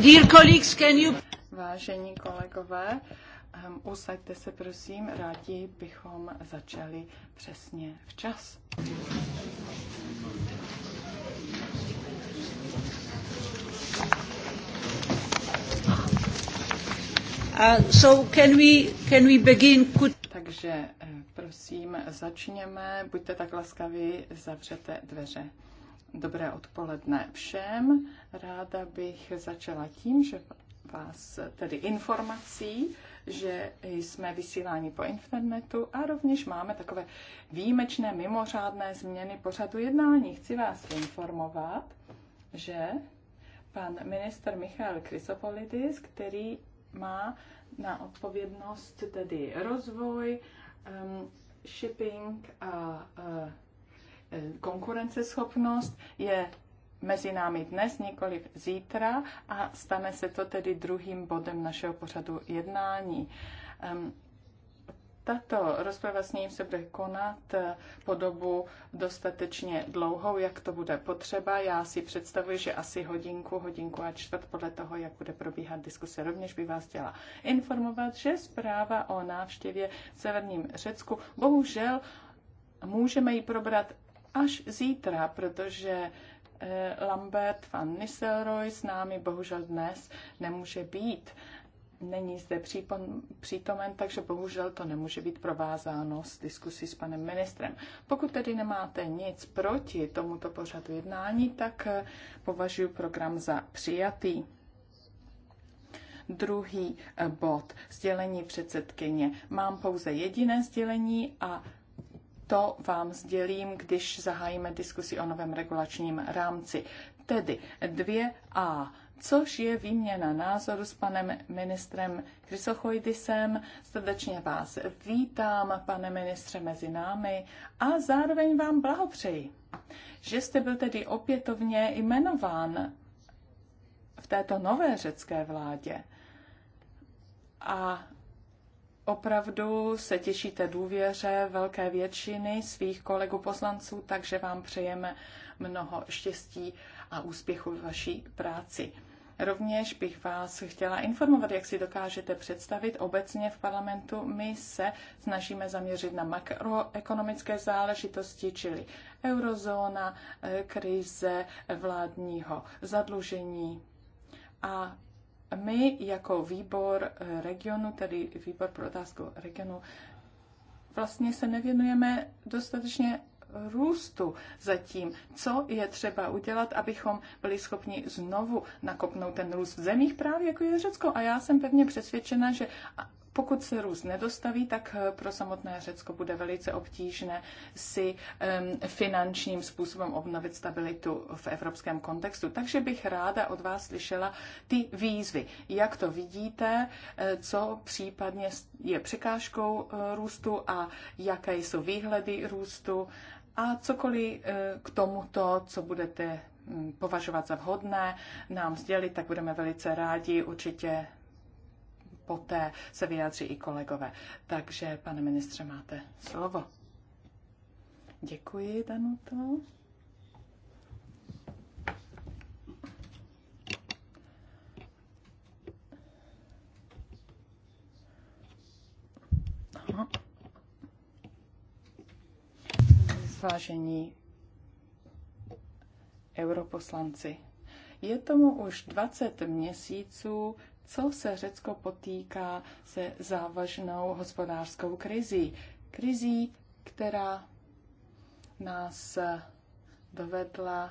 Dear colleagues, can you... Vážení kolegové, um, usaďte se prosím, rádi bychom začali přesně včas. Uh, so can we, can we begin? Could... Takže eh, prosím, začněme. Buďte tak laskaví, zavřete dveře. Dobré odpoledne všem. Ráda bych začala tím, že vás tedy informací, že jsme vysíláni po internetu a rovněž máme takové výjimečné, mimořádné změny pořadu jednání. Chci vás informovat, že pan minister Michal Krysopolidis, který má na odpovědnost tedy rozvoj, um, shipping a uh, Konkurenceschopnost je mezi námi dnes, nikoli zítra a stane se to tedy druhým bodem našeho pořadu jednání. Tato rozprava s ním se bude konat eh, po dobu dostatečně dlouhou, jak to bude potřeba. Já si představuji, že asi hodinku, hodinku a čtvrt podle toho, jak bude probíhat diskuse. Rovněž by vás chtěla informovat, že zpráva o návštěvě v severním Řecku bohužel můžeme ji probrat až zítra, protože eh, Lambert van Nisselroy s námi bohužel dnes nemůže být. Není zde přítomen, takže bohužel to nemůže být provázáno s diskusí s panem ministrem. Pokud tedy nemáte nic proti tomuto pořadu jednání, tak eh, považuji program za přijatý. Druhý eh, bod, sdělení předsedkyně. Mám pouze jediné sdělení a to vám sdělím, když zahájíme diskusi o novém regulačním rámci. Tedy 2a, což je výměna názoru s panem ministrem Krysochoidisem. Srdečně vás vítám, pane ministře, mezi námi a zároveň vám blahopřeji, že jste byl tedy opětovně jmenován v této nové řecké vládě. A Opravdu se těšíte důvěře velké většiny svých kolegů poslanců, takže vám přejeme mnoho štěstí a úspěchu v vaší práci. Rovněž bych vás chtěla informovat, jak si dokážete představit. Obecně v parlamentu my se snažíme zaměřit na makroekonomické záležitosti, čili eurozóna, eh, krize vládního zadlužení a my jako výbor eh, regionu, tedy výbor pro otázku regionu, vlastně se nevěnujeme dostatečně růstu zatím. Co je třeba udělat, abychom byli schopni znovu nakopnout ten růst v zemích právě jako je Řecko? A já jsem pevně přesvědčena, že pokud se růst nedostaví, tak eh, pro samotné Řecko bude velice obtížné si finančním způsobem obnovit stabilitu v evropském kontextu. Takže bych ráda od vás slyšela ty výzvy. Jak to vidíte, eh, co případně je překážkou eh, růstu a jaké jsou výhledy růstu a cokoliv k tomuto, co budete mm, považovat za vhodné, nám sdělit, tak budeme velice rádi. Určitě poté se vyjádří i kolegové. Takže, pane ministře, máte slovo. Děkuji, Danuto. Zvážení europoslanci, je tomu už 20 měsíců, co se Řecko potýká se závažnou hospodářskou krizí. Krizí, která nás dovedla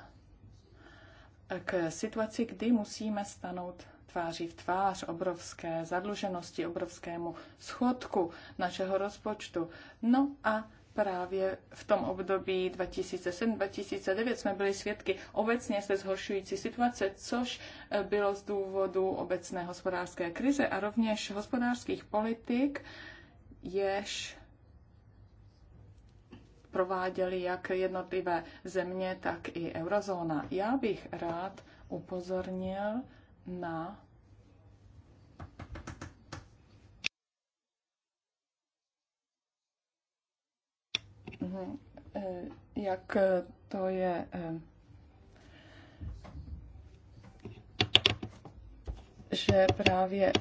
k situaci, kdy musíme stanout tváří v tvář obrovské zadluženosti, obrovskému schodku našeho rozpočtu. No a Právě v tom období 2007-2009 jsme byli svědky obecně se zhoršující situace, což eh, bylo z důvodu obecné hospodářské krize a rovněž hospodářských politik, jež prováděly jak jednotlivé země, tak i eurozóna. Já bych rád upozornil na Eh, jak eh, to je eh, že právě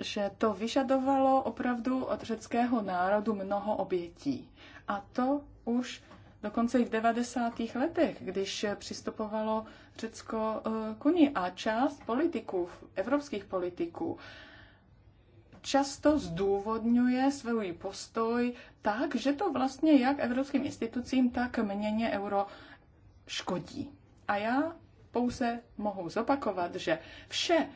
že to vyžadovalo opravdu od řeckého národu mnoho obětí. A to už dokonce i v 90. letech, když přistupovalo Řecko k Unii. A část politiků, evropských politiků, často zdůvodňuje svůj postoj tak, že to vlastně jak evropským institucím, tak měně euro škodí. A já pouze mohu zopakovat, že vše,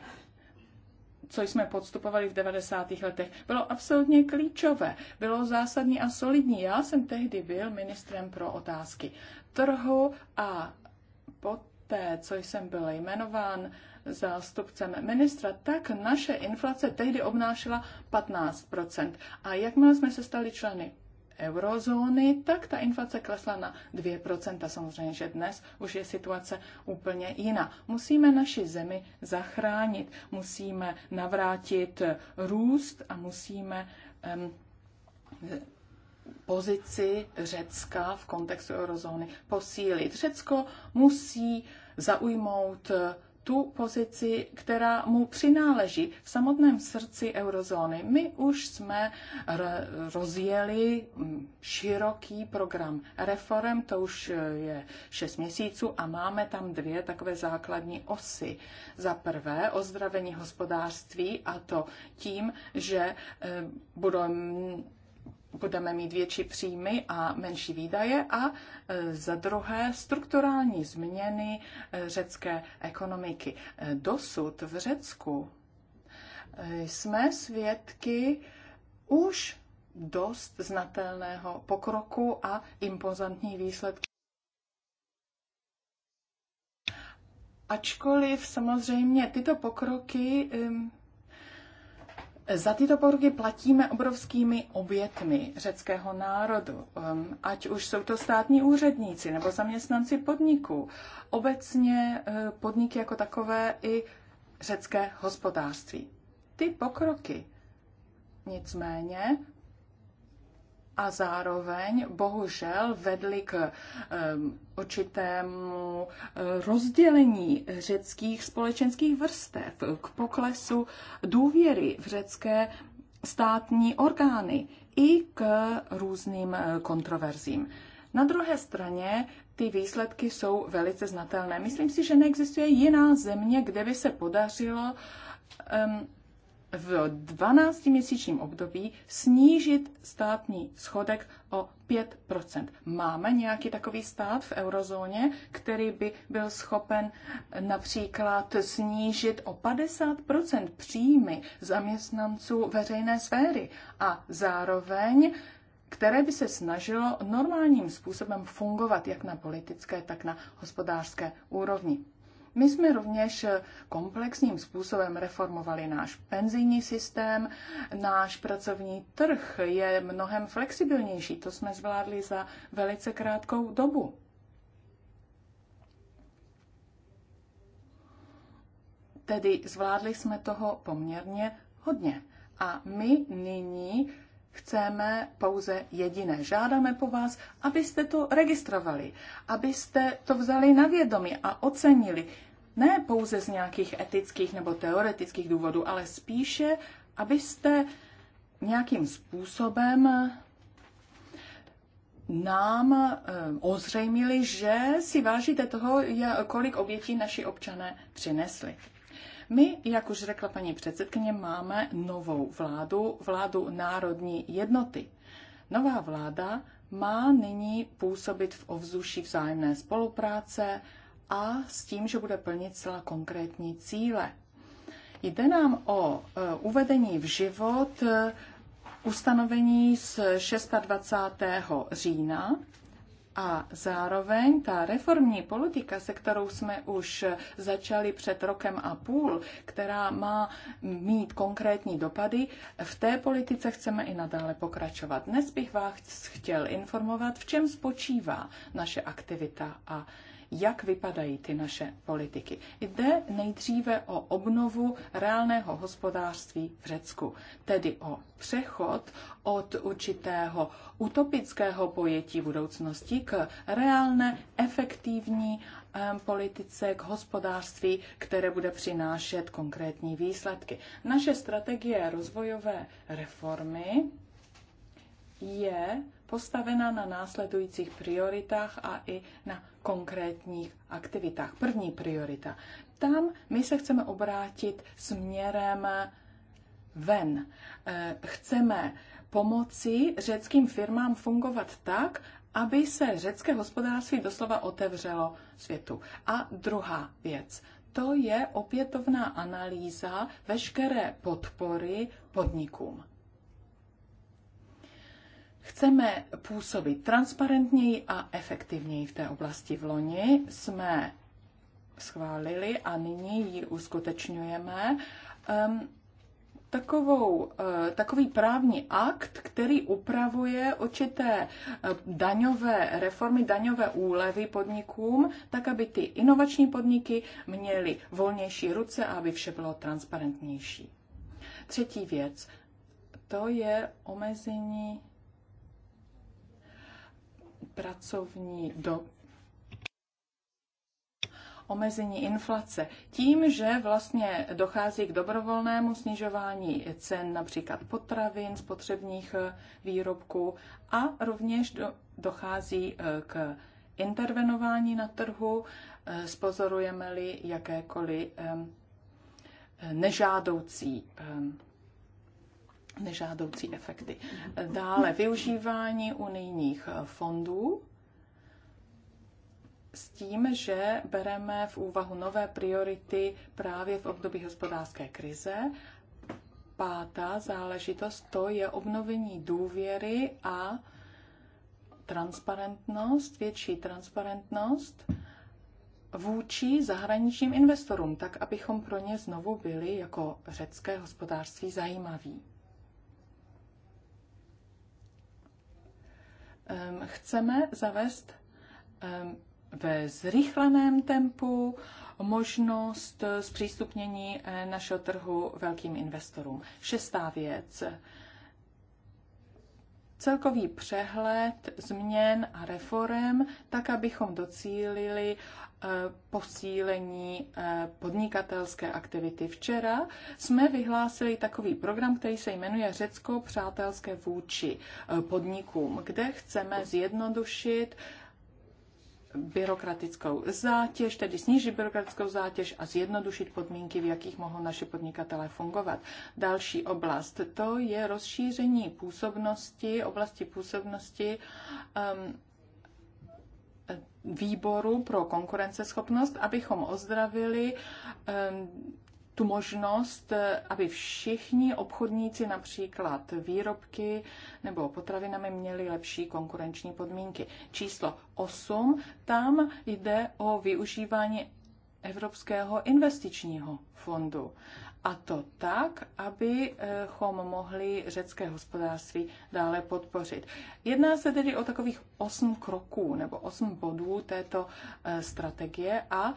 co jsme podstupovali v 90. letech, bylo absolutně klíčové, bylo zásadní a solidní. Já jsem tehdy byl ministrem pro otázky trhu a poté, co jsem byl jmenován zástupcem ministra, tak naše inflace tehdy obnášela 15 A jakmile jsme se stali členy eurozóny, tak ta inflace klesla na 2%. Samozřejmě, že dnes už je situace úplně jiná. Musíme naši zemi zachránit, musíme navrátit růst a musíme um, pozici Řecka v kontextu eurozóny posílit. Řecko musí zaujmout tu pozici, která mu přináleží v samotném srdci eurozóny. My už jsme rozjeli mm, široký program reform, to už e, je 6 měsíců a máme tam dvě takové základní osy. Za prvé ozdravení hospodářství a to tím, že e, budeme budeme mít větší příjmy a menší výdaje a e, za druhé strukturální změny e, řecké ekonomiky. E, dosud v Řecku jsme svědky už dost znatelného pokroku a impozantní výsledků. Ačkoliv samozřejmě tyto pokroky za tyto poruky platíme obrovskými obětmi řeckého národu, ehm, ať už jsou to státní úředníci nebo zaměstnanci podniků, obecně eh, podniky jako takové i řecké hospodářství. Ty pokroky nicméně a zároveň bohužel vedly k určitému eh, rozdělení řeckých společenských vrstev, k poklesu důvěry v řecké státní orgány i k různým eh, kontroverzím. Na druhé straně ty výsledky jsou velice znatelné. Myslím si, že neexistuje jiná země, kde by se podařilo um, v 12-měsíčním období snížit státní schodek o 5 Máme nějaký takový stát v eurozóně, který by byl schopen například snížit o 50 příjmy zaměstnanců veřejné sféry a zároveň které by se snažilo normálním způsobem fungovat jak na politické, tak na hospodářské úrovni. My jsme rovněž komplexním způsobem reformovali náš penzijní systém, náš pracovní trh je mnohem flexibilnější, to jsme zvládli za velice krátkou dobu. Tedy zvládli jsme toho poměrně hodně. A my nyní chceme pouze jediné. Žádáme po vás, abyste to registrovali, abyste to vzali na vědomí a ocenili. Ne pouze z nějakých etických nebo teoretických důvodů, ale spíše, abyste nějakým způsobem nám eh, ozřejmili, že si vážíte toho, kolik obětí naši občané přinesli. My, jak už řekla paní předsedkyně, máme novou vládu, vládu národní jednoty. Nová vláda má nyní působit v ovzduší vzájemné spolupráce a s tím, že bude plnit celá konkrétní cíle. Jde nám o e, uvedení v život e, ustanovení z 26. října a zároveň ta reformní politika, se kterou jsme už začali před rokem a půl, která má mít konkrétní dopady, v té politice chceme i nadále pokračovat. Dnes bych vás chtěl informovat, v čem spočívá naše aktivita a jak vypadají ty naše politiky. Jde nejdříve o obnovu reálného hospodářství v Řecku, tedy o přechod od určitého utopického pojetí budoucnosti k reálné, efektivní politice, k hospodářství, které bude přinášet konkrétní výsledky. Naše strategie rozvojové reformy je postavena na následujících prioritách a i na konkrétních aktivitách. První priorita. Tam my se chceme obrátit směrem ven. Eh, chceme pomoci řeckým firmám fungovat tak, aby se řecké hospodářství doslova otevřelo světu. A druhá věc, to je opětovná analýza veškeré podpory podnikům. Chceme působit transparentněji a efektivněji v té oblasti. V loni jsme schválili a nyní ji uskutečňujeme. Um, takovou, uh, takový právní akt, který upravuje určité uh, daňové reformy, daňové úlevy podnikům, tak aby ty inovační podniky měly volnější ruce a aby vše bylo transparentnější. Třetí věc, to je omezení pracovní dob, omezení inflace. Tím, že vlastně dochází k dobrovolnému snižování cen například potravin, spotřebních eh, výrobků a rovněž dochází eh, k intervenování na trhu, eh, spozorujeme-li jakékoliv nežádoucí nežádoucí efekty. Dále využívání unijních fondů s tím, že bereme v úvahu nové priority právě v období hospodářské krize. Pátá záležitost to je obnovení důvěry a transparentnost, větší transparentnost vůči zahraničním investorům, tak abychom pro ně znovu byli jako řecké hospodářství zajímaví. Ehm, chceme zavést ehm, ve zrychleném tempu možnost eh, zpřístupnění eh, našeho trhu velkým investorům. Šestá věc. Celkový přehled změn a reform, tak abychom docílili Eh, posílení eh, podnikatelské aktivity. Včera jsme vyhlásili takový program, který se jmenuje Řecko přátelské vůči eh, podnikům, kde chceme zjednodušit byrokratickou zátěž, tedy snížit byrokratickou zátěž a zjednodušit podmínky, v jakých mohou naše podnikatelé fungovat. Další oblast, to je rozšíření působnosti, oblasti působnosti um, výboru pro konkurenceschopnost, abychom ozdravili tu možnost, aby všichni obchodníci, například výrobky nebo potravinami, měli lepší konkurenční podmínky. Číslo 8, tam jde o využívání Evropského investičního fondu. A to tak, abychom mohli řecké hospodářství dále podpořit. Jedná se tedy o takových osm kroků nebo osm bodů této e, strategie a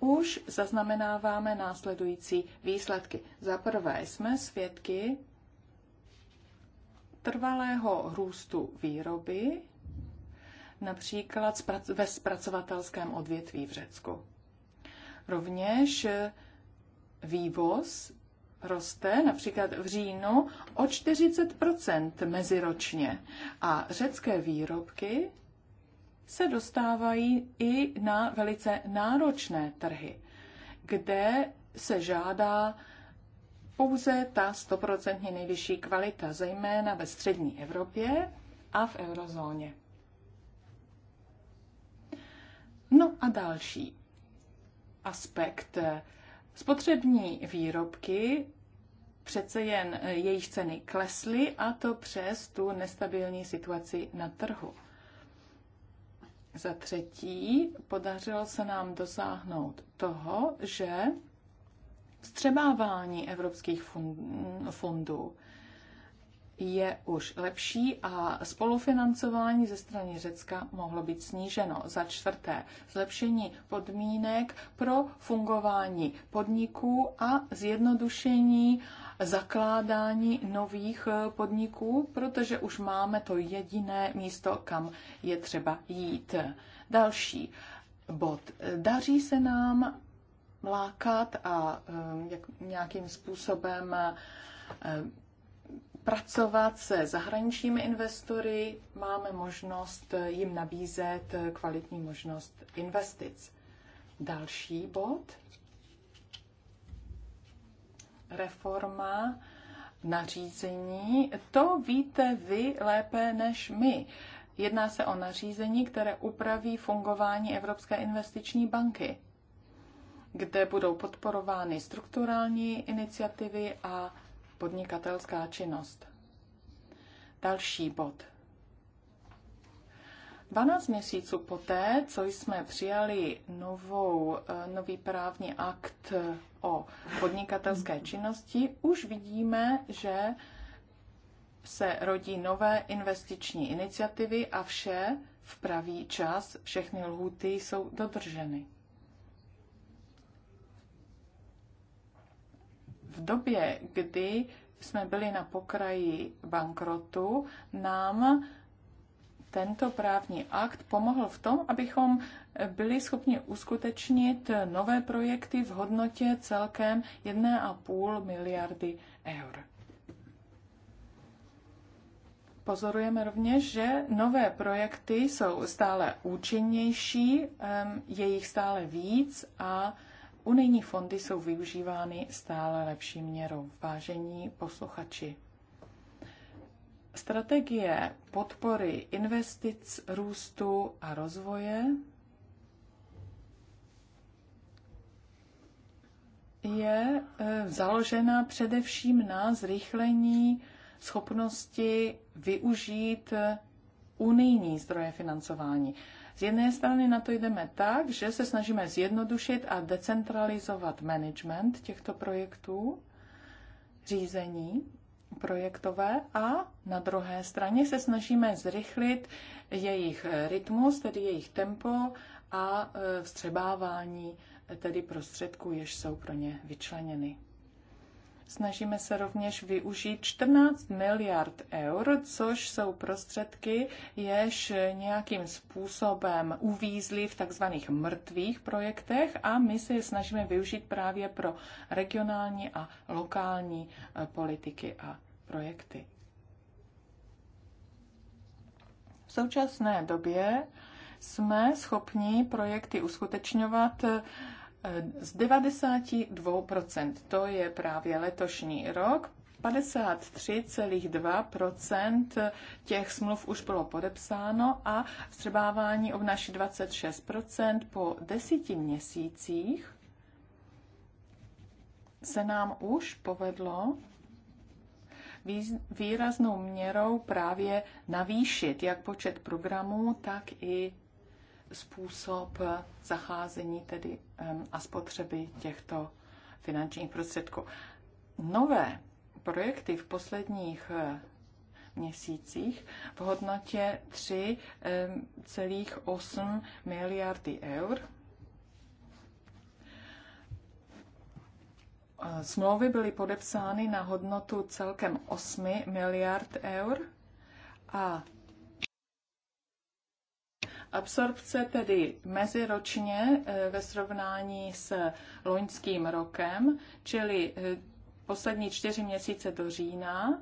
už zaznamenáváme následující výsledky. Za prvé jsme svědky trvalého růstu výroby, například ve zpracovatelském odvětví v Řecku. Rovněž vývoz roste například v říjnu o 40 meziročně a řecké výrobky se dostávají i na velice náročné trhy, kde se žádá pouze ta stoprocentně nejvyšší kvalita, zejména ve střední Evropě a v eurozóně. No a další aspekt Spotřební výrobky přece jen eh, jejich ceny klesly a to přes tu nestabilní situaci na trhu. Za třetí, podařilo se nám dosáhnout toho, že vstřebávání evropských fondů je už lepší a spolufinancování ze strany Řecka mohlo být sníženo. Za čtvrté, zlepšení podmínek pro fungování podniků a zjednodušení zakládání nových eh, podniků, protože už máme to jediné místo, kam je třeba jít. Další bod. Daří se nám lákat a eh, jak, nějakým způsobem eh, pracovat se zahraničními investory, máme možnost jim nabízet kvalitní možnost investic. Další bod. Reforma nařízení. To víte vy lépe než my. Jedná se o nařízení, které upraví fungování Evropské investiční banky, kde budou podporovány strukturální iniciativy a podnikatelská činnost. Další bod. 12 měsíců poté, co jsme přijali novou, eh, nový právní akt eh, o podnikatelské činnosti, už vidíme, že se rodí nové investiční iniciativy a vše v pravý čas, všechny lhuty jsou dodrženy. v době, kdy jsme byli na pokraji bankrotu, nám tento právní akt pomohl v tom, abychom byli schopni uskutečnit nové projekty v hodnotě celkem 1,5 miliardy eur. Pozorujeme rovněž, že nové projekty jsou stále účinnější, je jich stále víc a Unijní fondy jsou využívány stále lepší měrou. Vážení posluchači, strategie podpory investic, růstu a rozvoje je e, založena především na zrychlení schopnosti využít e, unijní zdroje financování. Z jedné strany na to jdeme tak, že se snažíme zjednodušit a decentralizovat management těchto projektů, řízení projektové a na druhé straně se snažíme zrychlit jejich rytmus, tedy jejich tempo a e, vstřebávání tedy prostředků, jež jsou pro ně vyčleněny. Snažíme se rovněž využít 14 miliard eur, což jsou prostředky, jež nějakým způsobem uvízly v takzvaných mrtvých projektech a my se je snažíme využít právě pro regionální a lokální eh, politiky a projekty. V současné době jsme schopni projekty uskutečňovat eh, z 92%, to je právě letošní rok, 53,2% těch smluv už bylo podepsáno a vstřebávání obnáší 26% po desíti měsících se nám už povedlo výraznou měrou právě navýšit jak počet programů, tak i způsob zacházení tedy a spotřeby těchto finančních prostředků. Nové projekty v posledních eh, měsících v hodnotě 3,8 miliardy eur. Smlouvy byly podepsány na hodnotu celkem 8 miliard eur a Absorpce tedy meziročně eh, ve srovnání s loňským rokem, čili eh, poslední čtyři měsíce do října,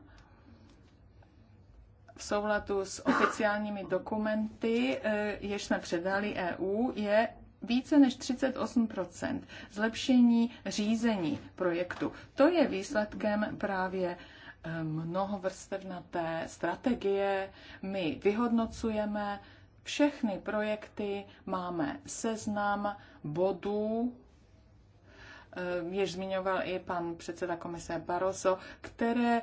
v souladu s oficiálními dokumenty, eh, jež jsme předali EU, je více než 38 zlepšení řízení projektu. To je výsledkem právě mnohovrstevnaté strategie. My vyhodnocujeme všechny projekty máme seznam bodů, eh, jež zmiňoval i pan předseda komise Barroso, které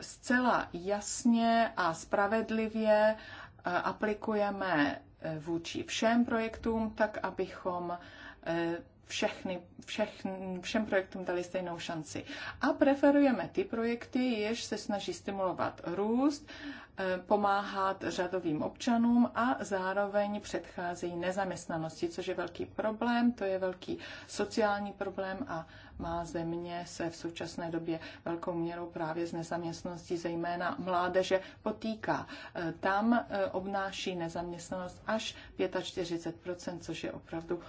zcela jasně a spravedlivě eh, aplikujeme eh, vůči všem projektům, tak abychom všechny, všechny, všem projektům dali stejnou šanci. A preferujeme ty projekty, jež se snaží stimulovat růst, Eh, pomáhat řadovým občanům a zároveň předcházejí nezaměstnanosti, což je velký problém, to je velký sociální problém a má země se v současné době velkou měrou právě z nezaměstnanosti, zejména mládeže, potýká. Eh, tam eh, obnáší nezaměstnanost až 45%, což je opravdu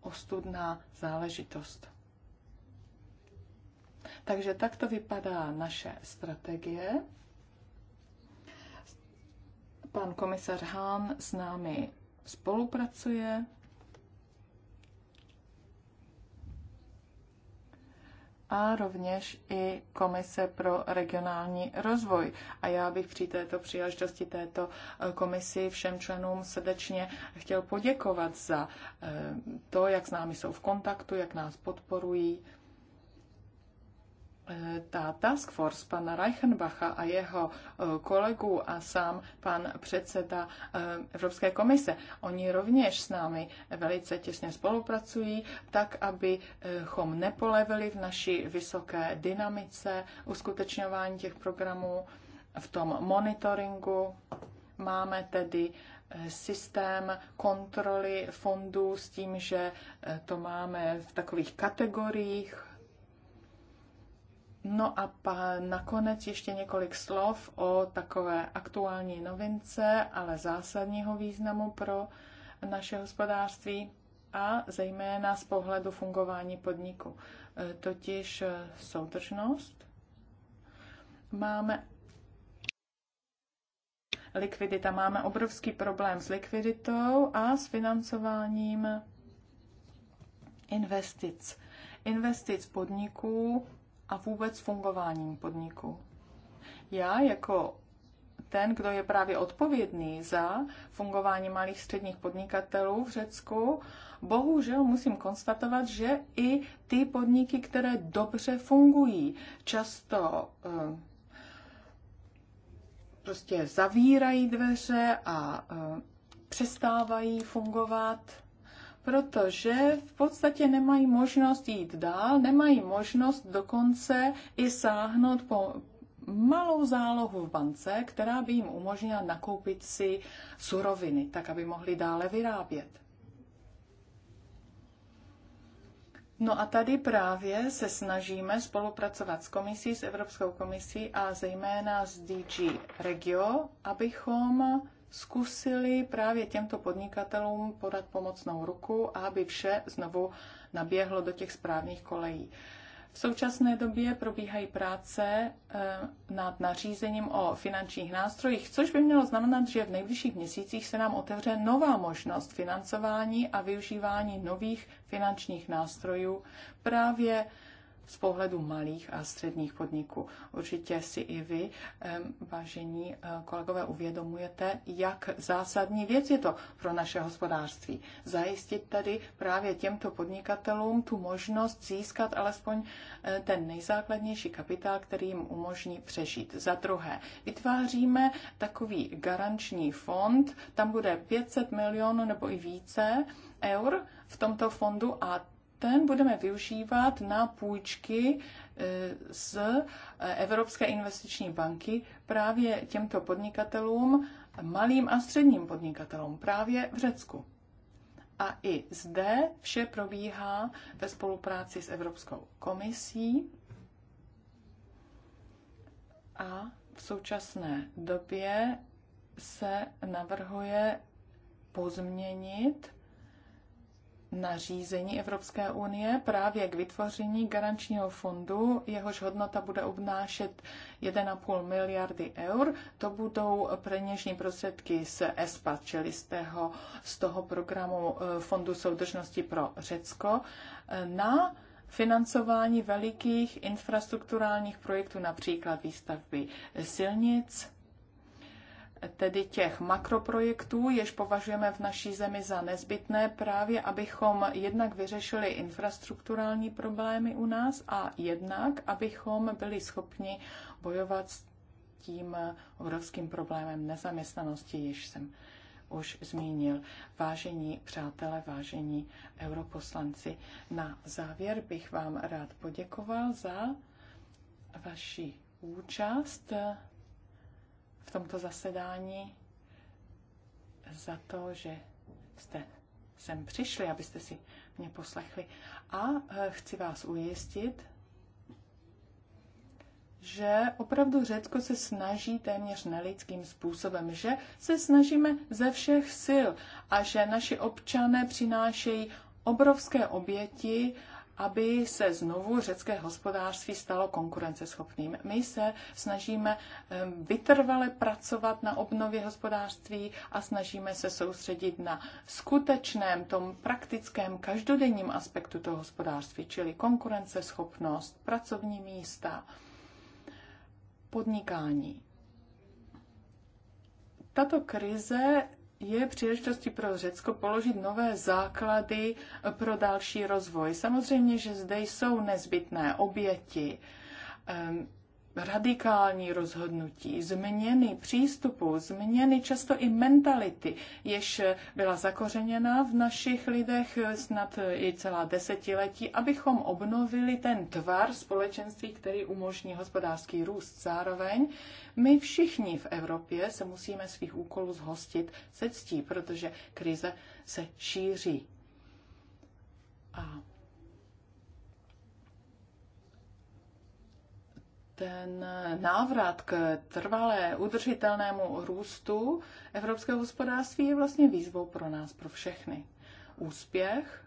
ostudná záležitost. Takže takto vypadá naše strategie Pan komisař Hahn s námi spolupracuje. A rovněž i Komise pro regionální rozvoj. A já bych při této příležitosti této eh, komisi všem členům srdečně chtěl poděkovat za eh, to, jak s námi jsou v kontaktu, jak nás podporují ta task force pana Reichenbacha a jeho e, kolegů a sám pan předseda e, Evropské komise. Oni rovněž s námi velice těsně spolupracují, tak abychom nepolevili v naší vysoké dynamice uskutečňování těch programů, v tom monitoringu. Máme tedy e, systém kontroly fondů s tím, že to máme v takových kategoriích No a pa, nakonec ještě několik slov o takové aktuální novince, ale zásadního významu pro naše hospodářství a zejména z pohledu fungování podniku, e, totiž e, soudržnost. Máme likvidita. Máme obrovský problém s likviditou a s financováním investic. Investic podniků a vůbec fungováním podniku. Já jako ten, kdo je právě odpovědný za fungování malých středních podnikatelů v Řecku, bohužel musím konstatovat, že i ty podniky, které dobře fungují, často eh, prostě zavírají dveře a eh, přestávají fungovat protože v podstatě nemají možnost jít dál, nemají možnost dokonce i sáhnout po malou zálohu v bance, která by jim umožnila nakoupit si suroviny, tak aby mohli dále vyrábět. No a tady právě se snažíme spolupracovat s komisí, s Evropskou komisí a zejména s DG Regio, abychom zkusili právě těmto podnikatelům podat pomocnou ruku, aby vše znovu naběhlo do těch správných kolejí. V současné době probíhají práce eh, nad nařízením o finančních nástrojích, což by mělo znamenat, že v nejbližších měsících se nám otevře nová možnost financování a využívání nových finančních nástrojů právě z pohledu malých a středních podniků. Určitě si i vy, vážení eh, kolegové, uvědomujete, jak zásadní věc je to pro naše hospodářství. Zajistit tady právě těmto podnikatelům tu možnost získat alespoň eh, ten nejzákladnější kapitál, který jim umožní přežít. Za druhé, vytváříme takový garanční fond, tam bude 500 milionů nebo i více eur v tomto fondu a ten budeme využívat na půjčky e, z e, Evropské investiční banky právě těmto podnikatelům, malým a středním podnikatelům právě v Řecku. A i zde vše probíhá ve spolupráci s Evropskou komisí a v současné době se navrhuje pozměnit nařízení Evropské unie právě k vytvoření garančního fondu, jehož hodnota bude obnášet 1,5 miliardy eur. To budou peněžní prostředky z ESPA, čili z, tého, z toho programu eh, Fondu soudržnosti pro Řecko, eh, na financování velikých infrastrukturálních projektů, například výstavby silnic, tedy těch makroprojektů, jež považujeme v naší zemi za nezbytné právě, abychom jednak vyřešili infrastrukturální problémy u nás a jednak, abychom byli schopni bojovat s tím obrovským problémem nezaměstnanosti, jež jsem už zmínil. Vážení přátelé, vážení europoslanci, na závěr bych vám rád poděkoval za vaši účast v tomto zasedání za to, že jste sem přišli, abyste si mě poslechli. A eh, chci vás ujistit, že opravdu Řecko se snaží téměř nelidským způsobem, že se snažíme ze všech sil a že naši občané přinášejí obrovské oběti aby se znovu řecké hospodářství stalo konkurenceschopným. My se snažíme vytrvale pracovat na obnově hospodářství a snažíme se soustředit na skutečném, tom praktickém, každodenním aspektu toho hospodářství, čili konkurenceschopnost, pracovní místa, podnikání. Tato krize je příležitostí pro Řecko položit nové základy pro další rozvoj. Samozřejmě, že zde jsou nezbytné oběti, ehm, radikální rozhodnutí, změny přístupu, změny často i mentality, jež byla zakořeněna v našich lidech snad i celá desetiletí, abychom obnovili ten tvar společenství, který umožní hospodářský růst. Zároveň my všichni v Evropě se musíme svých úkolů zhostit se ctí, protože krize se šíří. A ten návrat k trvalé udržitelnému růstu evropského hospodářství je vlastně výzvou pro nás, pro všechny. Úspěch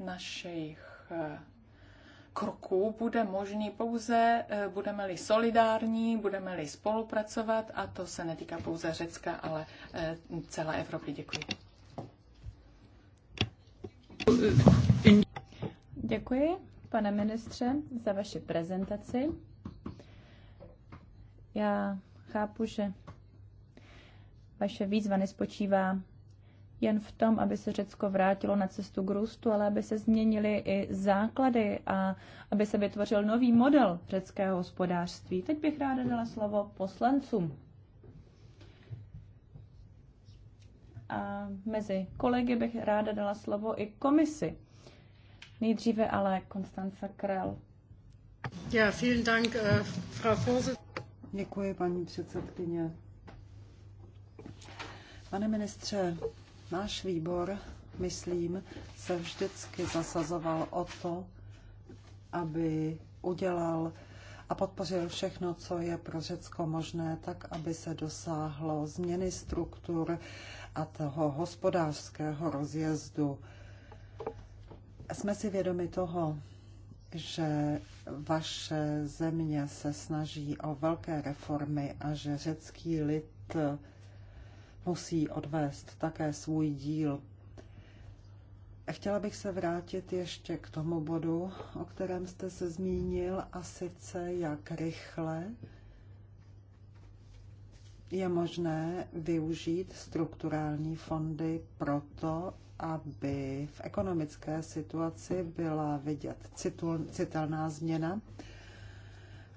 našich eh, kroků bude možný pouze, eh, budeme-li solidární, budeme-li spolupracovat a to se netýká pouze Řecka, ale eh, celé Evropy. Děkuji. Děkuji, pane ministře, za vaši prezentaci. Já chápu, že vaše výzva nespočívá jen v tom, aby se Řecko vrátilo na cestu k růstu, ale aby se změnily i základy a aby se vytvořil nový model řeckého hospodářství. Teď bych ráda dala slovo poslancům. A mezi kolegy bych ráda dala slovo i komisi. Nejdříve ale Konstanca Krell. Ja, vielen Dank, äh, Frau Vorsitzende. Děkuji, paní předsedkyně. Pane ministře, náš výbor, myslím, se vždycky zasazoval o to, aby udělal a podpořil všechno, co je pro Řecko možné, tak, aby se dosáhlo změny struktur a toho hospodářského rozjezdu. Jsme si vědomi toho, že vaše země se snaží o velké reformy a že řecký lid musí odvést také svůj díl. Chtěla bych se vrátit ještě k tomu bodu, o kterém jste se zmínil, a sice jak rychle je možné využít strukturální fondy pro to aby v ekonomické situaci byla vidět citelná změna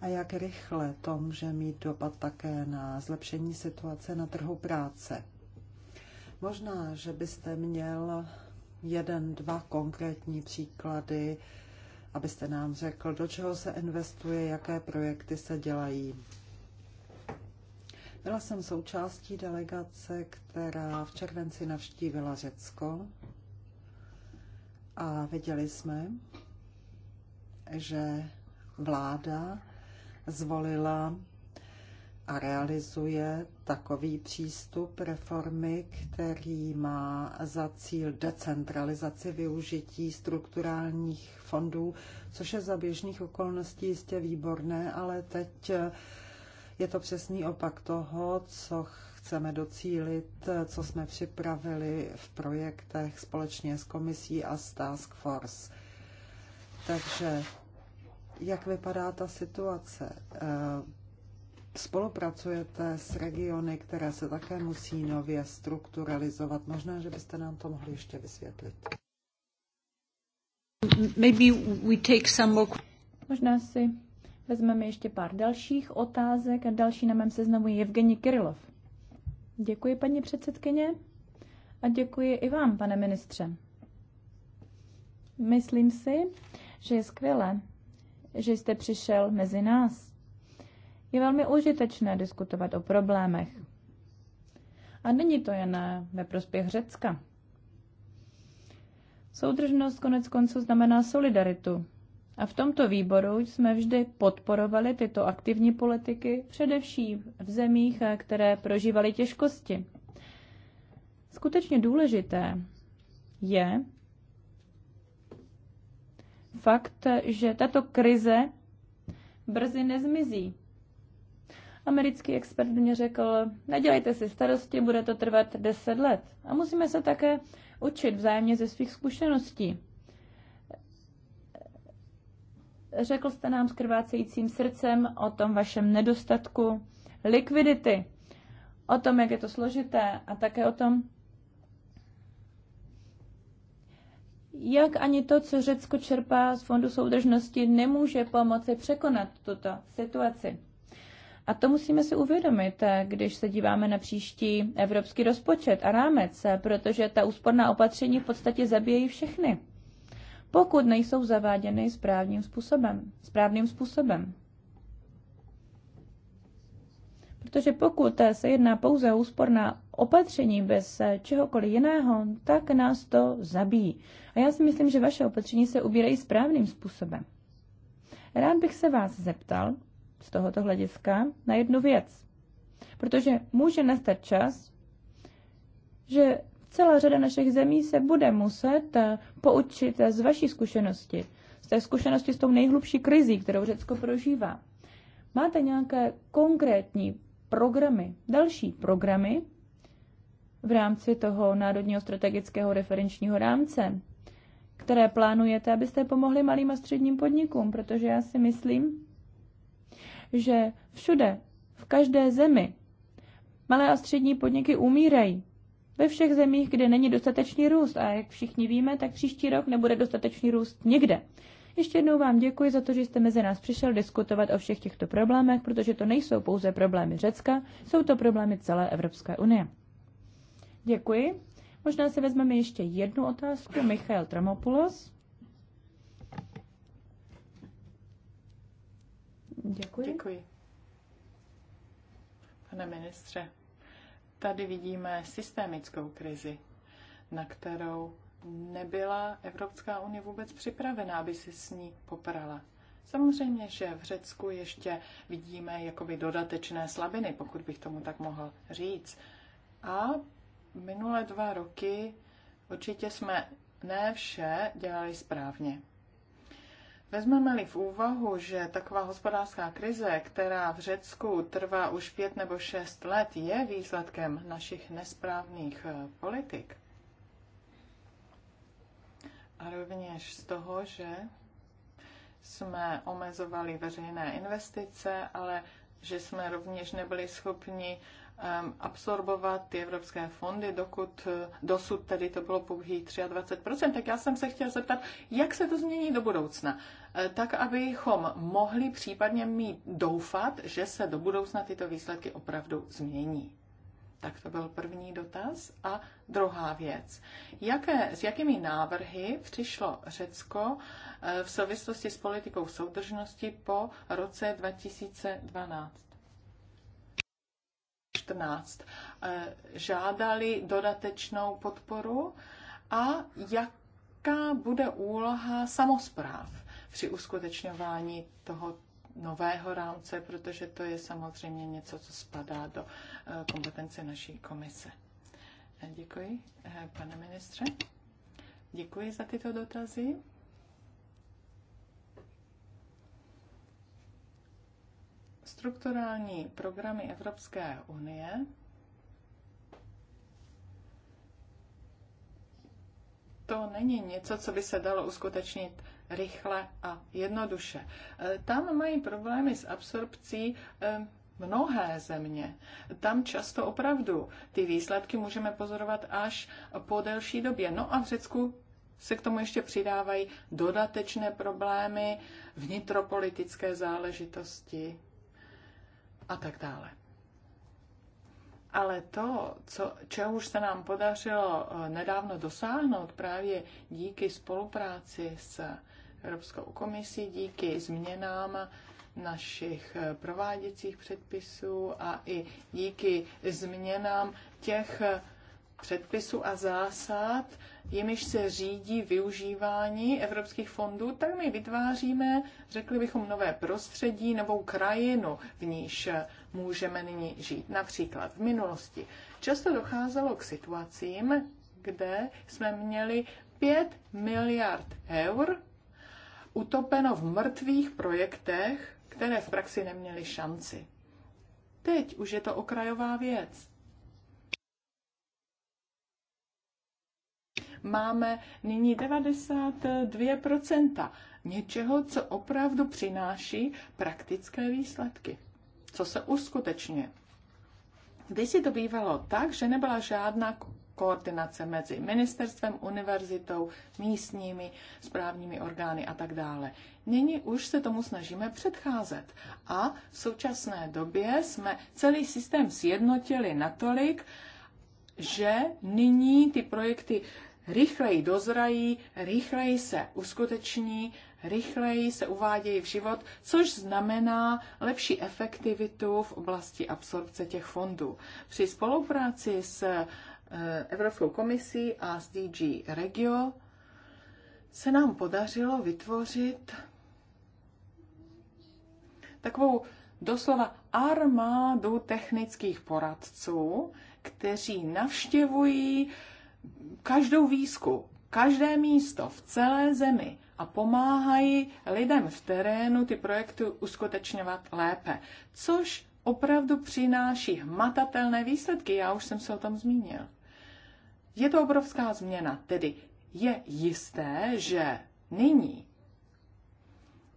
a jak rychle to může mít dopad také na zlepšení situace na trhu práce. Možná, že byste měl jeden, dva konkrétní příklady, abyste nám řekl, do čeho se investuje, jaké projekty se dělají byla jsem součástí delegace, která v červenci navštívila Řecko a viděli jsme, že vláda zvolila a realizuje takový přístup reformy, který má za cíl decentralizaci využití strukturálních fondů, což je za běžných okolností jistě výborné, ale teď je to přesný opak toho, co chceme docílit, co jsme připravili v projektech společně s komisí a s Task Force. Takže jak vypadá ta situace? Eh, spolupracujete s regiony, které se také musí nově strukturalizovat. Možná, že byste nám to mohli ještě vysvětlit. Maybe we take some more... Možná si Vezmeme ještě pár dalších otázek a další na mém seznamu je Evgeni Kirilov. Děkuji, paní předsedkyně, a děkuji i vám, pane ministře. Myslím si, že je skvělé, že jste přišel mezi nás. Je velmi užitečné diskutovat o problémech. A není to jen ve prospěch Řecka. Soudržnost konec konců znamená solidaritu. A v tomto výboru jsme vždy podporovali tyto aktivní politiky, především v zemích, eh, které prožívaly těžkosti. Skutečně důležité je fakt, že tato krize brzy nezmizí. Americký expert mě řekl, nedělejte si starosti, bude to trvat 10 let. A musíme se také učit vzájemně ze svých zkušeností. Řekl jste nám s krvácejícím srdcem o tom vašem nedostatku likvidity, o tom, jak je to složité a také o tom, jak ani to, co Řecko čerpá z Fondu soudržnosti, nemůže pomoci překonat tuto situaci. A to musíme si uvědomit, když se díváme na příští evropský rozpočet a rámec, protože ta úsporná opatření v podstatě zabíjejí všechny pokud nejsou zaváděny správným způsobem. Správným způsobem. Protože pokud se jedná pouze o úsporná opatření bez čehokoliv jiného, tak nás to zabíjí. A já si myslím, že vaše opatření se ubírají správným způsobem. Rád bych se vás zeptal z tohoto hlediska na jednu věc. Protože může nastat čas, že Celá řada našich zemí se bude muset eh, poučit eh, z vaší zkušenosti, z té zkušenosti s tou nejhlubší krizí, kterou Řecko prožívá. Máte nějaké konkrétní programy, další programy v rámci toho Národního strategického referenčního rámce, které plánujete, abyste pomohli malým a středním podnikům, protože já si myslím, že všude, v každé zemi, malé a střední podniky umírají ve všech zemích, kde není dostatečný růst. A jak všichni víme, tak příští rok nebude dostatečný růst nikde. Ještě jednou vám děkuji za to, že jste mezi nás přišel diskutovat o všech těchto problémech, protože to nejsou pouze problémy Řecka, jsou to problémy celé Evropské unie. Děkuji. Možná si vezmeme ještě jednu otázku. Michal Tramopoulos. Děkuji. Děkuji. Pane ministře, Tady vidíme systémickou krizi, na kterou nebyla Evropská unie vůbec připravená, aby se s ní poprala. Samozřejmě, že v Řecku ještě vidíme jakoby dodatečné slabiny, pokud bych tomu tak mohl říct. A minulé dva roky určitě jsme ne vše dělali správně. Vezmeme-li v úvahu, že taková hospodářská krize, která v Řecku trvá už pět nebo šest let, je výsledkem našich nesprávných eh, politik, a rovněž z toho, že jsme omezovali veřejné investice, ale že jsme rovněž nebyli schopni Um, absorbovat ty evropské fondy, dokud eh, dosud tedy to bylo pouhý 23%, tak já jsem se chtěla zeptat, jak se to změní do budoucna, eh, tak abychom mohli případně mít doufat, že se do budoucna tyto výsledky opravdu změní. Tak to byl první dotaz. A druhá věc. Jaké, s jakými návrhy přišlo Řecko eh, v souvislosti s politikou soudržnosti po roce 2012? 2014 eh, žádali dodatečnou podporu a jaká bude úloha samozpráv při uskutečňování toho nového rámce, protože to je samozřejmě něco, co spadá do eh, kompetence naší komise. Eh, děkuji, pane ministře. Děkuji za tyto dotazy. strukturální programy Evropské unie to není něco, co by se dalo uskutečnit rychle a jednoduše. E, tam mají problémy s absorpcí e, mnohé země. Tam často opravdu ty výsledky můžeme pozorovat až po delší době. No a v Řecku se k tomu ještě přidávají dodatečné problémy, vnitropolitické záležitosti a tak dále. Ale to, co, čeho už se nám podařilo eh, nedávno dosáhnout právě díky spolupráci s Evropskou komisí, díky změnám našich eh, prováděcích předpisů a i díky změnám těch eh, předpisů a zásad, jimiž se řídí využívání evropských fondů, tak my vytváříme, řekli bychom, nové prostředí, novou krajinu, v níž můžeme nyní žít. Například v minulosti často docházelo k situacím, kde jsme měli 5 miliard eur utopeno v mrtvých projektech, které v praxi neměly šanci. Teď už je to okrajová věc máme nyní 92% něčeho, co opravdu přináší praktické výsledky, co se uskutečňuje. Když si to bývalo tak, že nebyla žádná koordinace mezi ministerstvem, univerzitou, místními správními orgány a tak dále. Nyní už se tomu snažíme předcházet a v současné době jsme celý systém sjednotili natolik, že nyní ty projekty rychleji dozrají, rychleji se uskuteční, rychleji se uvádějí v život, což znamená lepší efektivitu v oblasti absorpce těch fondů. Při spolupráci s eh, Evropskou komisí a s DG Regio se nám podařilo vytvořit takovou doslova armádu technických poradců, kteří navštěvují každou výzku, každé místo v celé zemi a pomáhají lidem v terénu ty projekty uskutečňovat lépe, což opravdu přináší hmatatelné výsledky. Já už jsem se o tom zmínil. Je to obrovská změna, tedy je jisté, že nyní,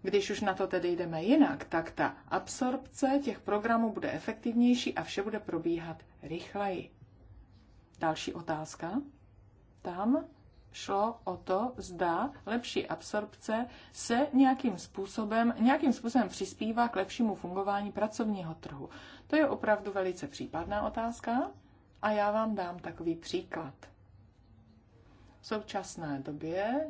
když už na to tedy jdeme jinak, tak ta absorpce těch programů bude efektivnější a vše bude probíhat rychleji. Další otázka tam šlo o to, zda lepší absorpce se nějakým způsobem, nějakým způsobem přispívá k lepšímu fungování pracovního trhu. To je opravdu velice případná otázka a já vám dám takový příklad. V současné době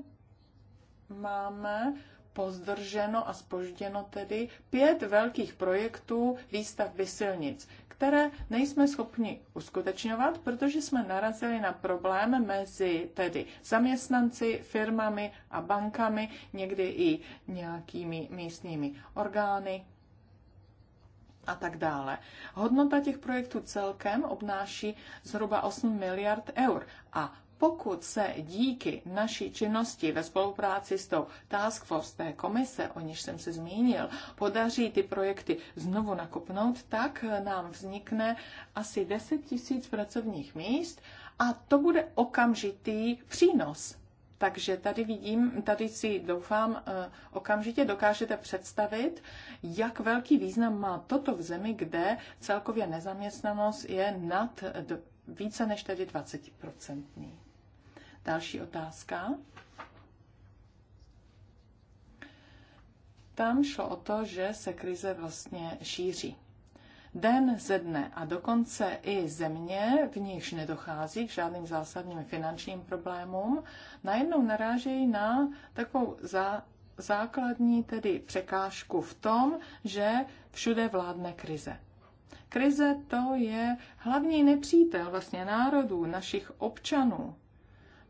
máme pozdrženo a spožděno tedy pět velkých projektů výstavby silnic, které nejsme schopni uskutečňovat, protože jsme narazili na problém mezi tedy zaměstnanci, firmami a bankami, někdy i nějakými místními orgány a tak dále. Hodnota těch projektů celkem obnáší zhruba 8 miliard eur a pokud se díky naší činnosti ve spolupráci s tou Task Force té komise, o níž jsem se zmínil, podaří ty projekty znovu nakopnout, tak nám vznikne asi 10 tisíc pracovních míst a to bude okamžitý přínos. Takže tady vidím, tady si doufám, eh, okamžitě dokážete představit, jak velký význam má toto v zemi, kde celkově nezaměstnanost je nad více než tedy 20%. Další otázka. Tam šlo o to, že se krize vlastně šíří. Den ze dne a dokonce i země, v nichž nedochází k žádným zásadním finančním problémům, najednou narážejí na takovou zá, základní tedy překážku v tom, že všude vládne krize. Krize to je hlavní nepřítel vlastně národů, našich občanů,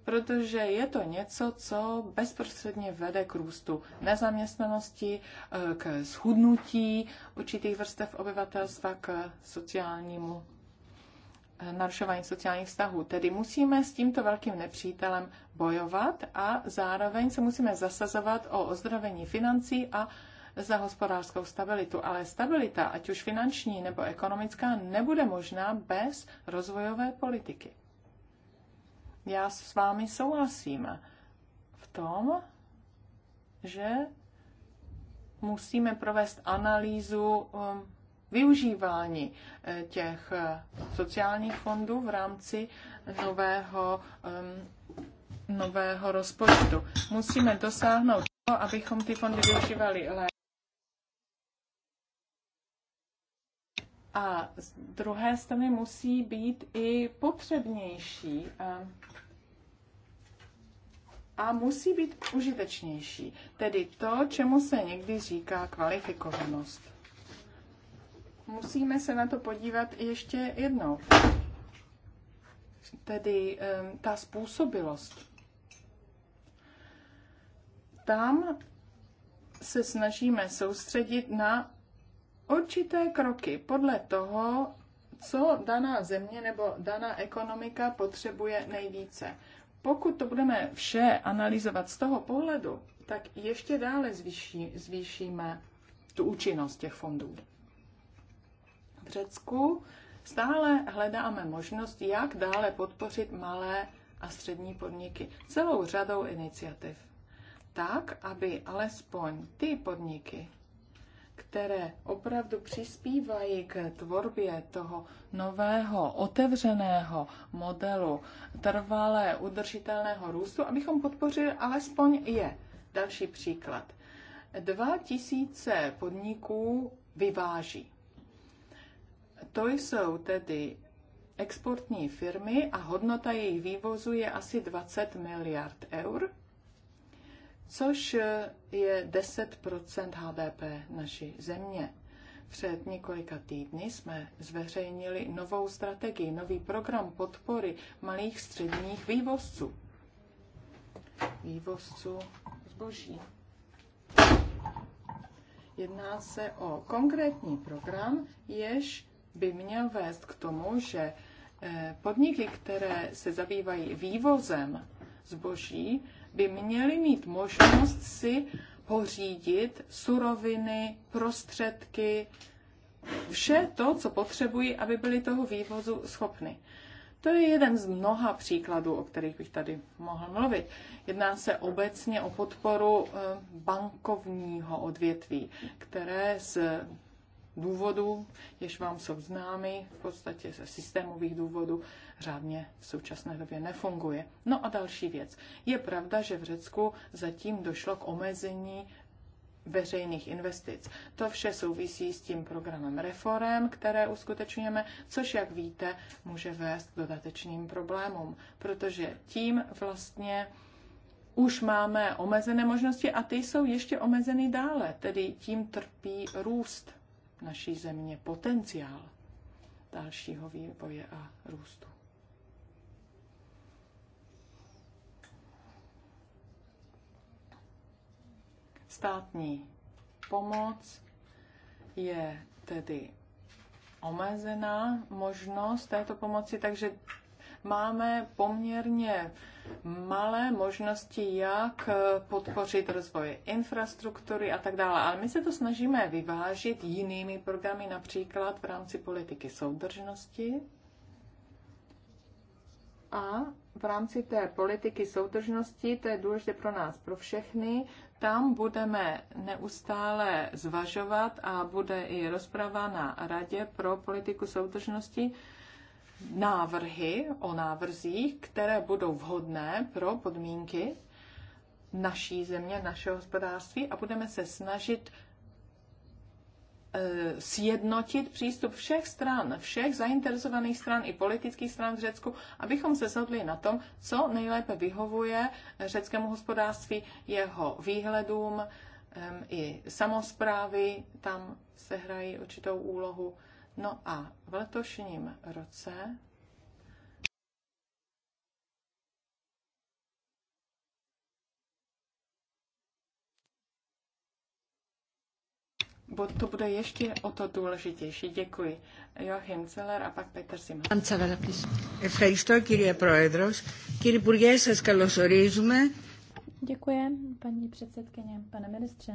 protože je to něco, co bezprostředně vede k růstu nezaměstnanosti, e, k schudnutí určitých vrstev obyvatelstva, k sociálnímu e, narušování sociálních vztahů. Tedy musíme s tímto velkým nepřítelem bojovat a zároveň se musíme zasazovat o ozdravení financí a za hospodářskou stabilitu. Ale stabilita, ať už finanční nebo ekonomická, nebude možná bez rozvojové politiky já s vámi souhlasím v tom, že musíme provést analýzu um, využívání eh, těch eh, sociálních fondů v rámci nového, um, nového rozpočtu. Musíme dosáhnout toho, abychom ty fondy využívali lépe. A z druhé strany musí být i potřebnější eh, a musí být užitečnější, tedy to, čemu se někdy říká kvalifikovanost. Musíme se na to podívat ještě jednou. Tedy ta způsobilost. Tam se snažíme soustředit na určité kroky podle toho, co daná země nebo daná ekonomika potřebuje nejvíce pokud to budeme vše analyzovat z toho pohledu, tak ještě dále zvýší, zvýšíme tu účinnost těch fondů. V Řecku stále hledáme možnost, jak dále podpořit malé a střední podniky celou řadou iniciativ. Tak, aby alespoň ty podniky, které opravdu přispívají k tvorbě toho nového, otevřeného modelu trvalé udržitelného růstu, abychom podpořili alespoň je. Další příklad. 2000 podniků vyváží. To jsou tedy exportní firmy a hodnota jejich vývozu je asi 20 miliard eur což je 10 HDP naší země. Před několika týdny jsme zveřejnili novou strategii, nový program podpory malých středních vývozců. Vývozců zboží. Jedná se o konkrétní program, jež by měl vést k tomu, že eh, podniky, které se zabývají vývozem zboží, by měli mít možnost si pořídit suroviny, prostředky, vše to, co potřebují, aby byli toho vývozu schopni. To je jeden z mnoha příkladů, o kterých bych tady mohl mluvit. Jedná se obecně o podporu eh, bankovního odvětví, které z důvodů, jež vám jsou známy, v podstatě ze systémových důvodů, řádně v současné době nefunguje. No a další věc. Je pravda, že v Řecku zatím došlo k omezení veřejných investic. To vše souvisí s tím programem reform, které uskutečňujeme, což, jak víte, může vést k dodatečným problémům, protože tím vlastně už máme omezené možnosti a ty jsou ještě omezeny dále, tedy tím trpí růst naší země, potenciál dalšího vývoje a růstu. Státní pomoc je tedy omezená možnost této pomoci, takže máme poměrně malé možnosti, jak podpořit rozvoj infrastruktury a tak dále. Ale my se to snažíme vyvážit jinými programy, například v rámci politiky soudržnosti. A v rámci té politiky soudržnosti, to je důležité pro nás, pro všechny, tam budeme neustále zvažovat a bude i rozprava na Radě pro politiku soudržnosti návrhy o návrzích, které budou vhodné pro podmínky naší země, našeho hospodářství a budeme se snažit Eh, sjednotit přístup všech stran, všech zainteresovaných stran i politických stran v Řecku, abychom se shodli na tom, co nejlépe vyhovuje řeckému hospodářství, jeho výhledům, i samozprávy tam se hrají určitou úlohu. No a v letošním roce to bude ještě o to důležitější. Děkuji. Joachim Celer a pak Petr Sima. Ευχαριστώ κύριε Πρόεδρος. Κύριε Υπουργέ, σας καλωσορίζουμε. Děkuji, paní předsedkyně, pane ministře.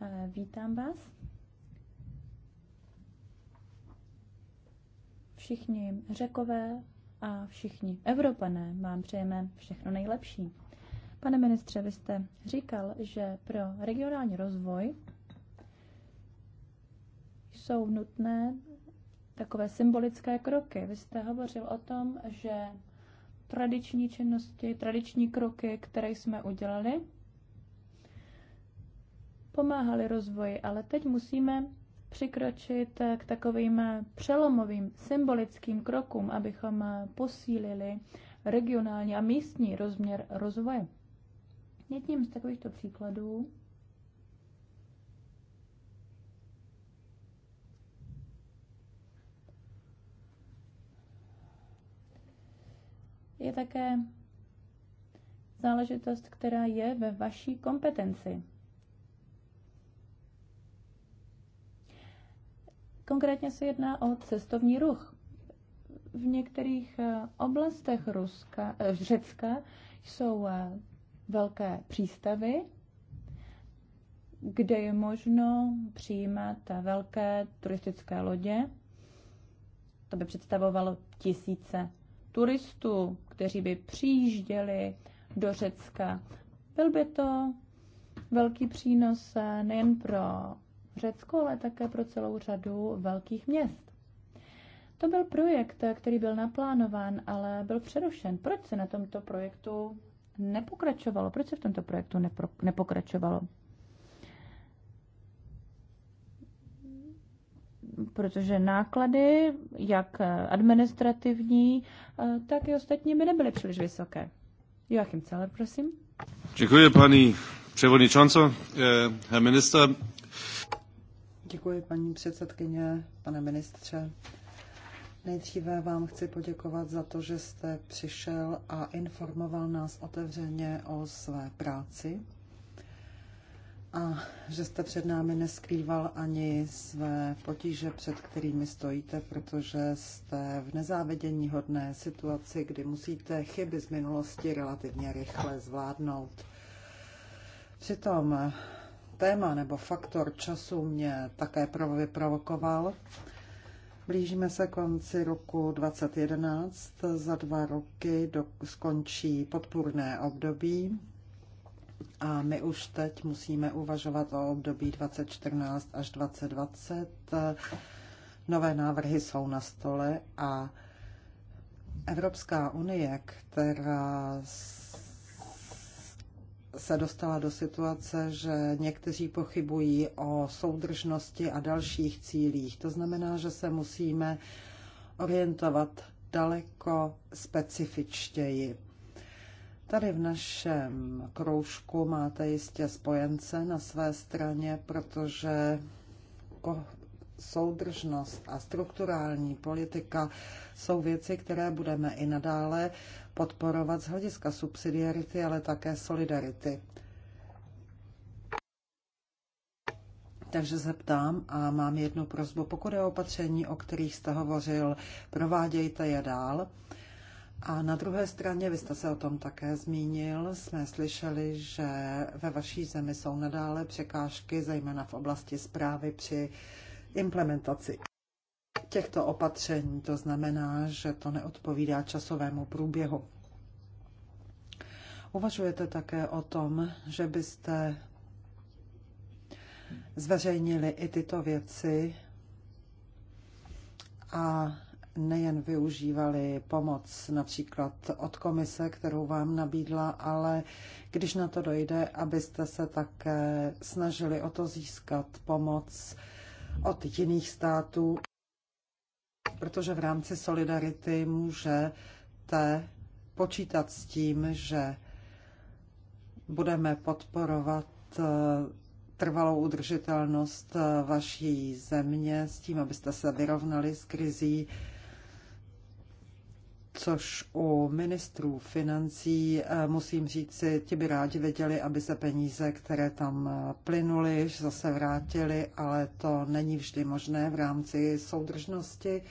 Eh, vítám vás. Všichni řekové a všichni Evropané vám přejeme všechno nejlepší. Pane ministře, vy jste říkal, že pro regionální rozvoj jsou nutné takové symbolické kroky. Vy jste hovořil o tom, že tradiční činnosti, tradiční kroky, které jsme udělali, pomáhaly rozvoji, ale teď musíme přikročit k takovým přelomovým symbolickým krokům, abychom posílili regionální a místní rozměr rozvoje. Jedním z takovýchto příkladů je také záležitost, která je ve vaší kompetenci. Konkrétně se jedná o cestovní ruch. V některých eh, oblastech Ruska, eh, Řecka jsou eh, velké přístavy, kde je možno přijímat velké turistické lodě. To by představovalo tisíce turistů, kteří by přijížděli do Řecka. Byl by to velký přínos eh, nejen pro Řecko, ale také pro celou řadu velkých měst. To byl projekt, eh, který byl naplánován, ale byl přerušen. Proč se na tomto projektu nepokračovalo? Proč se v tomto projektu nepokračovalo? protože náklady, jak administrativní, eh, tak i ostatní by nebyly příliš vysoké. Joachim Celer, prosím. Děkuji, paní čanco, eh, herr minister. Děkuji, paní předsedkyně, pane ministře. Nejdříve vám chci poděkovat za to, že jste přišel a informoval nás otevřeně o své práci a že jste před námi neskrýval ani své potíže, před kterými stojíte, protože jste v nezávidění hodné situaci, kdy musíte chyby z minulosti relativně rychle zvládnout. Přitom téma nebo faktor času mě také provokoval. Blížíme se konci roku 2011, za dva roky do, skončí podpůrné období a my už teď musíme uvažovat o období 2014 až 2020. Nové návrhy jsou na stole a Evropská unie, která se dostala do situace, že někteří pochybují o soudržnosti a dalších cílích. To znamená, že se musíme orientovat daleko specifičtěji Tady v našem kroužku máte jistě spojence na své straně, protože soudržnost a strukturální politika jsou věci, které budeme i nadále podporovat z hlediska subsidiarity, ale také solidarity. Takže se ptám a mám jednu prozbu. Pokud je opatření, o kterých jste hovořil, provádějte je dál. A na druhé straně, vy jste se o tom také zmínil, jsme slyšeli, že ve vaší zemi jsou nadále překážky, zejména v oblasti zprávy při implementaci těchto opatření. To znamená, že to neodpovídá časovému průběhu. Uvažujete také o tom, že byste zveřejnili i tyto věci a nejen využívali pomoc například od komise, kterou vám nabídla, ale když na to dojde, abyste se také snažili o to získat pomoc od jiných států, protože v rámci solidarity můžete počítat s tím, že budeme podporovat eh, trvalou udržitelnost eh, vaší země s tím, abyste se vyrovnali s krizí což u ministrů financí, eh, musím říct že ti by rádi věděli, aby se peníze, které tam eh, plynuly, zase vrátily, ale to není vždy možné v rámci soudržnosti.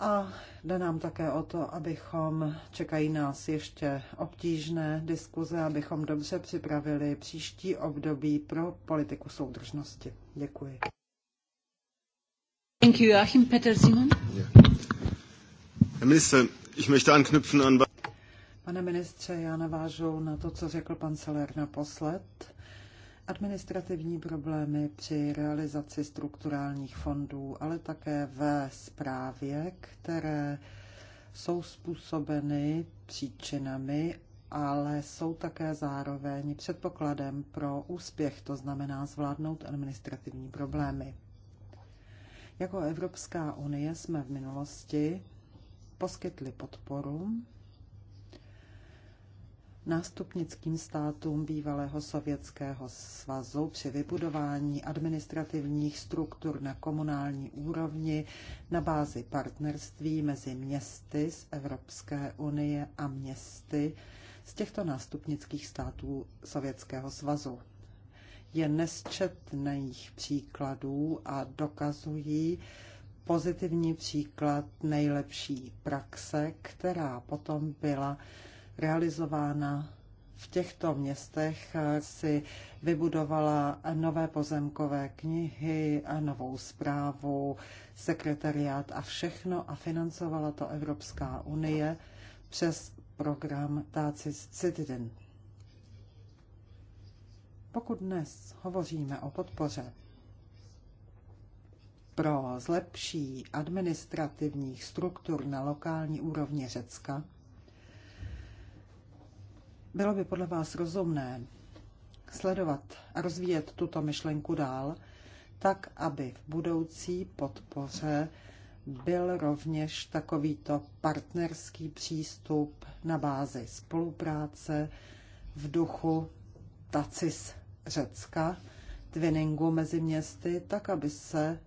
A jde nám také o to, abychom, čekají nás ještě obtížné diskuze, abychom dobře připravili příští období pro politiku soudržnosti. Děkuji. Thank you, Achim Peter Simon. Yeah. Pane ministře, já navážu na to, co řekl pan Seller naposled. Administrativní problémy při realizaci strukturálních fondů, ale také ve správě, které jsou způsobeny příčinami, ale jsou také zároveň předpokladem pro úspěch, to znamená zvládnout administrativní problémy. Jako Evropská unie jsme v minulosti poskytli podporu nástupnickým státům bývalého sovětského svazu při vybudování administrativních struktur na komunální úrovni na bázi partnerství mezi městy z Evropské unie a městy z těchto nástupnických států Sovětského svazu. Je nesčetných příkladů a dokazují, pozitivní příklad nejlepší praxe, která potom byla realizována v těchto městech si vybudovala nové pozemkové knihy, a novou zprávu, sekretariát a všechno a financovala to Evropská unie přes program Tacis Citizen. Pokud dnes hovoříme o podpoře pro zlepší administrativních struktur na lokální úrovni Řecka, bylo by podle vás rozumné sledovat a rozvíjet tuto myšlenku dál, tak aby v budoucí podpoře byl rovněž takovýto partnerský přístup na bázi spolupráce v duchu Tacis Řecka, twinningu mezi městy, tak aby se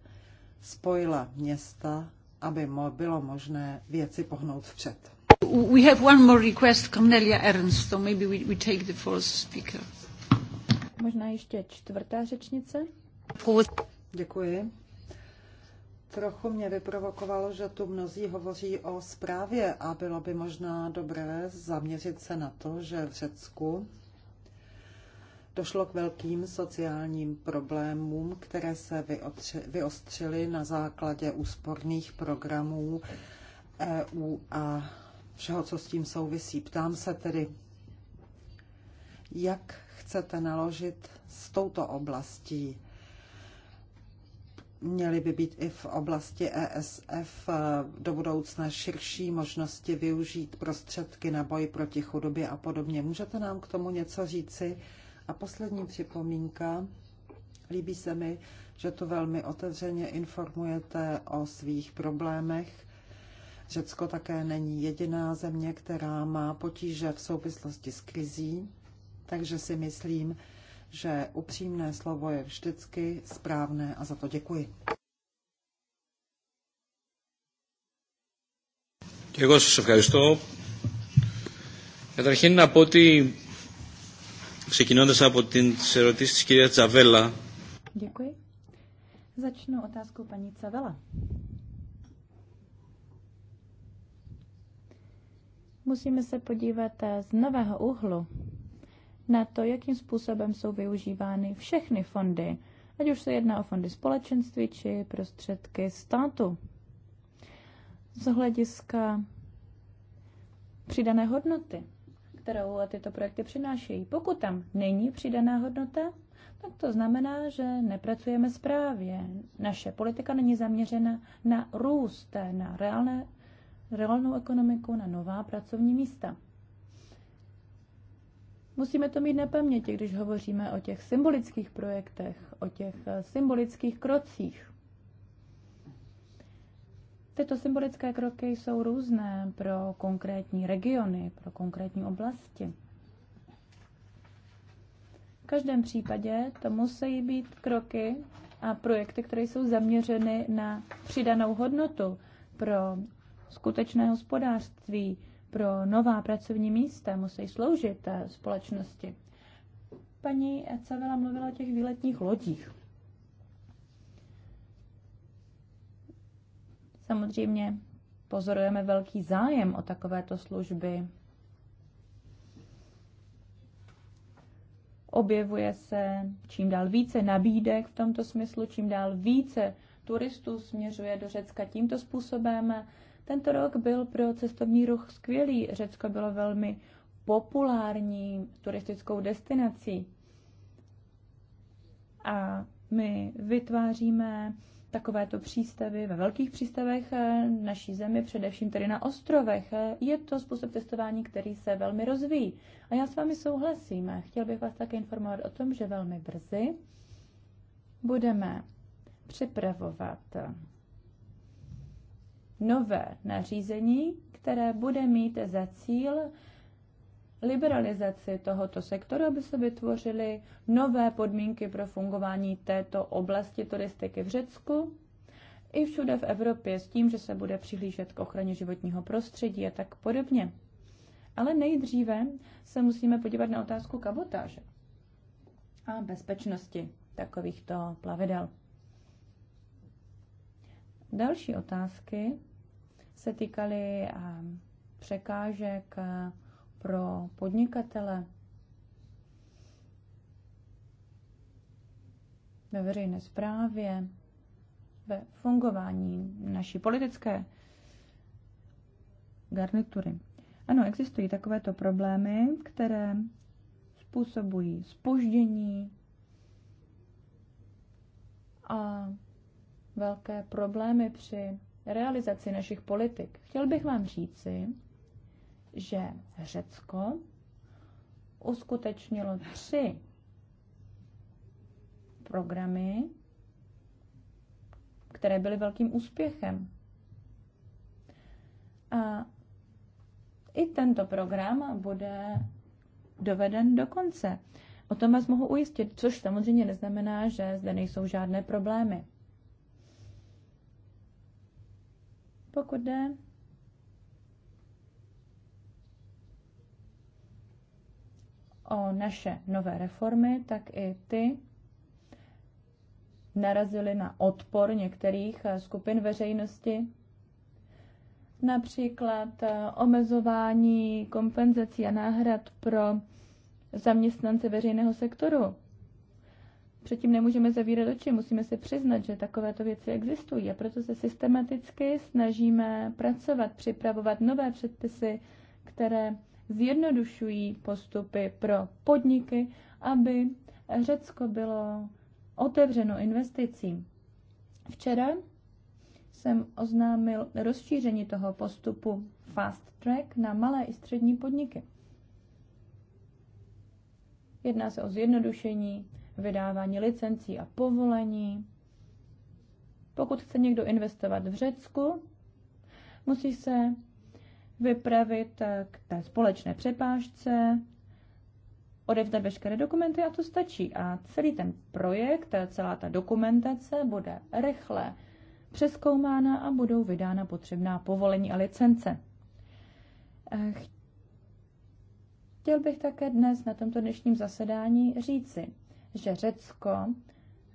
spojila města, aby bylo možné věci pohnout vpřed. We have one more request, Cornelia Ernst, so maybe we, we take the fourth speaker. Možná ještě čtvrtá řečnice. Děkuji. Trochu mě vyprovokovalo, že tu mnozí hovoří o zprávě a bylo by možná dobré zaměřit se na to, že v Řecku došlo k velkým sociálním problémům, které se vyostřily na základě úsporných programů EU a všeho, co s tím souvisí. Ptám se tedy, jak chcete naložit s touto oblastí? Měly by být i v oblasti ESF e, do budoucna širší možnosti využít prostředky na boj proti chudobě a podobně. Můžete nám k tomu něco říci? A poslední připomínka. Líbí se mi, že tu velmi otevřeně informujete o svých problémech. Řecko také není jediná země, která má potíže v souvislosti s krizí, takže si myslím, že upřímné slovo je vždycky správné a za to děkuji. Děkuji, εγώ σας ευχαριστώ. Καταρχήν να πω ξεκινώντας από τις ερωτήσεις της κυρία Τσαβέλα. Děkuji. Začnu otázkou paní Cavela. Musíme se podívat z nového úhlu na to, jakým způsobem jsou využívány všechny fondy, ať už se jedná o fondy společenství či prostředky státu. Z hlediska přidané hodnoty kterou tyto projekty přinášejí. Pokud tam není přidaná hodnota, tak to znamená, že nepracujeme správně. Naše politika není zaměřena na růst, na reálné, reálnou ekonomiku, na nová pracovní místa. Musíme to mít na paměti, když hovoříme o těch symbolických projektech, o těch symbolických krocích. Tyto symbolické kroky jsou různé pro konkrétní regiony, pro konkrétní oblasti. V každém případě to musí být kroky a projekty, které jsou zaměřeny na přidanou hodnotu pro skutečné hospodářství, pro nová pracovní místa, musí sloužit eh, společnosti. Paní Cavela mluvila o těch výletních lodích. Samozřejmě pozorujeme velký zájem o takovéto služby. Objevuje se čím dál více nabídek v tomto smyslu, čím dál více turistů směřuje do Řecka tímto způsobem. Tento rok byl pro cestovní ruch skvělý. Řecko bylo velmi populární turistickou destinací. A my vytváříme takovéto přístavy ve velkých přístavech eh, naší zemi, především tedy na ostrovech. Eh, je to způsob testování, který se velmi rozvíjí. A já s vámi souhlasím. Eh, chtěl bych vás také informovat o tom, že velmi brzy budeme připravovat nové nařízení, které bude mít za cíl liberalizaci tohoto sektoru, aby se vytvořily nové podmínky pro fungování této oblasti turistiky v Řecku i všude v Evropě s tím, že se bude přihlížet k ochraně životního prostředí a tak podobně. Ale nejdříve se musíme podívat na otázku kabotáže a bezpečnosti takovýchto plavidel. Další otázky se týkaly eh, překážek eh, pro podnikatele ve veřejné zprávě, ve fungování naší politické garnitury. Ano, existují takovéto problémy, které způsobují spoždění a velké problémy při realizaci našich politik. Chtěl bych vám říci, že Řecko uskutečnilo tři programy, které byly velkým úspěchem. A i tento program bude doveden do konce. O tom vás mohu ujistit, což samozřejmě neznamená, že zde nejsou žádné problémy. Pokud jde o naše nové reformy, tak i ty narazily na odpor některých eh, skupin veřejnosti, například eh, omezování kompenzací a náhrad pro zaměstnance veřejného sektoru. Předtím nemůžeme zavírat oči, musíme si přiznat, že takovéto věci existují a proto se systematicky snažíme pracovat, připravovat nové předpisy, které zjednodušují postupy pro podniky, aby Řecko bylo otevřeno investicím. Včera jsem oznámil rozšíření toho postupu Fast Track na malé i střední podniky. Jedná se o zjednodušení vydávání licencí a povolení. Pokud chce někdo investovat v Řecku, musí se vypravit eh, k té společné přepážce, odevzdat veškeré dokumenty a to stačí. A celý ten projekt, eh, celá ta dokumentace bude rychle přeskoumána a budou vydána potřebná povolení a licence. Eh, chtěl bych také dnes na tomto dnešním zasedání říci, že Řecko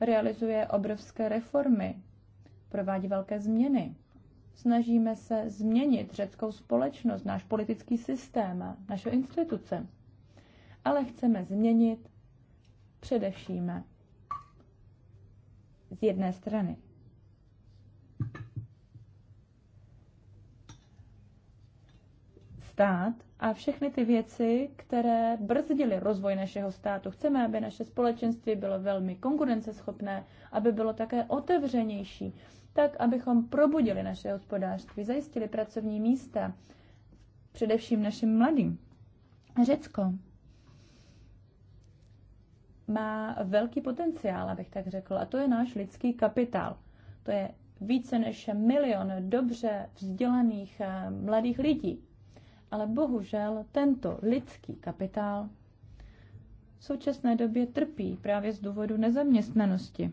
realizuje obrovské reformy, provádí velké změny. Snažíme se změnit řeckou společnost, náš politický systém, naše instituce. Ale chceme změnit především z jedné strany. Stát a všechny ty věci, které brzdily rozvoj našeho státu. Chceme, aby naše společenství bylo velmi konkurenceschopné, aby bylo také otevřenější, tak abychom probudili naše hospodářství, zajistili pracovní místa, především našim mladým. Řecko má velký potenciál, abych tak řekl, a to je náš lidský kapitál. To je více než milion dobře vzdělaných eh, mladých lidí. Ale bohužel tento lidský kapitál v současné době trpí právě z důvodu nezaměstnanosti.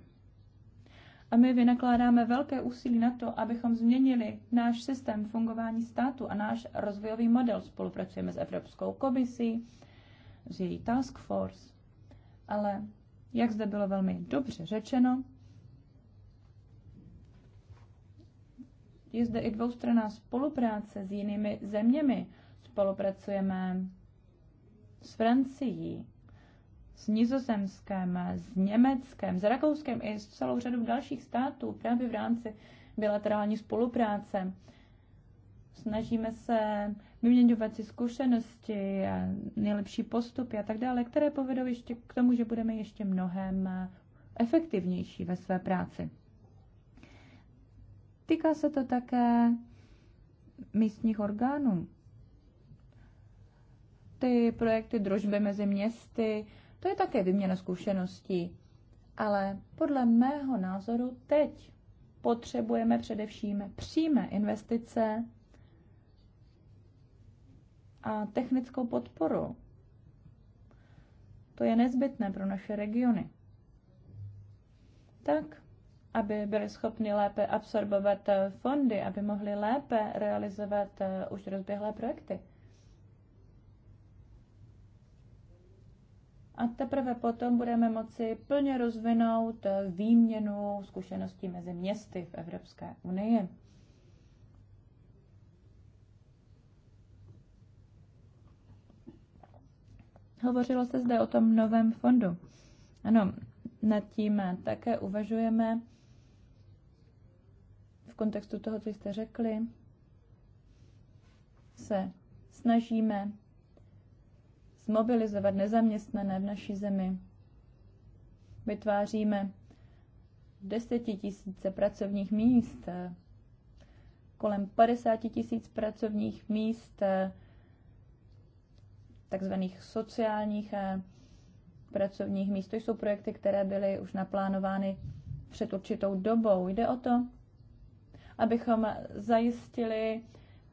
A my vynakládáme velké úsilí na to, abychom změnili náš systém fungování státu a náš rozvojový model. Spolupracujeme s Evropskou komisí, s její task force, ale jak zde bylo velmi dobře řečeno, je zde i dvoustranná spolupráce s jinými zeměmi. Spolupracujeme s Francií, s Nizozemskem, s Německem, s Rakouskem i s celou řadou dalších států právě v rámci bilaterální spolupráce. Snažíme se vyměňovat si zkušenosti, nejlepší postupy a tak dále, které povedou ještě k tomu, že budeme ještě mnohem efektivnější ve své práci. Týká se to také místních orgánů. Ty projekty družby mezi městy, to je také vyměna zkušeností. Ale podle mého názoru teď potřebujeme především přímé investice a technickou podporu. To je nezbytné pro naše regiony. Tak, aby byli schopni lépe absorbovat eh, fondy, aby mohli lépe realizovat eh, už rozběhlé projekty. a teprve potom budeme moci plně rozvinout výměnu zkušeností mezi městy v Evropské unii. Hovořilo se zde o tom novém fondu. Ano, nad tím také uvažujeme v kontextu toho, co jste řekli. Se snažíme zmobilizovat nezaměstnané v naší zemi. Vytváříme desetitisíce pracovních míst, kolem 50 tisíc pracovních míst, takzvaných sociálních eh, pracovních míst. To jsou projekty, které byly už naplánovány před určitou dobou. Jde o to, abychom zajistili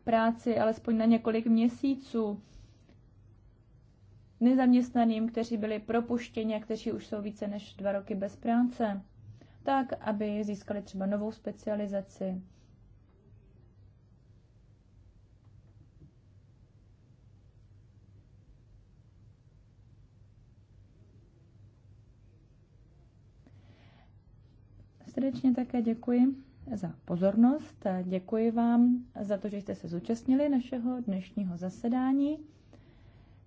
práci alespoň na několik měsíců nezaměstnaným, kteří byli propuštěni a kteří už jsou více než dva roky bez práce, tak, aby získali třeba novou specializaci. Srdečně také děkuji za pozornost. Děkuji vám za to, že jste se zúčastnili našeho dnešního zasedání.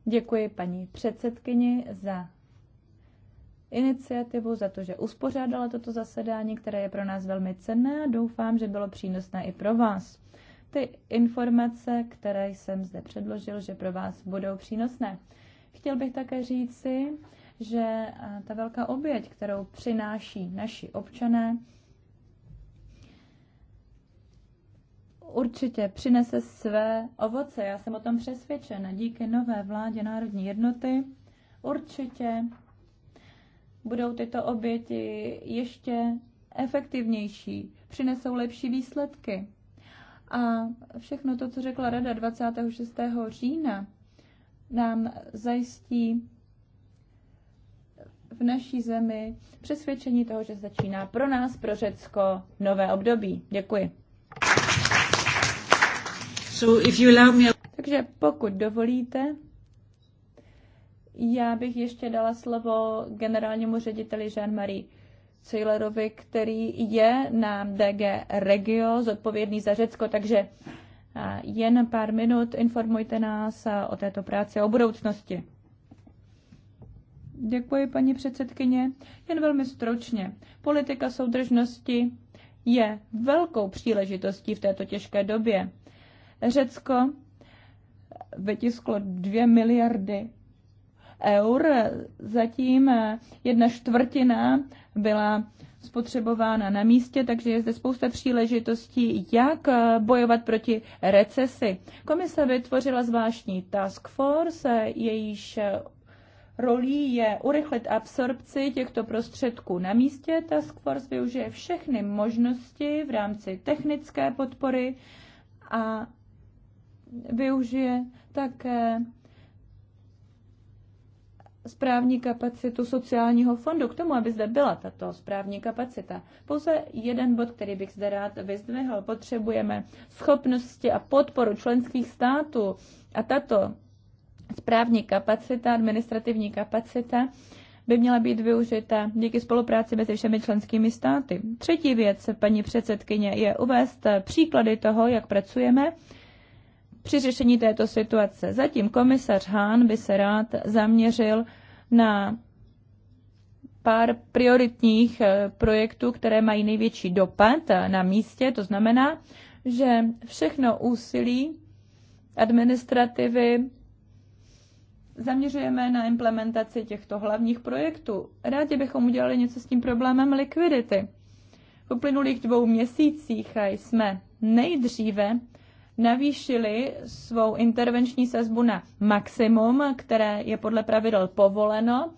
Děkuji paní předsedkyni za iniciativu, za to, že uspořádala toto zasedání, které je pro nás velmi cenné a doufám, že bylo přínosné i pro vás. Ty informace, které jsem zde předložil, že pro vás budou přínosné. Chtěl bych také říci, že eh, ta velká oběť, kterou přináší naši občané, určitě přinese své ovoce. Já jsem o tom přesvědčena. Díky nové vládě Národní jednoty určitě budou tyto oběti ještě efektivnější, přinesou lepší výsledky. A všechno to, co řekla Rada 26. října, nám zajistí v naší zemi přesvědčení toho, že začíná pro nás, pro Řecko, nové období. Děkuji. Takže pokud dovolíte, já bych ještě dala slovo generálnímu řediteli Jean-Marie Cejlerovi, který je na DG Regio zodpovědný za Řecko, takže jen pár minut informujte nás o této práci a o budoucnosti. Děkuji, paní předsedkyně. Jen velmi stručně. Politika soudržnosti je velkou příležitostí v této těžké době. Řecko vytisklo 2 miliardy eur, zatím jedna čtvrtina byla spotřebována na místě, takže je zde spousta příležitostí, jak bojovat proti recesi. Komise vytvořila zvláštní task force, jejíž rolí je urychlit absorpci těchto prostředků na místě. Task force využije všechny možnosti v rámci technické podpory a využije také správní kapacitu sociálního fondu k tomu, aby zde byla tato správní kapacita. Pouze jeden bod, který bych zde rád vyzdvihl. Potřebujeme schopnosti a podporu členských států a tato správní kapacita, administrativní kapacita by měla být využita díky spolupráci mezi všemi členskými státy. Třetí věc, paní předsedkyně, je uvést příklady toho, jak pracujeme při řešení této situace. Zatím komisař Hahn by se rád zaměřil na pár prioritních eh, projektů, které mají největší dopad na místě. To znamená, že všechno úsilí administrativy zaměřujeme na implementaci těchto hlavních projektů. Rádi bychom udělali něco s tím problémem likvidity. V uplynulých dvou měsících eh, jsme nejdříve navýšili svou intervenční sazbu na maximum, které je podle pravidel povoleno,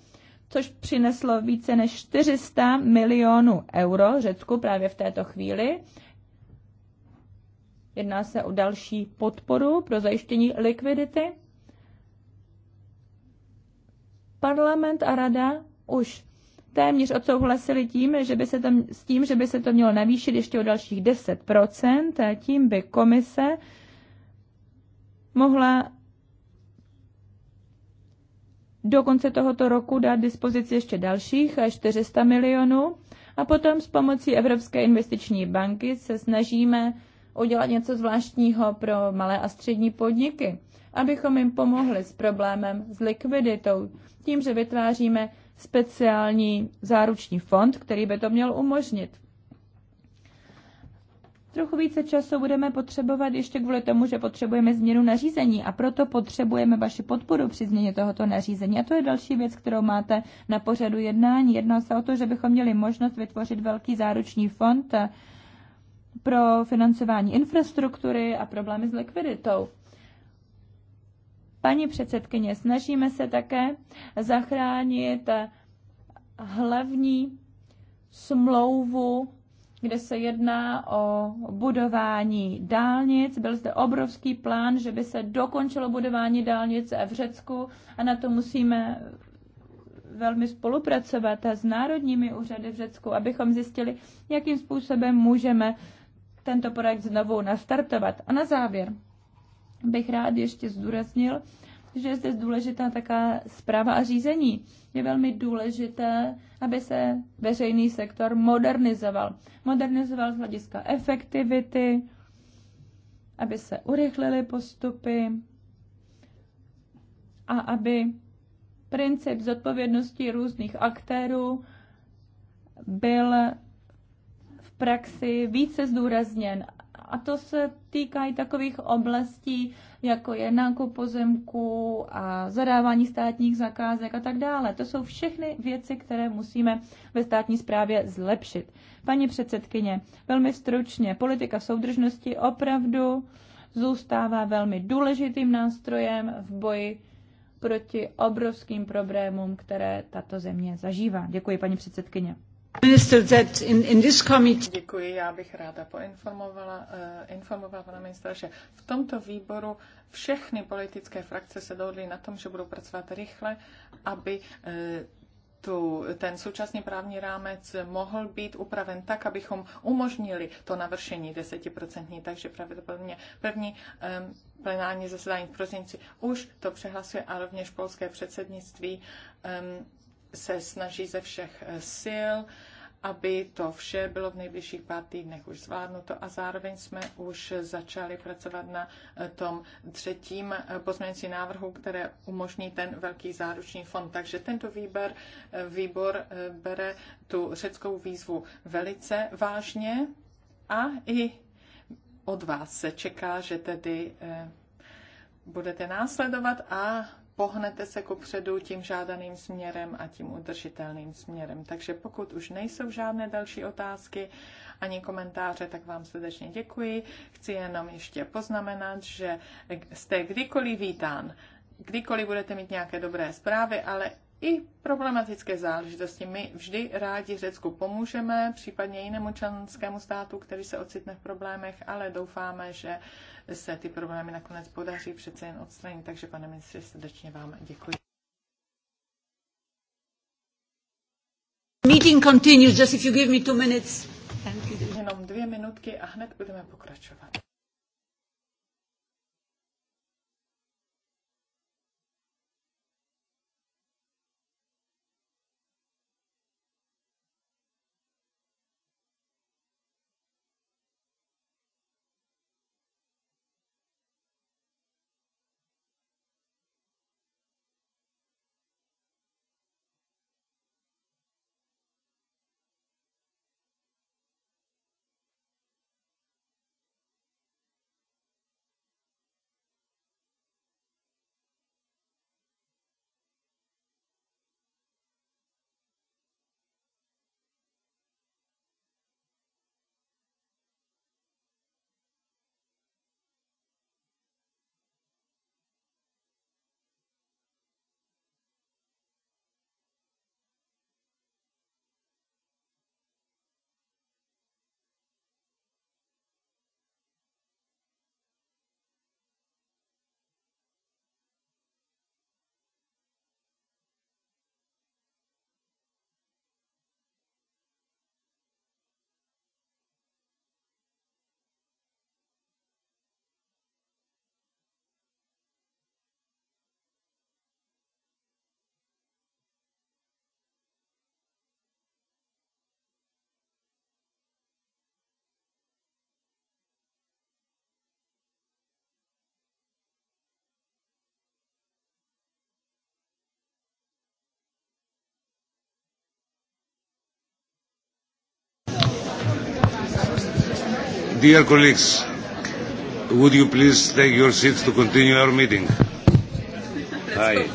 což přineslo více než 400 milionů euro Řecku právě v této chvíli. Jedná se o další podporu pro zajištění likvidity. Parlament a rada už téměř odsouhlasili tím, že by se to, s tím, že by se to mělo navýšit ještě o dalších 10%, a tím by komise mohla do konce tohoto roku dát dispozici ještě dalších 400 milionů a potom s pomocí Evropské investiční banky se snažíme udělat něco zvláštního pro malé a střední podniky, abychom jim pomohli s problémem s likviditou, tím, že vytváříme speciální záruční fond, který by to měl umožnit. Trochu více času budeme potřebovat ještě kvůli tomu, že potřebujeme změnu nařízení a proto potřebujeme vaši podporu při změně tohoto nařízení. A to je další věc, kterou máte na pořadu jednání. Jedná se o to, že bychom měli možnost vytvořit velký záruční fond pro financování infrastruktury a problémy s likviditou. Paní předsedkyně, snažíme se také zachránit hlavní smlouvu, kde se jedná o budování dálnic. Byl zde obrovský plán, že by se dokončilo budování dálnic v Řecku a na to musíme velmi spolupracovat s národními úřady v Řecku, abychom zjistili, jakým způsobem můžeme tento projekt znovu nastartovat. A na závěr, bych rád ještě zdůraznil, že je zde důležitá taká zpráva a řízení. Je velmi důležité, aby se veřejný sektor modernizoval. Modernizoval z hlediska efektivity, aby se urychlily postupy a aby princip zodpovědnosti různých aktérů byl v praxi více zdůrazněn a to se týká i takových oblastí, jako je nákup pozemků a zadávání státních zakázek a tak dále. To jsou všechny věci, které musíme ve státní správě zlepšit. Paní předsedkyně, velmi stručně, politika soudržnosti opravdu zůstává velmi důležitým nástrojem v boji proti obrovským problémům, které tato země zažívá. Děkuji, paní předsedkyně. Děkuji, já bych ráda poinformovala eh, informovala pana ministra, že v tomto výboru všechny politické frakce se dohodly na tom, že budou pracovat rychle, aby eh, tu, ten současný právní rámec mohl být upraven tak, abychom umožnili to navršení desetiprocentní, takže pravděpodobně první um, plenární zasedání v prosinci už to přehlasuje a rovněž polské předsednictví um, se snaží ze všech eh, sil, aby to vše bylo v nejbližších pár týdnech už zvládnuto a zároveň jsme už začali pracovat na eh, tom třetím eh, pozměňovacím návrhu, které umožní ten velký záruční fond. Takže tento výbor, výbor bere tu řeckou výzvu velice vážně a i od vás se čeká, že tedy budete následovat a pohnete se kopředu tím žádaným směrem a tím udržitelným směrem. Takže pokud už nejsou žádné další otázky ani komentáře, tak vám srdečně děkuji. Chci jenom ještě poznamenat, že jste kdykoliv vítán, kdykoliv budete mít nějaké dobré zprávy, ale i problematické záležitosti. My vždy rádi Řecku pomůžeme, případně jinému členskému státu, který se ocitne v problémech, ale doufáme, že se ty problémy nakonec podaří přece jen odstranit. Takže, pane ministře, srdečně vám děkuji. Meeting continues, just if you give me two minutes. Jenom dvě minutky a hned budeme pokračovat. Dear colleagues, would you please take your seats to continue our meeting? Hi.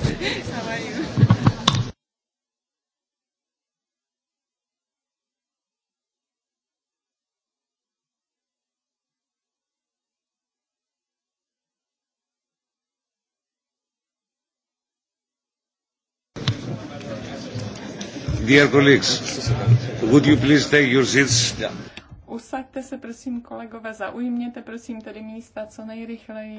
Dear colleagues, would you please take your seats? Yeah. Usaďte se, prosím, kolegové, zaujměte, prosím, tedy místa co nejrychleji.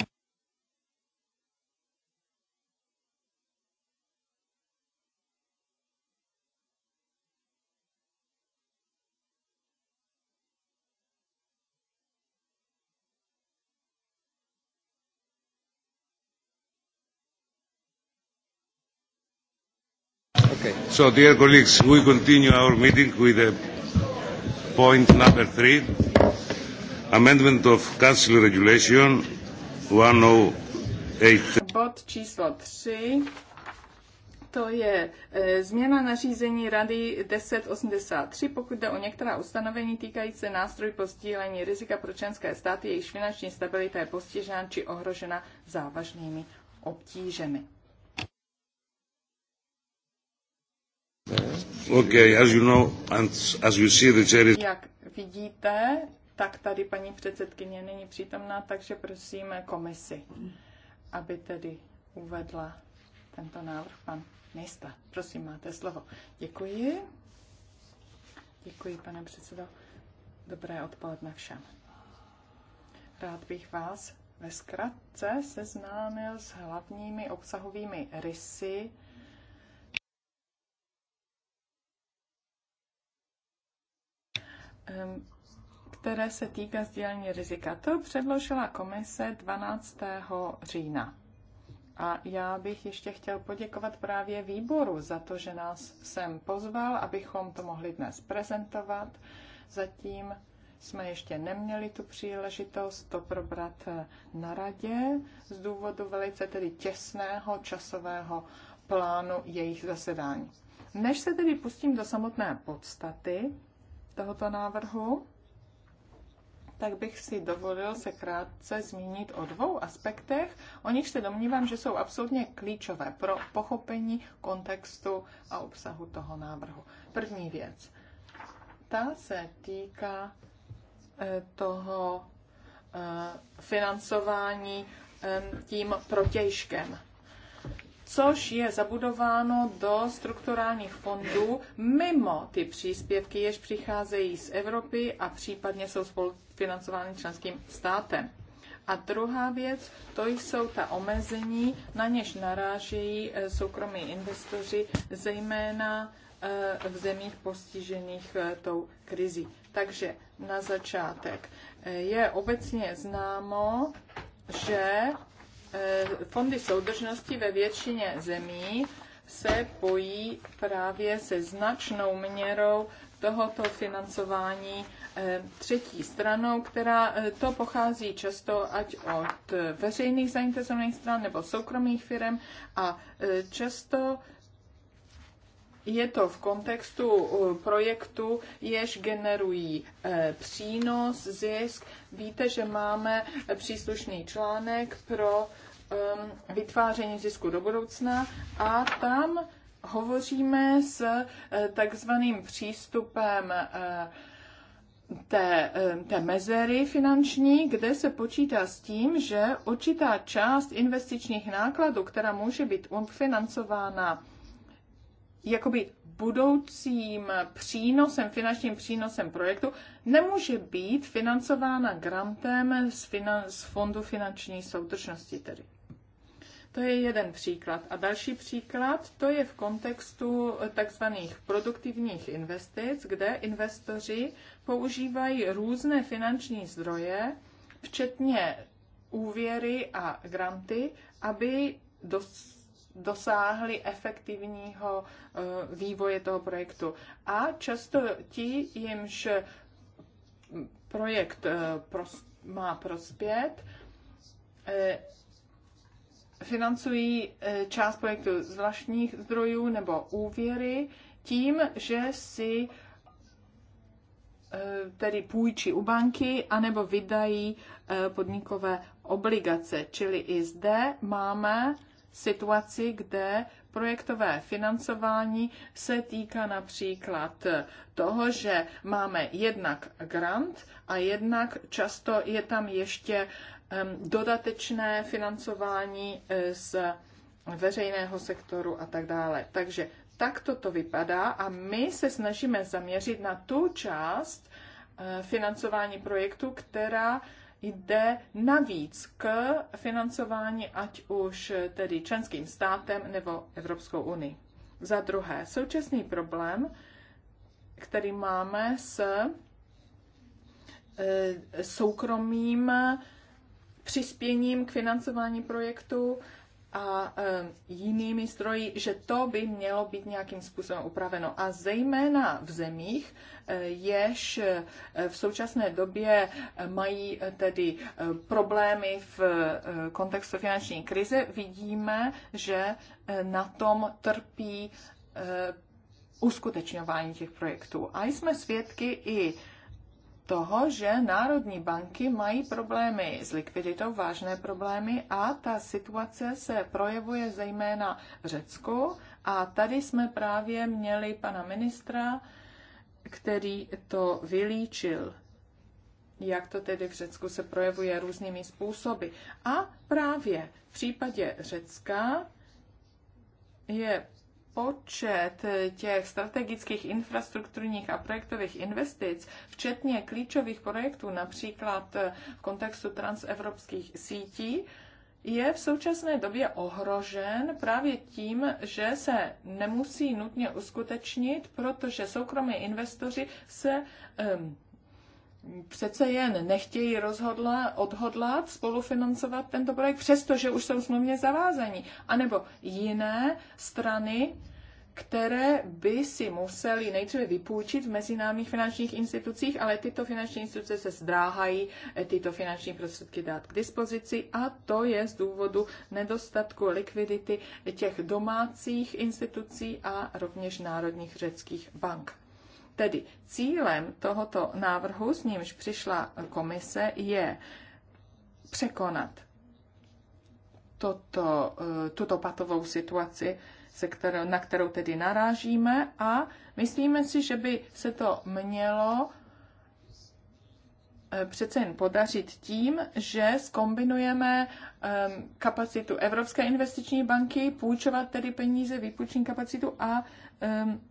Okay. So, dear colleagues, we continue our meeting with the point number three, amendment of Council Regulation oh Bod číslo 3, to je e, změna nařízení Rady 1083, pokud jde o některá ustanovení týkající se nástrojů sdílení rizika pro členské státy, jejichž finanční stabilita je postižena či ohrožena závažnými obtížemi. Jak vidíte, tak tady paní předsedkyně není přítomná, takže prosíme komisi, aby tedy uvedla tento návrh pan Nejsta. Prosím, máte slovo. Děkuji. Děkuji, pane předsedo. Dobré odpoledne všem. Rád bych vás ve zkratce seznámil s hlavními obsahovými rysy Ehm, které se týká sdílení rizika. To předložila komise 12. října. A já bych ještě chtěl poděkovat právě výboru za to, že nás sem pozval, abychom to mohli dnes prezentovat. Zatím jsme ještě neměli tu příležitost to probrat eh, na radě z důvodu velice tedy těsného časového plánu jejich zasedání. Než se tedy pustím do samotné podstaty, tohoto návrhu, tak bych si dovolil se krátce zmínit o dvou aspektech, o nich se domnívám, že jsou absolutně klíčové pro pochopení kontextu a obsahu toho návrhu. První věc. Ta se týká eh, toho eh, financování eh, tím protějškem což je zabudováno do strukturálních fondů mimo ty příspěvky, jež přicházejí z Evropy a případně jsou spolufinancovány členským státem. A druhá věc, to jsou ta omezení, na něž narážejí eh, soukromí investoři, zejména eh, v zemích postižených eh, tou krizí. Takže na začátek je obecně známo, že Eh, fondy soudržnosti ve většině zemí se pojí právě se značnou měrou tohoto financování eh, třetí stranou, která eh, to pochází často ať od veřejných zainteresovaných stran nebo soukromých firm a často je to v kontextu uh, projektu, jež generují eh, přínos, zisk. Víte, že máme eh, příslušný článek pro um, vytváření zisku do budoucna a tam hovoříme s eh, takzvaným přístupem té, té mezery finanční, kde se počítá s tím, že určitá část investičních nákladů, která může být financována jakoby budoucím přínosem, finančním přínosem projektu nemůže být financována grantem z, finan- z Fondu finanční soudržnosti tedy. To je jeden příklad. A další příklad, to je v kontextu takzvaných produktivních investic, kde investoři používají různé finanční zdroje, včetně úvěry a granty, aby dos- dosáhli efektivního eh, vývoje toho projektu. A často ti, jimž projekt eh, má prospět, eh, financují část projektu z vlastních zdrojů nebo úvěry tím, že si tedy půjčí u banky, anebo vydají podnikové obligace. Čili i zde máme situaci, kde projektové financování se týká například toho, že máme jednak grant a jednak často je tam ještě dodatečné financování e, z veřejného sektoru a tak dále. Takže tak to vypadá a my se snažíme zaměřit na tu část e, financování projektu, která jde navíc k financování ať už tedy členským státem nebo Evropskou unii. Za druhé, současný problém, který máme s e, soukromým přispěním k financování projektu a eh, jinými zdroji, že to by mělo být nějakým způsobem upraveno. A zejména v zemích, eh, jež eh, v současné době mají tedy problémy v kontextu finanční krize, vidíme, že na tom trpí uskutečňování těch projektů. A jsme svědky i toho, že národní banky mají problémy s likviditou, vážné problémy a ta situace se projevuje zejména v Řecku. A tady jsme právě měli pana ministra, který to vylíčil, jak to tedy v Řecku se projevuje různými způsoby. A právě v případě Řecka je počet těch strategických infrastrukturních a projektových investic, včetně klíčových projektů, například v kontextu transevropských sítí, je v současné době ohrožen právě tím, že se nemusí nutně uskutečnit, protože soukromí investoři se um, přece jen nechtějí rozhodla, odhodlat spolufinancovat tento projekt, přestože už jsou smluvně zavázaní. A nebo jiné strany, které by si museli nejdříve vypůjčit v mezinárodních finančních institucích, ale tyto finanční instituce se zdráhají eh, tyto finanční prostředky dát k dispozici a to je z důvodu nedostatku likvidity těch domácích institucí a rovněž národních řeckých bank. Tedy cílem tohoto návrhu, s nímž přišla komise, je překonat toto, eh, tuto patovou situaci, se kterou, na kterou tedy narážíme a myslíme si, že by se to mělo eh, přece jen podařit tím, že skombinujeme ehm, kapacitu Evropské investiční banky, půjčovat tedy peníze, výpůjční kapacitu a ehm,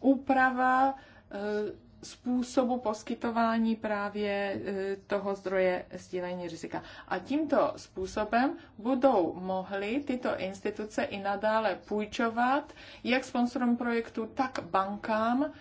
úprava Eh, způsobu poskytování právě eh, toho zdroje sdílení rizika. A tímto způsobem budou mohly tyto instituce i nadále půjčovat jak sponsorům projektu, tak bankám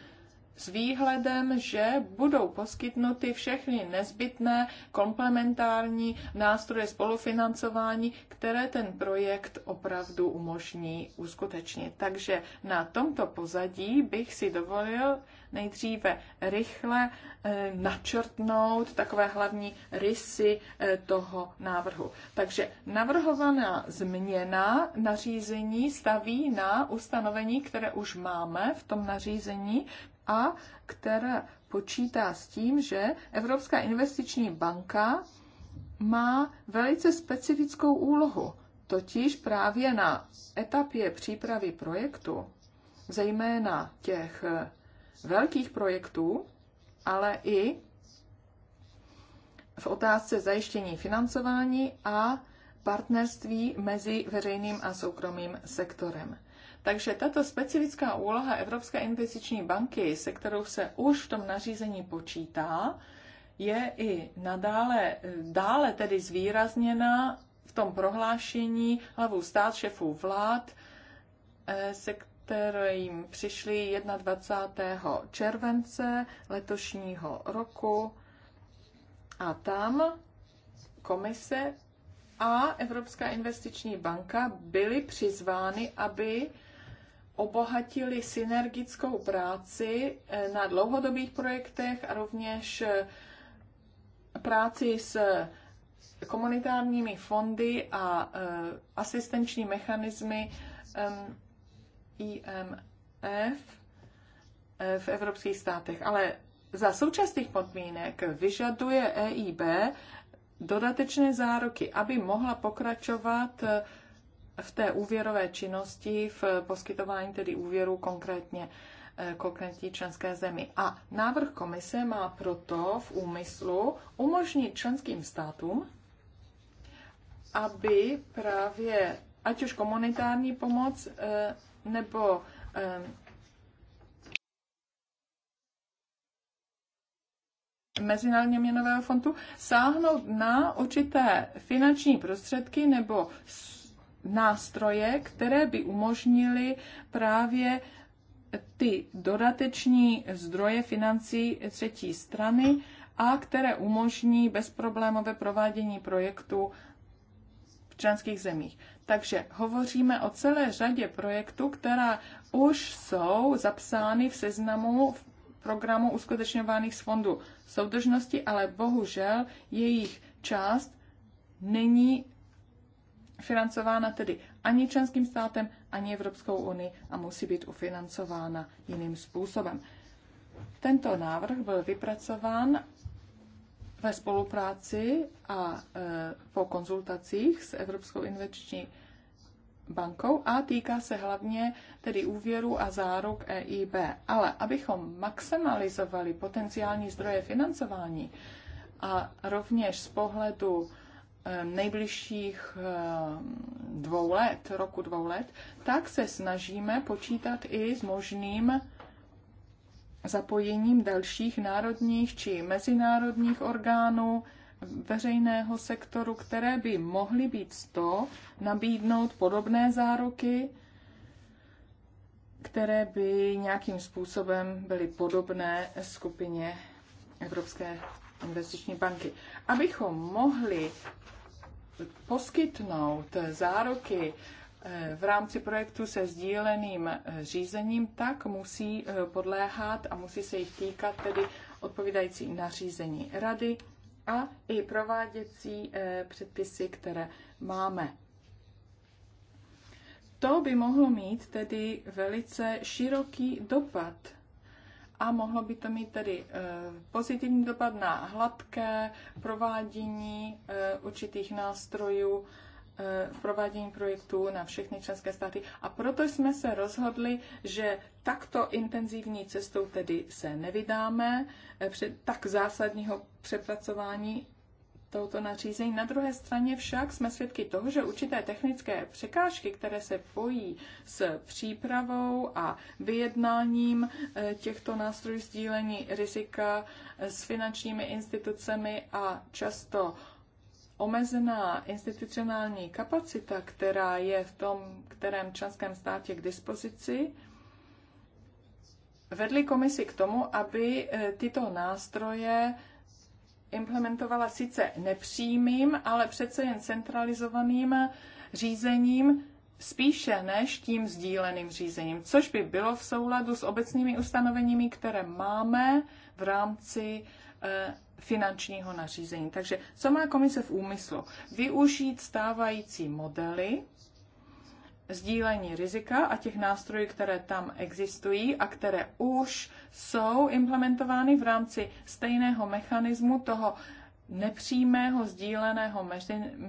s výhledem, že budou poskytnuty všechny nezbytné komplementární nástroje spolufinancování, které ten projekt opravdu umožní uskutečnit. Takže na tomto pozadí bych si dovolil nejdříve rychle eh, načrtnout takové hlavní rysy eh, toho návrhu. Takže navrhovaná změna nařízení staví na ustanovení, které už máme v tom nařízení, a která počítá s tím, že Evropská investiční banka má velice specifickou úlohu, totiž právě na etapě přípravy projektu, zejména těch eh, velkých projektů, ale i v otázce zajištění financování a partnerství mezi veřejným a soukromým sektorem. Takže tato specifická úloha Evropské investiční banky, se kterou se už v tom nařízení počítá, je i nadále, dále tedy zvýrazněna v tom prohlášení hlavou stát šefů vlád, eh, se kterým přišli 21. července letošního roku a tam komise a Evropská investiční banka byly přizvány, aby obohatili synergickou práci eh, na dlouhodobých projektech a rovněž eh, práci s komunitárními fondy a eh, asistenční mechanismy IMF v evropských státech. Ale za současných podmínek vyžaduje EIB dodatečné záruky, aby mohla pokračovat v té úvěrové činnosti, v poskytování tedy úvěru konkrétně eh, konkrétní členské zemi. A návrh komise má proto v úmyslu umožnit členským státům, aby právě ať už komunitární pomoc eh, nebo eh, Mezinárodního měnového fondu sáhnout na určité finanční prostředky nebo nástroje, které by umožnily právě ty dodateční zdroje financí třetí strany a které umožní bezproblémové provádění projektu v členských zemích. Takže hovoříme o celé řadě projektů, která už jsou zapsány v seznamu v programu uskutečňovaných z fondu soudržnosti, ale bohužel jejich část není financována tedy ani členským státem, ani Evropskou unii a musí být ufinancována jiným způsobem. Tento návrh byl vypracován ve spolupráci a e, po konzultacích s Evropskou investiční bankou a týká se hlavně tedy úvěru a záruk EIB. Ale abychom maximalizovali potenciální zdroje financování a rovněž z pohledu Eh, nejbližších eh, dvou let, roku dvou let, tak se snažíme počítat i s možným zapojením dalších národních či mezinárodních orgánů veřejného sektoru, které by mohly být to nabídnout podobné záruky, které by nějakým způsobem byly podobné skupině Evropské investiční banky. Abychom mohli poskytnout záruky eh, v rámci projektu se sdíleným eh, řízením, tak musí eh, podléhat a musí se jich týkat tedy odpovídající nařízení rady a i prováděcí předpisy, které máme. To by mohlo mít tedy velice široký dopad a mohlo by to mít tedy eh, pozitivní dopad na hladké provádění eh, určitých nástrojů, eh, v provádění projektů na všechny členské státy. A proto jsme se rozhodli, že takto intenzivní cestou tedy se nevydáme před tak zásadního přepracování touto nařízení. Na druhé straně však jsme svědky toho, že určité technické překážky, které se pojí s přípravou a vyjednáním eh, těchto nástrojů sdílení rizika s finančními institucemi a často omezená institucionální kapacita, která je v tom kterém členském státě k dispozici, vedly komisi k tomu, aby eh, tyto nástroje implementovala sice nepřímým, ale přece jen centralizovaným řízením spíše než tím sdíleným řízením, což by bylo v souladu s obecnými ustanoveními, které máme v rámci eh, finančního nařízení. Takže co má komise v úmyslu? Využít stávající modely sdílení rizika a těch nástrojů, které tam existují a které už jsou implementovány v rámci stejného mechanismu toho nepřímého sdíleného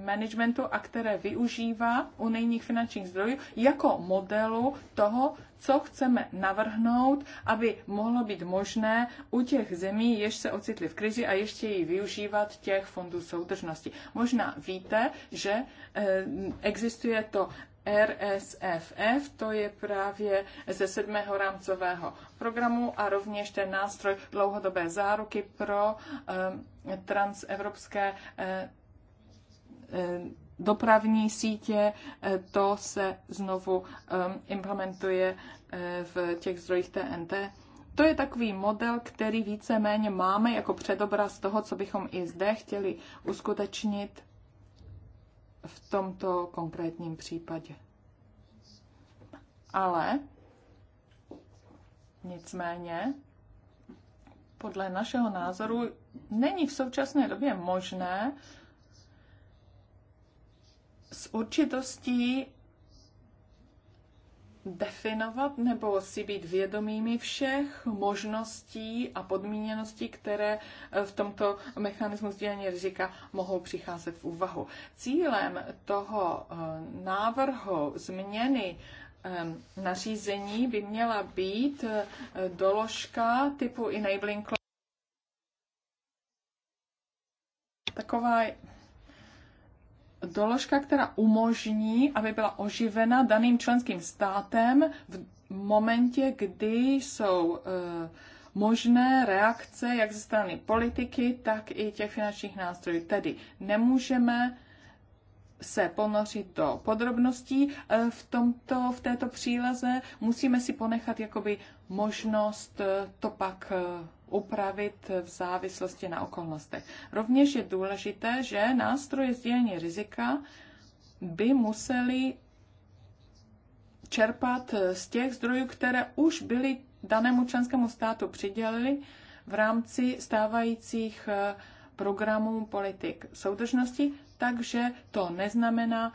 managementu a které využívá unijních finančních zdrojů jako modelu toho, co chceme navrhnout, aby mohlo být možné u těch zemí, jež se ocitly v krizi a ještě ji využívat těch fondů soudržnosti. Možná víte, že eh, existuje to RSFF, to je právě ze sedmého rámcového programu a rovněž ten nástroj dlouhodobé záruky pro eh, transevropské eh, eh, dopravní sítě, eh, to se znovu implementuje v těch zdrojích TNT. To je takový model, který víceméně máme jako předobraz toho, co bychom i zde chtěli uskutečnit v tomto konkrétním případě. Ale nicméně, podle našeho názoru, není v současné době možné s určitostí definovat nebo si být vědomými všech možností a podmíněností, které eh, v tomto mechanismu sdílení rizika mohou přicházet v úvahu. Cílem toho eh, návrhu změny eh, nařízení by měla být doložka typu enabling Taková doložka, která umožní, aby byla oživena daným členským státem v momentě, kdy jsou eh, možné reakce jak ze strany politiky, tak i těch finančních nástrojů. Tedy nemůžeme se ponořit do podrobností eh, v, tomto, v této příleze, musíme si ponechat jakoby možnost eh, to pak upravit v závislosti na okolnostech. Rovněž je důležité, že nástroje sdílení rizika by museli čerpat z těch zdrojů, které už byly danému členskému státu přiděleny v rámci stávajících eh, programů politik soudržnosti, takže to neznamená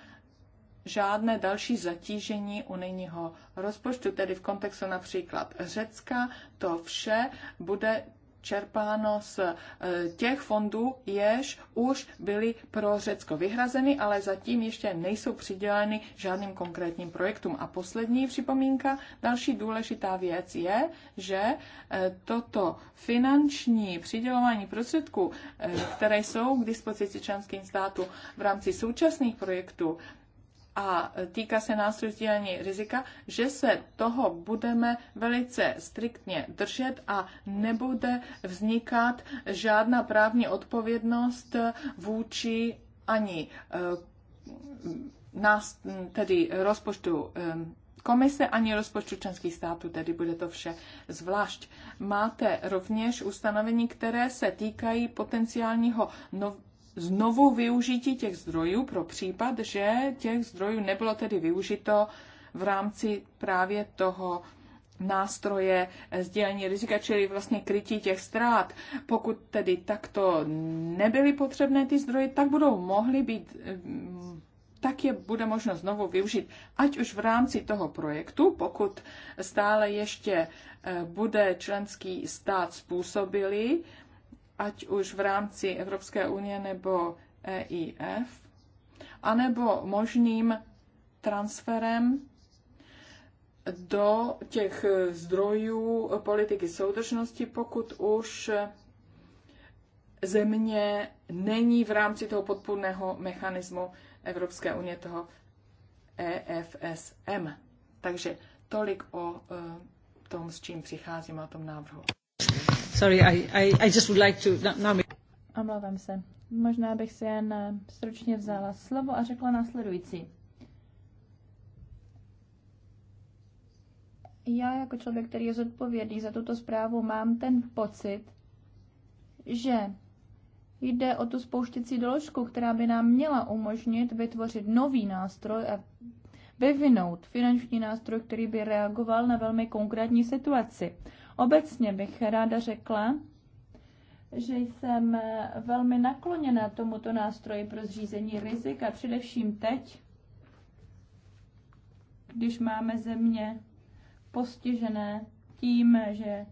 žádné další zatížení unijního rozpočtu, tedy v kontextu například Řecka, to vše bude čerpáno z e, těch fondů, jež už byly pro Řecko vyhrazeny, ale zatím ještě nejsou přiděleny žádným konkrétním projektům. A poslední připomínka, další důležitá věc je, že e, toto finanční přidělování prostředků, e, které jsou k dispozici členským státu v rámci současných projektů, a týká se nás rozdělení rizika, že se toho budeme velice striktně držet a nebude vznikat žádná právní odpovědnost vůči ani eh, nás, tedy rozpočtu eh, komise ani rozpočtu členských států, tedy bude to vše zvlášť. Máte rovněž ustanovení, které se týkají potenciálního nov- znovu využití těch zdrojů pro případ, že těch zdrojů nebylo tedy využito v rámci právě toho nástroje sdělení rizika, čili vlastně krytí těch ztrát. Pokud tedy takto nebyly potřebné ty zdroje, tak budou mohly být, tak je bude možno znovu využít, ať už v rámci toho projektu, pokud stále ještě eh, bude členský stát způsobili ať už v rámci Evropské unie nebo EIF, anebo možným transferem do těch zdrojů politiky soudržnosti, pokud už země není v rámci toho podpůrného mechanismu Evropské unie, toho EFSM. Takže tolik o eh, tom, s čím přicházím a tom návrhu. Sorry, I, I, I just would like to... No, no, Omlouvám se. Možná bych si jen eh, stručně vzala slovo a řekla následující. Já jako člověk, který je zodpovědný za tuto zprávu, mám ten pocit, že jde o tu spouštěcí doložku, která by nám měla umožnit vytvořit nový nástroj a vyvinout finanční nástroj, který by reagoval na velmi konkrétní situaci. Obecně bych ráda řekla, že jsem velmi nakloněna tomuto nástroji pro zřízení rizik a především teď, když máme země postižené tím, že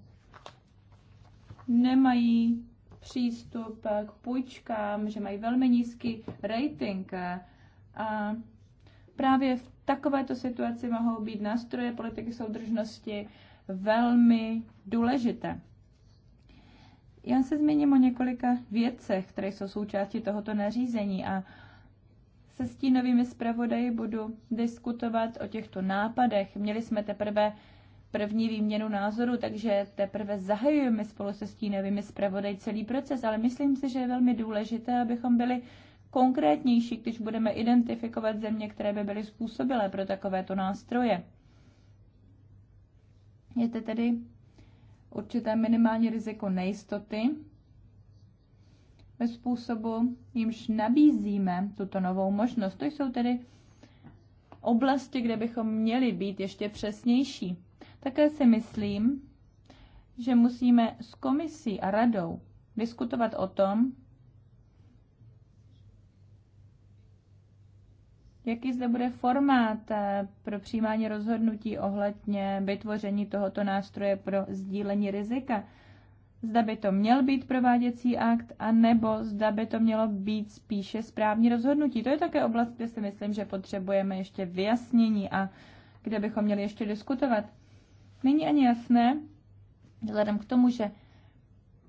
nemají přístup k půjčkám, že mají velmi nízký rating a právě v takovéto situaci mohou být nástroje politiky soudržnosti velmi důležité. Já se zmíním o několika věcech, které jsou součástí tohoto nařízení a se stínovými zpravodaji budu diskutovat o těchto nápadech. Měli jsme teprve první výměnu názoru, takže teprve zahajujeme spolu se stínovými zpravodaj celý proces, ale myslím si, že je velmi důležité, abychom byli konkrétnější, když budeme identifikovat země, které by byly způsobilé pro takovéto nástroje. Je to tedy určité minimální riziko nejistoty ve způsobu, jimž nabízíme tuto novou možnost. To jsou tedy oblasti, kde bychom měli být ještě přesnější. Také si myslím, že musíme s komisí a radou diskutovat o tom, Jaký zde bude formát eh, pro přijímání rozhodnutí ohledně vytvoření tohoto nástroje pro sdílení rizika? Zda by to měl být prováděcí akt, anebo zda by to mělo být spíše správní rozhodnutí. To je také oblast, kde si myslím, že potřebujeme ještě vyjasnění a kde bychom měli ještě diskutovat. Není ani jasné, vzhledem k tomu, že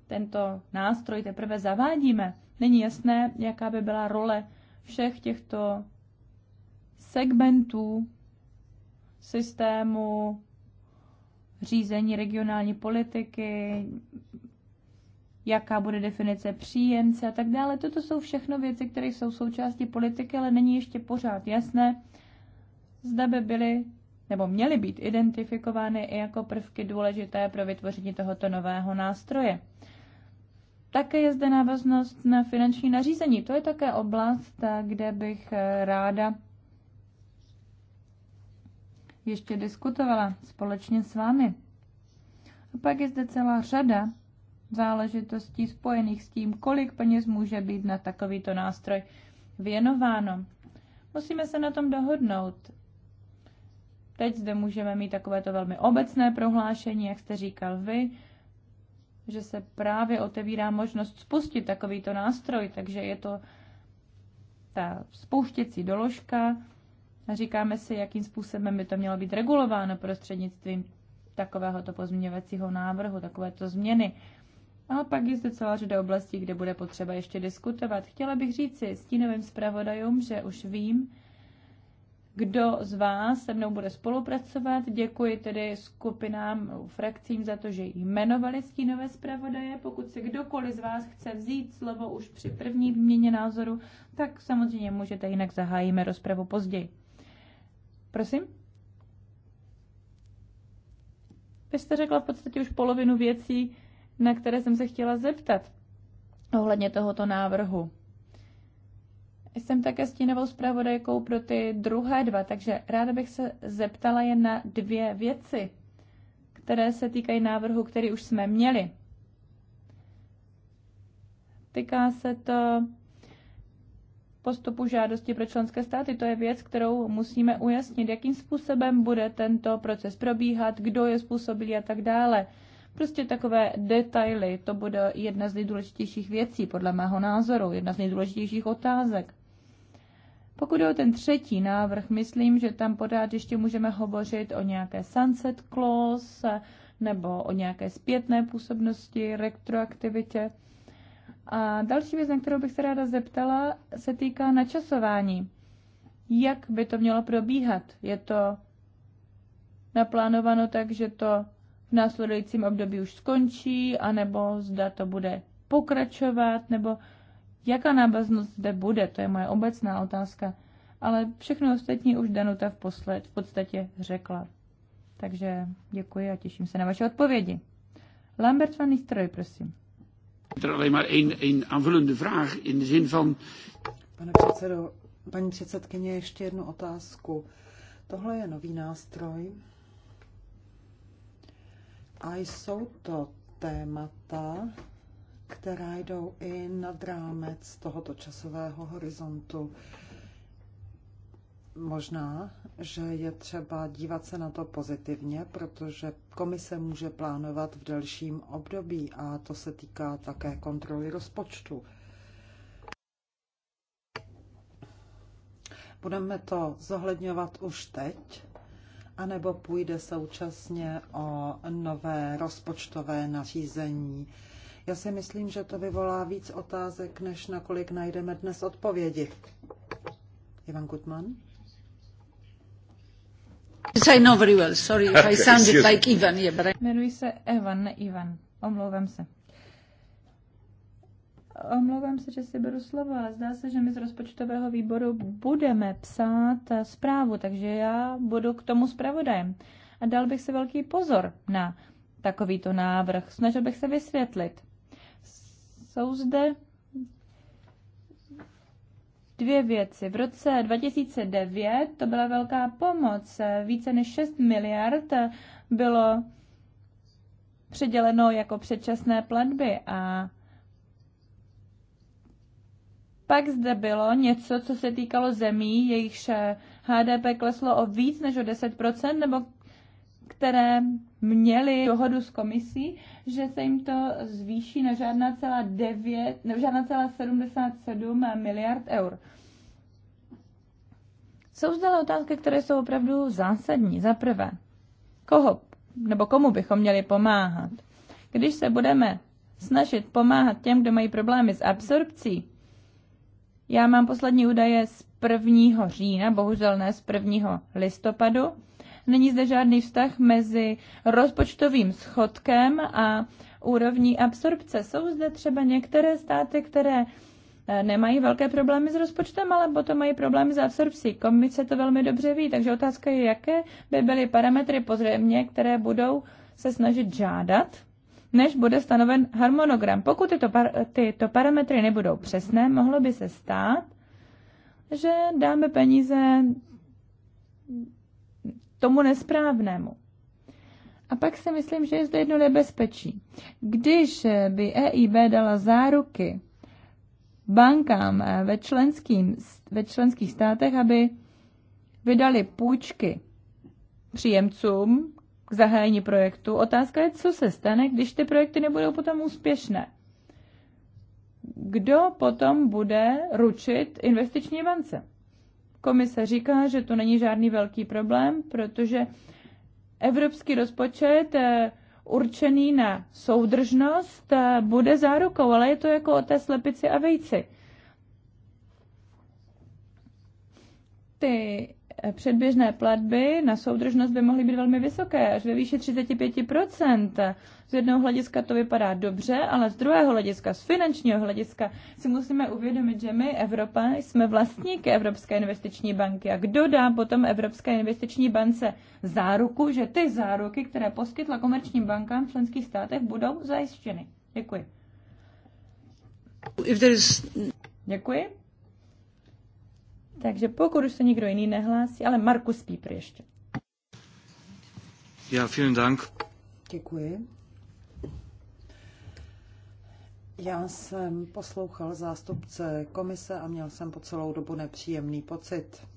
tento nástroj teprve zavádíme, není jasné, jaká by byla role všech těchto segmentů systému řízení regionální politiky, jaká bude definice příjemce a tak dále. Toto jsou všechno věci, které jsou součástí politiky, ale není ještě pořád jasné, zda by byly nebo měly být identifikovány i jako prvky důležité pro vytvoření tohoto nového nástroje. Také je zde návaznost na finanční nařízení. To je také oblast, kde bych ráda ještě diskutovala společně s vámi. A pak je zde celá řada záležitostí spojených s tím, kolik peněz může být na takovýto nástroj věnováno. Musíme se na tom dohodnout. Teď zde můžeme mít takovéto velmi obecné prohlášení, jak jste říkal vy, že se právě otevírá možnost spustit takovýto nástroj, takže je to ta spouštěcí doložka, Říkáme si, jakým způsobem by to mělo být regulováno prostřednictvím takovéhoto pozměňovacího návrhu, takovéto změny. A pak je zde celá řada oblastí, kde bude potřeba ještě diskutovat. Chtěla bych říci stínovým zpravodajům, že už vím, kdo z vás se mnou bude spolupracovat. Děkuji tedy skupinám, frakcím za to, že jmenovali stínové zpravodaje. Pokud se kdokoliv z vás chce vzít slovo už při první výměně názoru, tak samozřejmě můžete, jinak zahájíme rozpravu později. Prosím? Vy jste řekla v podstatě už polovinu věcí, na které jsem se chtěla zeptat ohledně tohoto návrhu. Jsem také stínovou zpravodajkou pro ty druhé dva, takže ráda bych se zeptala jen na dvě věci, které se týkají návrhu, který už jsme měli. Týká se to postupu žádosti pro členské státy. To je věc, kterou musíme ujasnit, jakým způsobem bude tento proces probíhat, kdo je způsobilý a tak dále. Prostě takové detaily, to bude jedna z nejdůležitějších věcí, podle mého názoru, jedna z nejdůležitějších otázek. Pokud je o ten třetí návrh, myslím, že tam pořád ještě můžeme hovořit o nějaké sunset clause nebo o nějaké zpětné působnosti, retroaktivitě. A další věc, na kterou bych se ráda zeptala, se týká načasování. Jak by to mělo probíhat? Je to naplánováno tak, že to v následujícím období už skončí, anebo zda to bude pokračovat, nebo jaká nábaznost zde bude, to je moje obecná otázka. Ale všechno ostatní už Danuta v, posled, v podstatě řekla. Takže děkuji a těším se na vaše odpovědi. Lambert van Nistroj, prosím. Er alleen maar één, één aanvullende vraag in de zin van... Pane předsedo, paní předsedkyně, ještě jednu otázku. Tohle je nový nástroj a jsou to témata, která jdou i nad rámec tohoto časového horizontu. Uh, Možná, že je třeba dívat se na to pozitivně, protože komise může plánovat v delším období a to se týká také kontroly rozpočtu. Budeme to zohledňovat už teď, anebo půjde současně o nové rozpočtové nařízení. Já si myslím, že to vyvolá víc otázek, než nakolik najdeme dnes odpovědi. Ivan Gutmann? No Jmenuji se Evan, ne Ivan. Omlouvám se. Omlouvám se, že si beru slovo, ale zdá se, že my z rozpočtového výboru budeme psát eh, zprávu, takže já budu k tomu zpravodajem. A dal bych si velký pozor na takovýto návrh. Snažil bych se vysvětlit. Jsou zde dvě věci. V roce 2009 to byla velká pomoc. Více než 6 miliard bylo předěleno jako předčasné platby a pak zde bylo něco, co se týkalo zemí, jejichž HDP kleslo o víc než o 10%, nebo které měly dohodu s komisí, že se jim to zvýší na žádná celá 9, na žádná celá 77 miliard eur. Jsou zde otázky, které jsou opravdu zásadní. Za prvé, koho nebo komu bychom měli pomáhat? Když se budeme snažit pomáhat těm, kdo mají problémy s absorpcí, já mám poslední údaje z 1. října, bohužel ne z 1. listopadu, Není zde žádný vztah mezi rozpočtovým schodkem a úrovní absorpce. Jsou zde třeba některé státy, které eh, nemají velké problémy s rozpočtem, ale potom mají problémy s absorpcí. Komise to velmi dobře ví, takže otázka je, jaké by byly parametry pozřejmě, které budou se snažit žádat, než bude stanoven harmonogram. Pokud tyto, par- tyto parametry nebudou přesné, mohlo by se stát, že dáme peníze tomu nesprávnému. A pak si myslím, že je zde jedno nebezpečí. Když by EIB dala záruky bankám ve, členským, ve členských státech, aby vydali půjčky příjemcům k zahájení projektu, otázka je, co se stane, když ty projekty nebudou potom úspěšné. Kdo potom bude ručit investiční bance? Komise říká, že to není žádný velký problém, protože evropský rozpočet eh, určený na soudržnost eh, bude zárukou, ale je to jako o té slepici a vejci. Ty předběžné platby na soudržnost by mohly být velmi vysoké, až ve výši 35%. Z jednoho hlediska to vypadá dobře, ale z druhého hlediska, z finančního hlediska, si musíme uvědomit, že my, Evropa, jsme vlastníky Evropské investiční banky. A kdo dá potom Evropské investiční bance záruku, že ty záruky, které poskytla komerčním bankám v členských státech, budou zajištěny? Děkuji. If there is... Děkuji. Takže pokud už se nikdo jiný nehlásí, ale Markus Pípr ještě. Já, vielen Dank. Děkuji. Já jsem poslouchal zástupce komise a měl jsem po celou dobu nepříjemný pocit.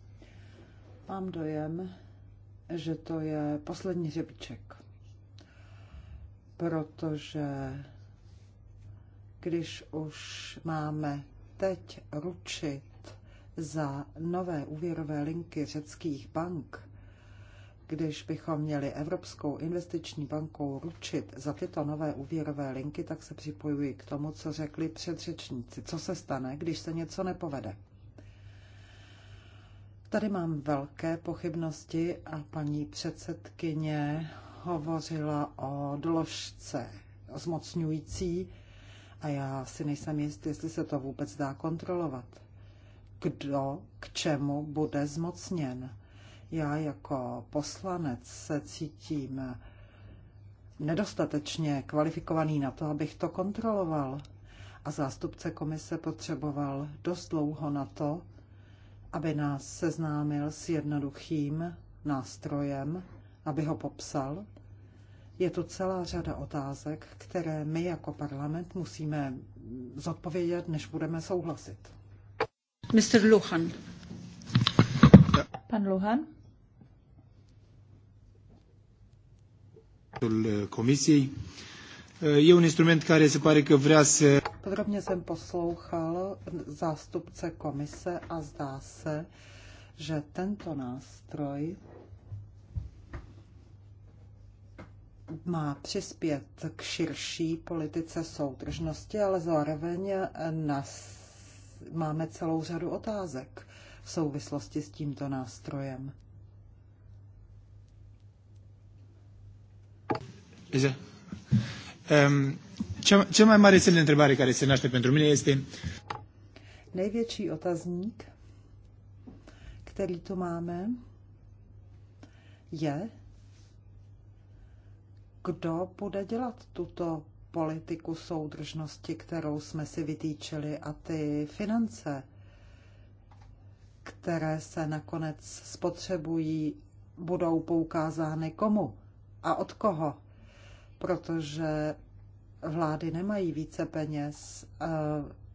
Mám dojem, že to je poslední řebíček. Protože když už máme teď ručit za nové úvěrové linky řeckých bank, když bychom měli Evropskou investiční bankou ručit za tyto nové úvěrové linky, tak se připojuji k tomu, co řekli předřečníci. Co se stane, když se něco nepovede? Tady mám velké pochybnosti a paní předsedkyně hovořila o doložce zmocňující a já si nejsem jist, jestli se to vůbec dá kontrolovat kdo k čemu bude zmocněn. Já jako poslanec se cítím nedostatečně kvalifikovaný na to, abych to kontroloval. A zástupce komise potřeboval dost dlouho na to, aby nás seznámil s jednoduchým nástrojem, aby ho popsal. Je tu celá řada otázek, které my jako parlament musíme zodpovědět, než budeme souhlasit. Mr. Luhan. Pan Luhan. Komisií. Je un instrument, který se pare že vrea se... Podrobně jsem poslouchal zástupce komise a zdá se, že tento nástroj má přispět k širší politice soudržnosti, ale zároveň nas máme celou řadu otázek v souvislosti s tímto nástrojem. Deja. Um, cea, cea mai mare semn de întrebare care se naște pentru mine este... Největší otazník, který tu máme, je, kdo bude dělat tuto politiku soudržnosti, kterou jsme si vytýčili a ty finance, které se nakonec spotřebují, budou poukázány komu a od koho. Protože vlády nemají více peněz eh,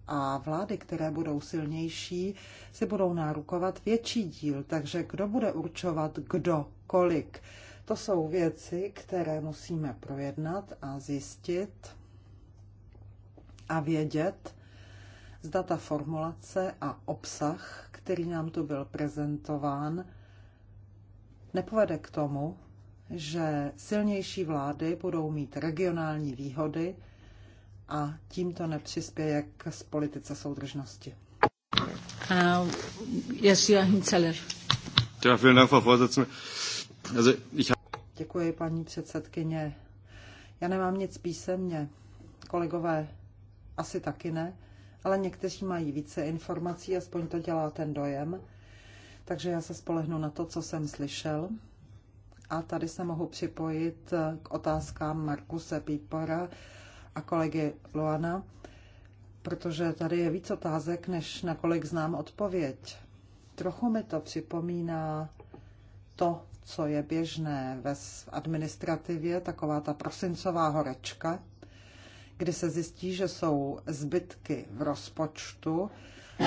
a vlády, které budou silnější, si budou nárukovat větší díl. Takže kdo bude určovat kdo, kolik? To jsou věci, které musíme projednat a zjistit a vědět, zda ta formulace a obsah, který nám tu byl prezentován, nepovede k tomu, že silnější vlády budou mít regionální výhody a tímto nepřispěje k politice soudržnosti. Uh, yes, Joachim Zeller. Ja, vielen Dank, Frau Vorsitzende. Also ich Děkuji, paní předsedkyně. Já nemám nic písemně. Kolegové asi taky ne, ale někteří mají více informací, aspoň to dělá ten dojem. Takže já se spolehnu na to, co jsem slyšel. A tady se mohu připojit k otázkám Markuse Pípora a kolegy Luana, protože tady je víc otázek, než nakolik znám odpověď. Trochu mi to připomíná to, co je běžné ve administrativě, taková ta prosincová horečka, kdy se zjistí, že jsou zbytky v rozpočtu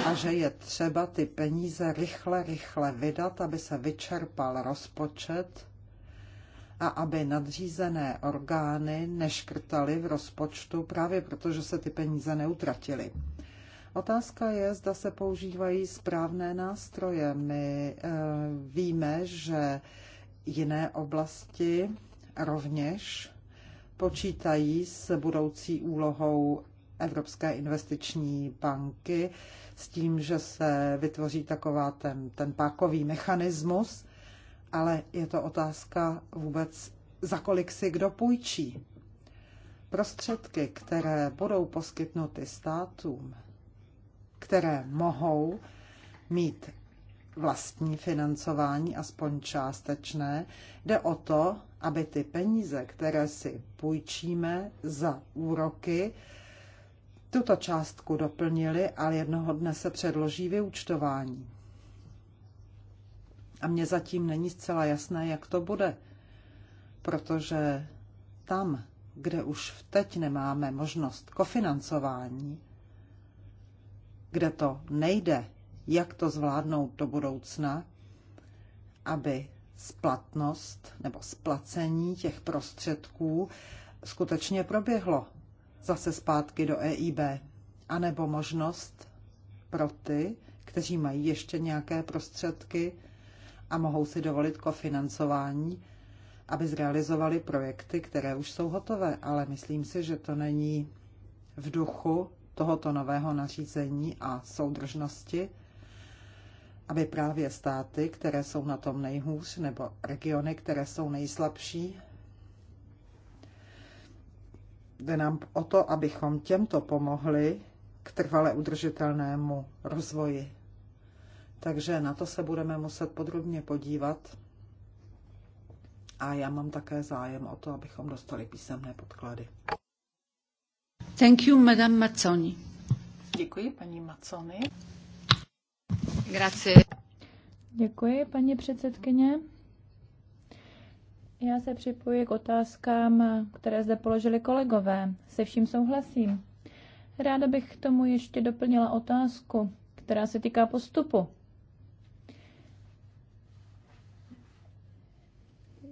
a že je třeba ty peníze rychle, rychle vydat, aby se vyčerpal rozpočet a aby nadřízené orgány neškrtaly v rozpočtu právě proto, že se ty peníze neutratily. Otázka je, zda se používají správné nástroje. My eh, víme, že jiné oblasti rovněž počítají s budoucí úlohou Evropské investiční banky, s tím, že se vytvoří taková ten, ten pákový mechanismus, ale je to otázka vůbec, za kolik si kdo půjčí. Prostředky, které budou poskytnuty státům, které mohou mít vlastní financování, aspoň částečné. Jde o to, aby ty peníze, které si půjčíme za úroky, tuto částku doplnili, ale jednoho dne se předloží vyučtování. A mně zatím není zcela jasné, jak to bude, protože tam, kde už teď nemáme možnost kofinancování, kde to nejde, jak to zvládnout do budoucna, aby splatnost nebo splacení těch prostředků skutečně proběhlo zase zpátky do EIB, anebo možnost pro ty, kteří mají ještě nějaké prostředky a mohou si dovolit kofinancování, aby zrealizovali projekty, které už jsou hotové, ale myslím si, že to není v duchu tohoto nového nařízení a soudržnosti, aby právě státy, které jsou na tom nejhůř, nebo regiony, které jsou nejslabší, jde nám o to, abychom těmto pomohli k trvale udržitelnému rozvoji. Takže na to se budeme muset podrobně podívat. A já mám také zájem o to, abychom dostali písemné podklady. Thank you, Madame Mazzoni. Děkuji, paní Mazzoni. Grazie. Děkuji, paní předsedkyně. Já se připojuji k otázkám, které zde položili kolegové. Se vším souhlasím. Ráda bych k tomu ještě doplnila otázku, která se týká postupu.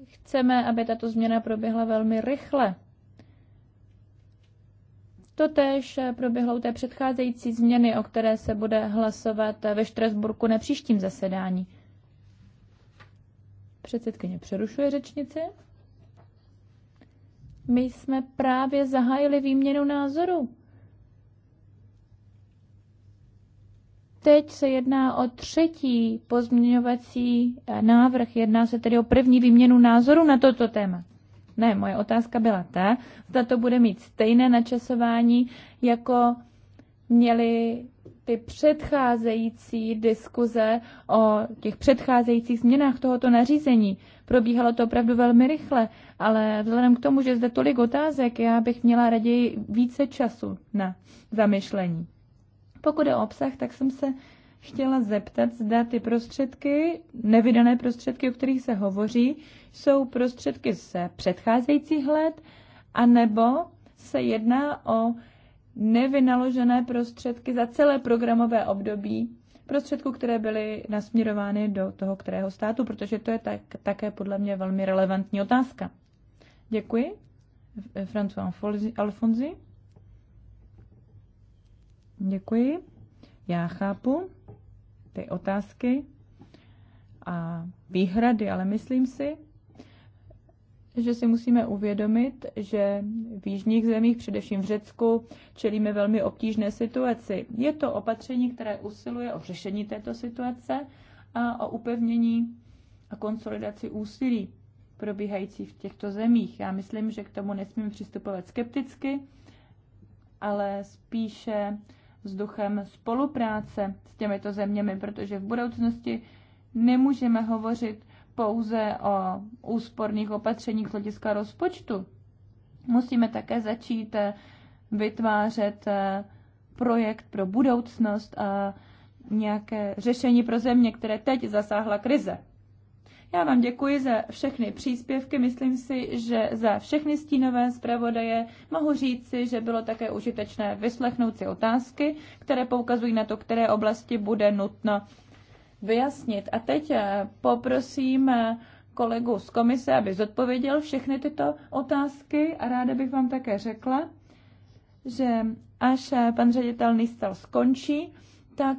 Chceme, aby tato změna proběhla velmi rychle, Totež eh, proběhlo u té předcházející změny, o které se bude hlasovat eh, ve Štrasburku na příštím zasedání. Předsedkyně přerušuje řečnici. My jsme právě zahájili výměnu názorů. Teď se jedná o třetí pozměňovací eh, návrh. Jedná se tedy o první výměnu názoru na toto téma. Ne, moje otázka byla ta, zda to bude mít stejné načasování, jako měly ty předcházející diskuze o těch předcházejících změnách tohoto nařízení. Probíhalo to opravdu velmi rychle, ale vzhledem k tomu, že zde tolik otázek, já bych měla raději více času na zamyšlení. Pokud je o obsah, tak jsem se chtěla zeptat, zda ty prostředky, nevydané prostředky, o kterých se hovoří, jsou prostředky z předcházejících let, anebo se jedná o nevynaložené prostředky za celé programové období, prostředků, které byly nasměrovány do toho kterého státu, protože to je tak, také podle mě velmi relevantní otázka. Děkuji. François Alfonzi. Děkuji. Já chápu ty otázky a výhrady, ale myslím si, že si musíme uvědomit, že v jižních zemích, především v Řecku, čelíme velmi obtížné situaci. Je to opatření, které usiluje o řešení této situace a o upevnění a konsolidaci úsilí probíhající v těchto zemích. Já myslím, že k tomu nesmíme přistupovat skepticky, ale spíše s duchem spolupráce s těmito zeměmi, protože v budoucnosti nemůžeme hovořit pouze o úsporných opatřeních hlediska rozpočtu. Musíme také začít eh, vytvářet eh, projekt pro budoucnost a nějaké řešení pro země, které teď zasáhla krize. Já vám děkuji za všechny příspěvky. Myslím si, že za všechny stínové zpravodaje mohu říci, že bylo také užitečné vyslechnout si otázky, které poukazují na to, které oblasti bude nutno vyjasnit. A teď eh, poprosím eh, kolegu z komise, aby zodpověděl všechny tyto otázky a ráda bych vám také řekla, že až eh, pan ředitel Nistel skončí, tak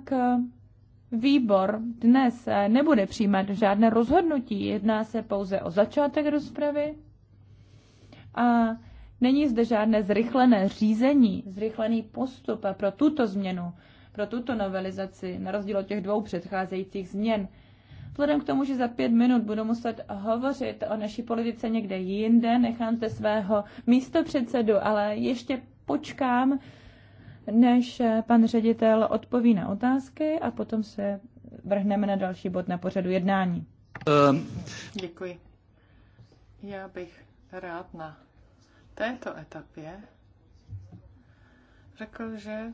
výbor dnes nebude přijímat žádné rozhodnutí. Jedná se pouze o začátek rozpravy a není zde žádné zrychlené řízení, zrychlený postup pro tuto změnu pro tuto novelizaci, na rozdíl od těch dvou předcházejících změn. Vzhledem k tomu, že za pět minut budu muset hovořit o naší politice někde jinde, nechám zde svého místopředsedu, ale ještě počkám, než eh, pan ředitel odpoví na otázky a potom se vrhneme na další bod na pořadu jednání. Um. Děkuji. Já bych rád na této etapě řekl, že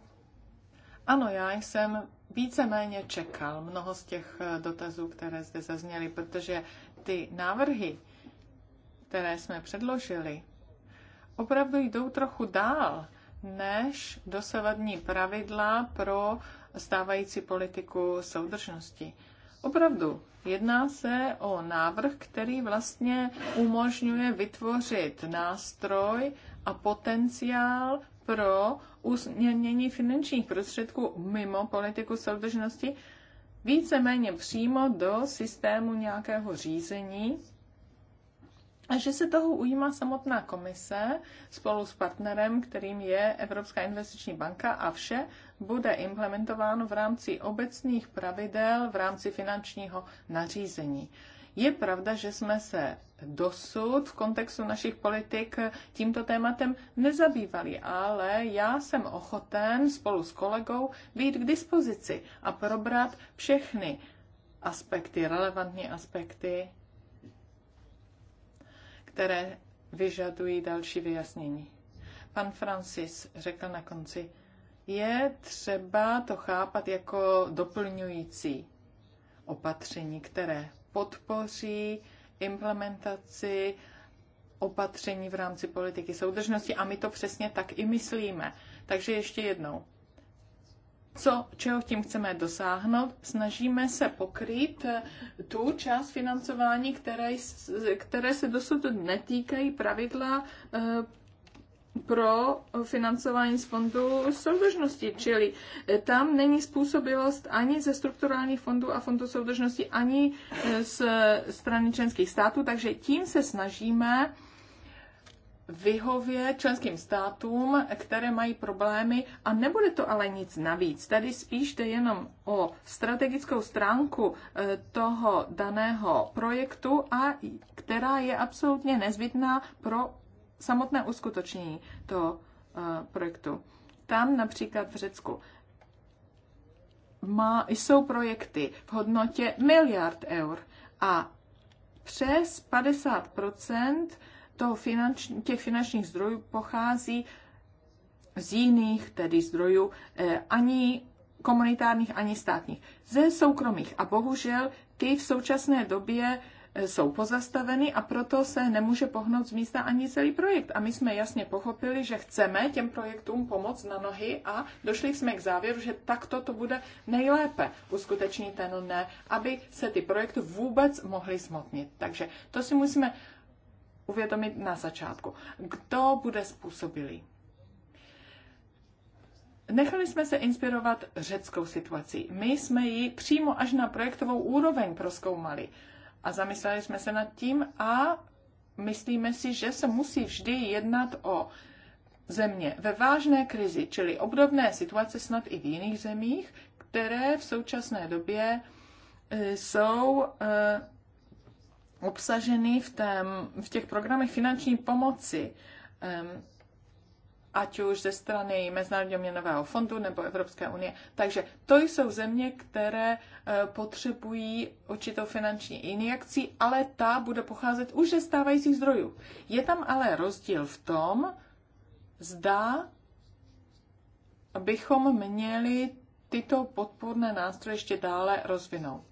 ano, já jsem víceméně čekal mnoho z těch eh, dotazů, které zde zazněly, protože ty návrhy, které jsme předložili, opravdu jdou trochu dál než dosavadní pravidla pro stávající politiku soudržnosti. Opravdu, jedná se o návrh, který vlastně umožňuje vytvořit nástroj a potenciál pro usměrnění finančních prostředků mimo politiku soudržnosti víceméně přímo do systému nějakého řízení a že se toho ujímá samotná komise spolu s partnerem, kterým je Evropská investiční banka a vše bude implementováno v rámci obecných pravidel v rámci finančního nařízení. Je pravda, že jsme se dosud v kontextu našich politik tímto tématem nezabývali, ale já jsem ochoten spolu s kolegou být k dispozici a probrat všechny aspekty, relevantní aspekty, které vyžadují další vyjasnění. Pan Francis řekl na konci, je třeba to chápat jako doplňující opatření, které podpoří implementaci opatření v rámci politiky soudržnosti a my to přesně tak i myslíme. Takže ještě jednou. Co, čeho tím chceme dosáhnout? Snažíme se pokrýt eh, tu část financování, které, které se dosud netýkají pravidla eh, pro financování z fondu soudržnosti, čili eh, tam není způsobilost ani ze strukturálních fondů a fondu soudržnosti, ani eh, z strany členských států, takže tím se snažíme vyhovět členským státům, které mají problémy a nebude to ale nic navíc. Tady spíš jde jenom o strategickou stránku eh, toho daného projektu a která je absolutně nezbytná pro samotné uskutečnění toho eh, projektu. Tam například v Řecku má, jsou projekty v hodnotě miliard eur a přes 50 toho finanč, těch finančních zdrojů pochází z jiných tedy zdrojů, eh, ani komunitárních, ani státních, ze soukromých. A bohužel ty v současné době jsou pozastaveny a proto se nemůže pohnout z místa ani celý projekt. A my jsme jasně pochopili, že chceme těm projektům pomoct na nohy a došli jsme k závěru, že takto to bude nejlépe uskutečnit ten ne, aby se ty projekty vůbec mohly smotnit. Takže to si musíme uvědomit na začátku. Kdo bude způsobilý? Nechali jsme se inspirovat řeckou situací. My jsme ji přímo až na projektovou úroveň proskoumali a zamysleli jsme se nad tím a myslíme si, že se musí vždy jednat o země ve vážné krizi, čili obdobné situace snad i v jiných zemích, které v současné době e, jsou e, obsaženy v, tém, v těch programech finanční pomoci ať už ze strany Mezinárodního měnového fondu nebo Evropské unie. Takže to jsou země, které e, potřebují určitou finanční injekci, ale ta bude pocházet už ze stávajících zdrojů. Je tam ale rozdíl v tom, zda bychom měli tyto podporné nástroje ještě dále rozvinout.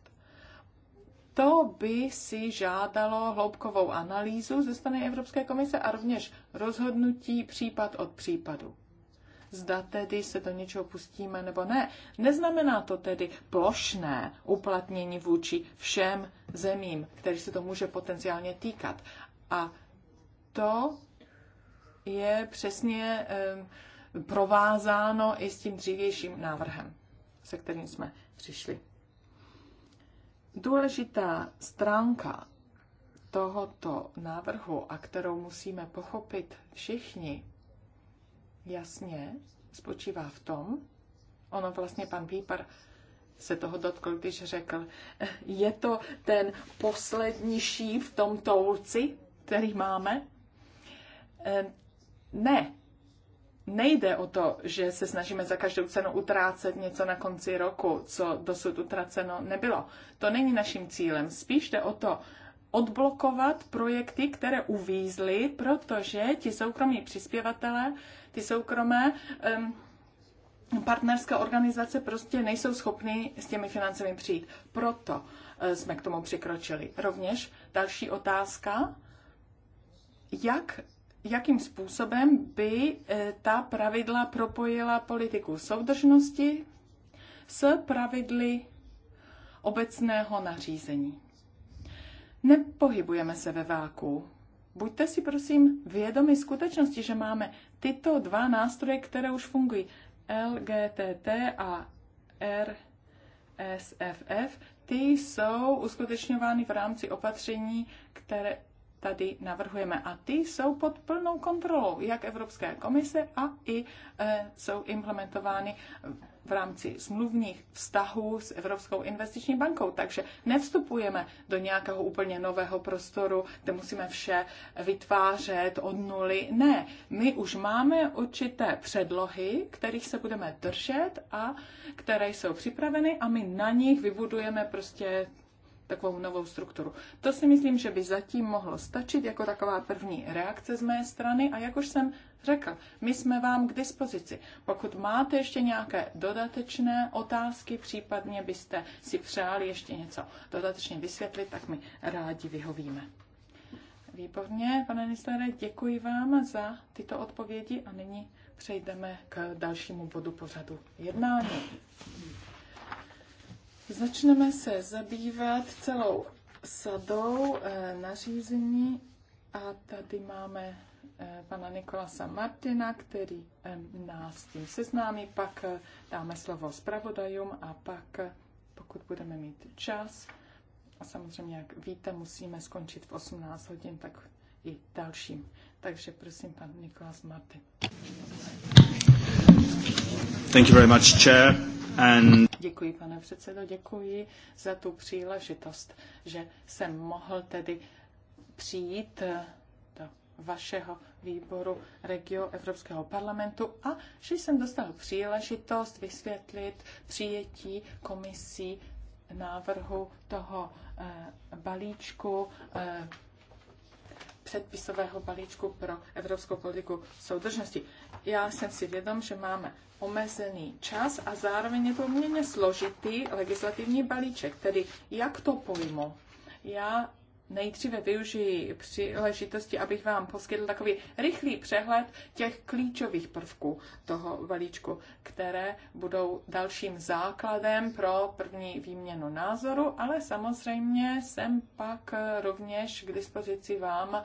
To by si žádalo hloubkovou analýzu ze strany Evropské komise a rovněž rozhodnutí případ od případu. Zda tedy se do něčeho pustíme nebo ne. Neznamená to tedy plošné uplatnění vůči všem zemím, který se to může potenciálně týkat. A to je přesně provázáno i s tím dřívějším návrhem, se kterým jsme přišli. Důležitá stránka tohoto návrhu, a kterou musíme pochopit všichni jasně, spočívá v tom, ono vlastně pan Pípar se toho dotkl, když řekl, eh, je to ten poslední šíp v tom toulci, který máme? Eh, ne, nejde o to, že se snažíme za každou cenu utrácet něco na konci roku, co dosud utraceno nebylo. To není naším cílem. Spíš jde o to, odblokovat projekty, které uvízly, protože ti soukromí přispěvatele, ty soukromé um, partnerské organizace prostě nejsou schopny s těmi financemi přijít. Proto uh, jsme k tomu přikročili. Rovněž další otázka, jak jakým způsobem by eh, ta pravidla propojila politiku soudržnosti s pravidly obecného nařízení. Nepohybujeme se ve váku. Buďte si prosím vědomi skutečnosti, že máme tyto dva nástroje, které už fungují, LGTT a RSFF, ty jsou uskutečňovány v rámci opatření, které tady navrhujeme. A ty jsou pod plnou kontrolou jak Evropské komise a i e, jsou implementovány v rámci smluvních vztahů s Evropskou investiční bankou. Takže nevstupujeme do nějakého úplně nového prostoru, kde musíme vše vytvářet od nuly. Ne, my už máme určité předlohy, kterých se budeme držet a které jsou připraveny a my na nich vybudujeme prostě takovou novou strukturu. To si myslím, že by zatím mohlo stačit jako taková první reakce z mé strany a jak už jsem řekl, my jsme vám k dispozici. Pokud máte ještě nějaké dodatečné otázky, případně byste si přáli ještě něco dodatečně vysvětlit, tak my rádi vyhovíme. Výborně, pane Nislere, děkuji vám za tyto odpovědi a nyní přejdeme k dalšímu bodu pořadu jednání. Začneme se zabývat celou sadou eh, nařízení a tady máme eh, pana Nikolasa Martina, který eh, nás s tím seznámí, pak dáme slovo zpravodajům a pak, pokud budeme mít čas, a samozřejmě, jak víte, musíme skončit v 18 hodin, tak i dalším. Takže prosím, pan Nikolas Martin. Thank you very much, Chair. And... Děkuji, pane předsedo, děkuji za tu příležitost, že jsem mohl tedy přijít eh, do vašeho výboru regio Evropského parlamentu a že jsem dostal příležitost vysvětlit přijetí komisí návrhu toho eh, balíčku eh, předpisového balíčku pro evropskou politiku soudržnosti. Já jsem si vědom, že máme omezený čas a zároveň je to poměrně složitý legislativní balíček, tedy jak to pojmu. Já nejdříve využiji příležitosti, abych vám poskytl takový rychlý přehled těch klíčových prvků toho balíčku, které budou dalším základem pro první výměnu názoru, ale samozřejmě jsem pak rovněž k dispozici vám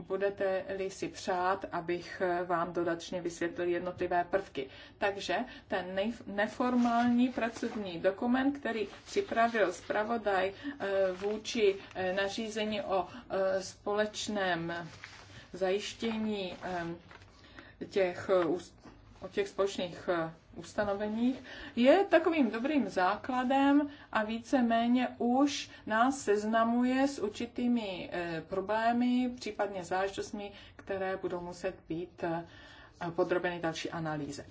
budete-li si přát, abych vám dodatečně vysvětlil jednotlivé prvky. Takže ten neformální pracovní dokument, který připravil zpravodaj eh, vůči eh, nařízení o eh, společném zajištění těch, o těch společných ustanoveních, je takovým dobrým základem a více-méně už nás seznamuje s určitými eh, problémy, případně záležitostmi, které budou muset být eh, podrobeny další analýze.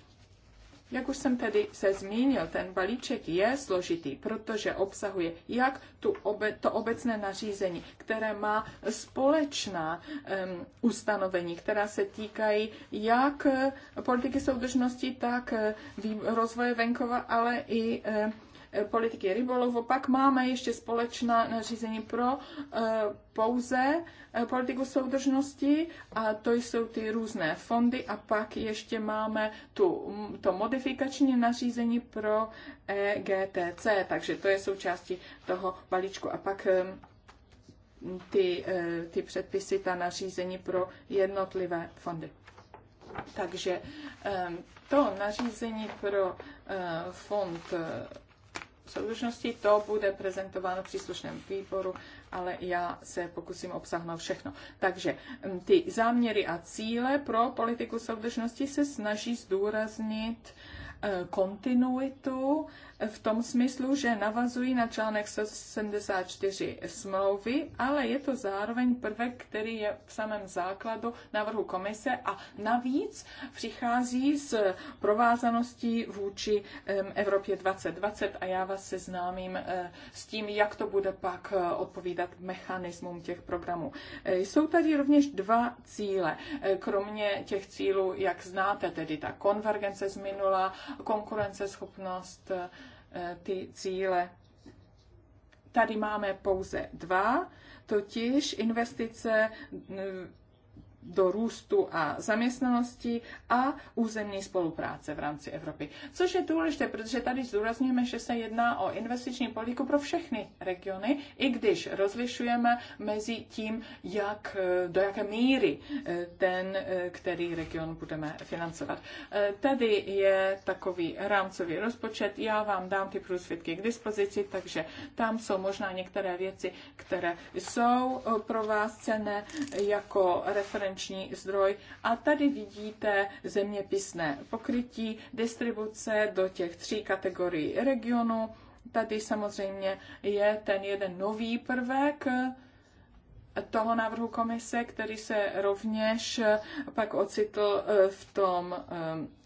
Jak už jsem tedy se zmínil, ten balíček je složitý, protože obsahuje jak tu obe, to obecné nařízení, které má společná um, ustanovení, která se týkají jak politiky soudržnosti, tak eh, rozvoje venkova, ale i um, Eh, politiky rybolovu. Pak máme ještě společná nařízení pro eh, pouze eh, politiku soudržnosti a to jsou ty různé fondy a pak ještě máme tu, to modifikační nařízení pro EGTC, takže to je součástí toho balíčku. A pak ty, ty předpisy, ta nařízení pro jednotlivé fondy. Takže to nařízení pro fond soudržnosti, to bude prezentováno příslušnému příslušném výboru, ale já se pokusím obsáhnout všechno. Takže mm, ty záměry a cíle pro politiku soudržnosti se snaží zdůraznit eh, kontinuitu v tom smyslu, že navazují na článek 74 smlouvy, ale je to zároveň prvek, který je v samém základu návrhu komise a navíc přichází s provázaností vůči Evropě 2020 a já vás seznámím eh, s tím, jak to bude pak eh, odpovídat mechanismům těch programů. Eh, jsou tady rovněž dva cíle, kromě těch cílů, jak znáte, tedy ta konvergence z minula, konkurenceschopnost, Eh, ty cíle. Tady máme pouze dva, totiž investice mm, do růstu a zaměstnanosti a územní spolupráce v rámci Evropy. Což je důležité, protože tady zdůrazňujeme, že se jedná o investiční politiku pro všechny regiony, i když rozlišujeme mezi tím, jak, e, do jaké míry e, ten, e, který region budeme financovat. Tady je takový rámcový rozpočet, já vám dám ty průsvědky k dispozici, takže tam jsou možná některé věci, které jsou pro vás cené jako referenční referenční zdroj a tady vidíte zeměpisné pokrytí, distribuce do těch tří kategorií regionu. Tady samozřejmě je ten jeden nový prvek, toho návrhu komise, který se rovněž pak ocitl eh, v tom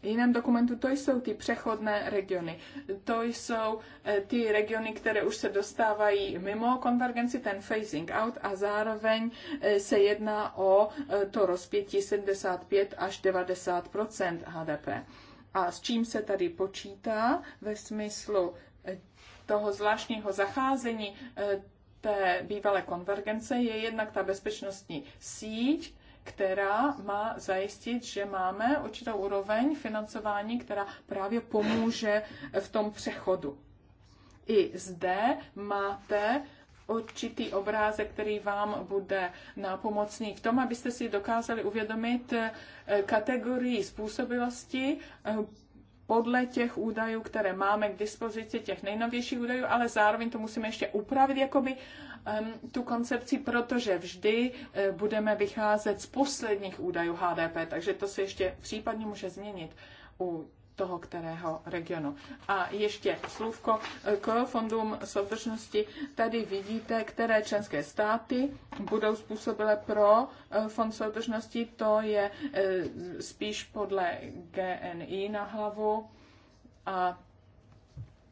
eh, jiném dokumentu, to jsou ty přechodné regiony. To jsou eh, ty regiony, které už se dostávají mimo konvergenci, ten phasing out a zároveň se jedná o to rozpětí 75 až 90 HDP. A s čím se tady počítá ve smyslu toho zvláštního zacházení té bývalé konvergence je jednak ta bezpečnostní síť, která má zajistit, že máme určitou úroveň financování, která právě pomůže v tom přechodu. I zde máte určitý obrázek, který vám bude nápomocný v tom, abyste si dokázali uvědomit eh, kategorii způsobilosti eh, podle těch údajů, které máme k dispozici, těch nejnovějších údajů, ale zároveň to musíme ještě upravit jakoby um, tu koncepci, protože vždy uh, budeme vycházet z posledních údajů HDP, takže to se ještě případně může změnit u toho kterého regionu. A ještě slůvko k fondům soudržnosti. Tady vidíte, které členské státy budou způsobile pro eh, fond soudržnosti. To je eh, spíš podle GNI na hlavu. A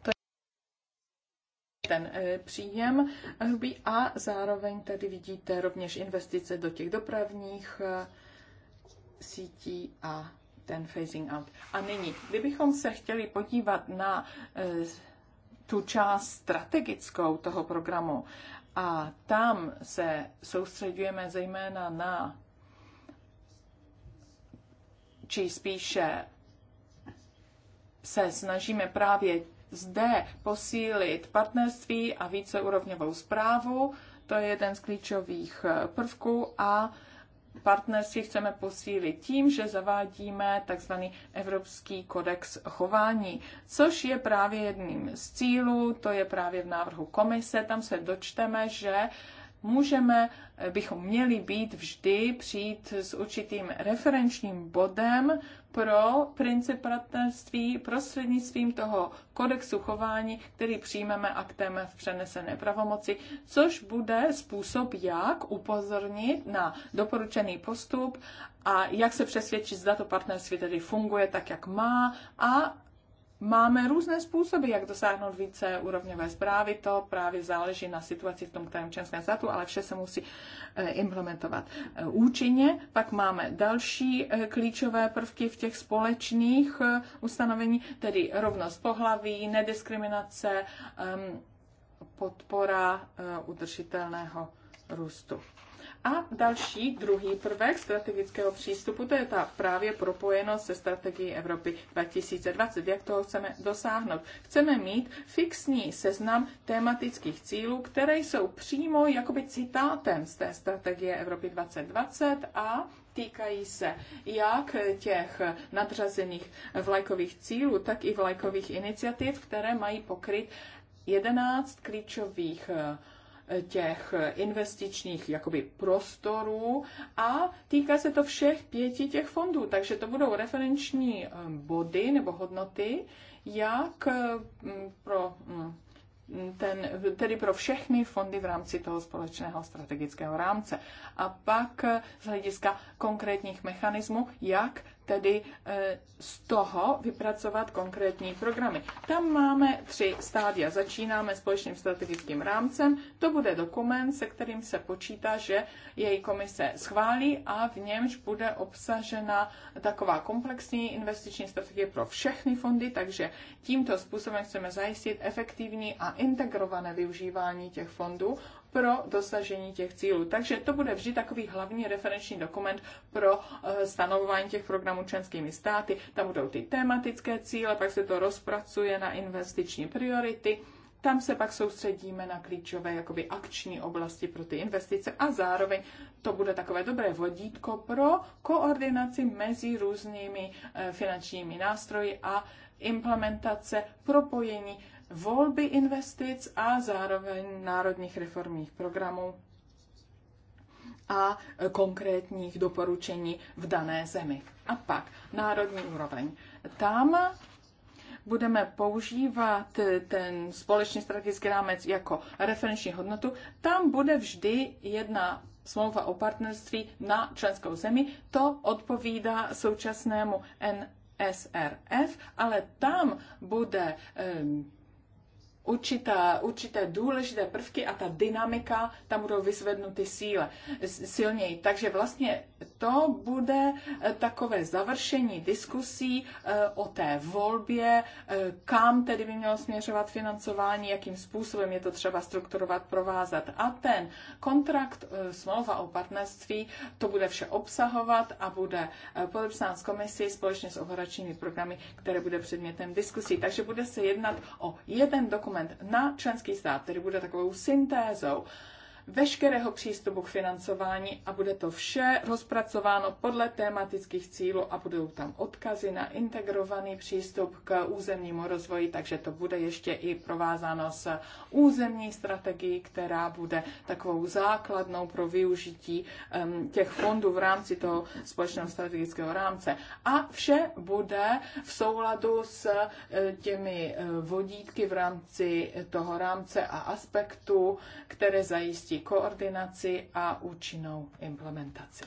to je ten eh, příjem a zároveň tady vidíte rovněž investice do těch dopravních sítí a ten phasing out. A nyní, kdybychom se chtěli podívat na eh, tu část strategickou toho programu a tam se soustředujeme zejména na, či spíše se snažíme právě zde posílit partnerství a víceúrovňovou zprávu, to je jeden z klíčových eh, prvků a partnerství chceme posílit tím, že zavádíme tzv. Evropský kodex chování, což je právě jedním z cílů, to je právě v návrhu komise, tam se dočteme, že uh, můžeme, eh, bychom měli být vždy přijít s určitým referenčním bodem pro princip partnerství prostřednictvím toho kodexu chování, který přijmeme aktem v přenesené pravomoci, což bude způsob, jak upozornit na doporučený postup a jak se přesvědčit, zda to partnerství tedy funguje tak, jak má a Máme různé způsoby, jak dosáhnout více úrovňové zprávy, to právě záleží na situaci v tom kterém členském státu, ale vše se musí eh, implementovat eh, účinně. Pak máme další eh, klíčové prvky v těch společných ustanovení, tedy rovnost pohlaví, nediskriminace, ehm, podpora udržitelného růstu. A další, druhý prvek strategického přístupu, to je ta právě propojenost se strategií Evropy 2020. Jak toho chceme dosáhnout? Chceme mít fixní seznam tematických cílů, které jsou přímo jakoby citátem z té strategie Evropy 2020 a týkají se jak těch nadřazených vlajkových cílů, tak i vlajkových iniciativ, které mají pokryt 11 klíčových těch investičních jakoby prostorů a týká se to všech pěti těch fondů. Takže to budou referenční eh, body nebo hodnoty, jak eh, pro mm, ten, tedy pro všechny fondy v rámci toho společného strategického rámce. A pak eh, z hlediska konkrétních mechanismů, jak tedy eh, z toho vypracovat konkrétní programy. Tam máme tři stádia. Začínáme společným strategickým rámcem. To bude dokument, se kterým se počítá, že její komise schválí a v němž bude obsažena taková komplexní investiční strategie pro všechny fondy, takže tímto způsobem chceme zajistit efektivní a integrované využívání těch fondů, pro dosažení těch cílů. Takže to bude vždy takový hlavní referenční dokument pro eh, stanovování těch programů členskými státy. Tam budou ty tematické cíle, pak se to rozpracuje na investiční priority. Tam se pak soustředíme na klíčové jakoby akční oblasti pro ty investice a zároveň to bude takové dobré vodítko pro koordinaci mezi různými eh, finančními nástroji a implementace, propojení volby investic a zároveň národních reformních programů a konkrétních doporučení v dané zemi. A pak národní úroveň. Tam budeme používat ten společný strategický rámec jako referenční hodnotu, tam bude vždy jedna smlouva o partnerství na členskou zemi. To odpovídá současnému NSRF, ale tam bude um, určité, určité důležité prvky a ta dynamika tam budou vyzvednuty síle, silněji. Takže vlastně to bude eh, takové završení diskusí eh, o té volbě, eh, kam tedy by mělo směřovat financování, jakým způsobem je to třeba strukturovat, provázat. A ten kontrakt, smlouva o partnerství, to bude vše obsahovat a bude podepsán s komisí společně s operačními programy, které bude předmětem diskusí. Takže bude se jednat o jeden dokument, dokument na členský stát, který bude takovou syntézou veškerého přístupu k financování a bude to vše rozpracováno podle tématických cílů a budou tam odkazy na integrovaný přístup k územnímu rozvoji, takže to bude ještě i provázáno s územní strategií, která bude takovou základnou pro využití těch fondů v rámci toho společného strategického rámce. A vše bude v souladu s e, těmi e, vodítky v rámci toho rámce a aspektu, které zajistí možnosti koordinaci a účinnou implementaci.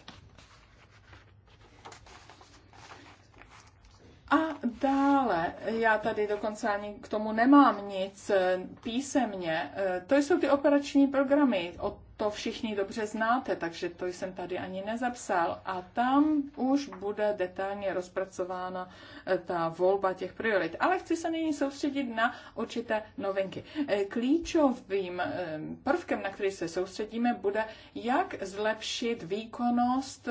A dále, já tady dokonce ani k tomu nemám nic písemně, eh, to jsou ty operační programy. od to všichni dobře znáte, takže to jsem tady ani nezapsal. A tam už bude detailně rozpracována e, ta volba těch priorit. Ale chci se nyní soustředit na určité novinky. E, klíčovým e, prvkem, na který se soustředíme, bude, jak zlepšit výkonnost,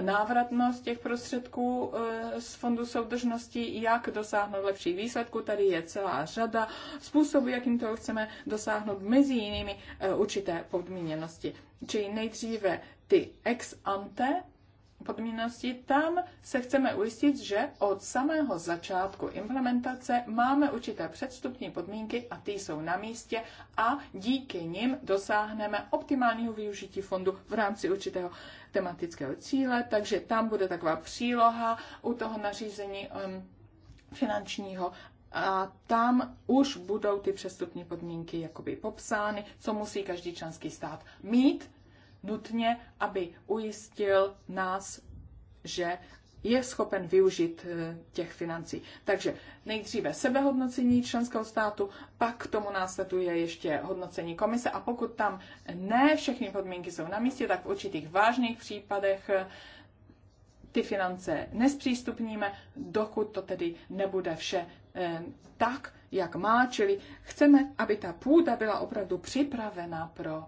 návratnost těch prostředků z Fondu soudržnosti, jak dosáhnout lepší výsledků. Tady je celá řada způsobů, jakým to chceme dosáhnout, mezi jinými určité podmíně podmíněnosti. Čili nejdříve ty ex ante podmíněnosti, tam se chceme ujistit, že od samého začátku implementace máme určité předstupní podmínky a ty jsou na místě a díky nim dosáhneme optimálního využití fondu v rámci určitého tematického cíle, takže tam bude taková příloha u toho nařízení um, finančního a tam už budou ty přestupní podmínky jakoby popsány, co musí každý členský stát mít nutně, aby ujistil nás, že je schopen využít eh, těch financí. Takže nejdříve sebehodnocení členského státu, pak k tomu následuje ještě hodnocení komise a pokud tam ne všechny podmínky jsou na místě, tak v určitých vážných případech eh, ty finance nespřístupníme, dokud to tedy nebude vše Eh, tak, jak má, čili chceme, aby ta půda byla opravdu připravena pro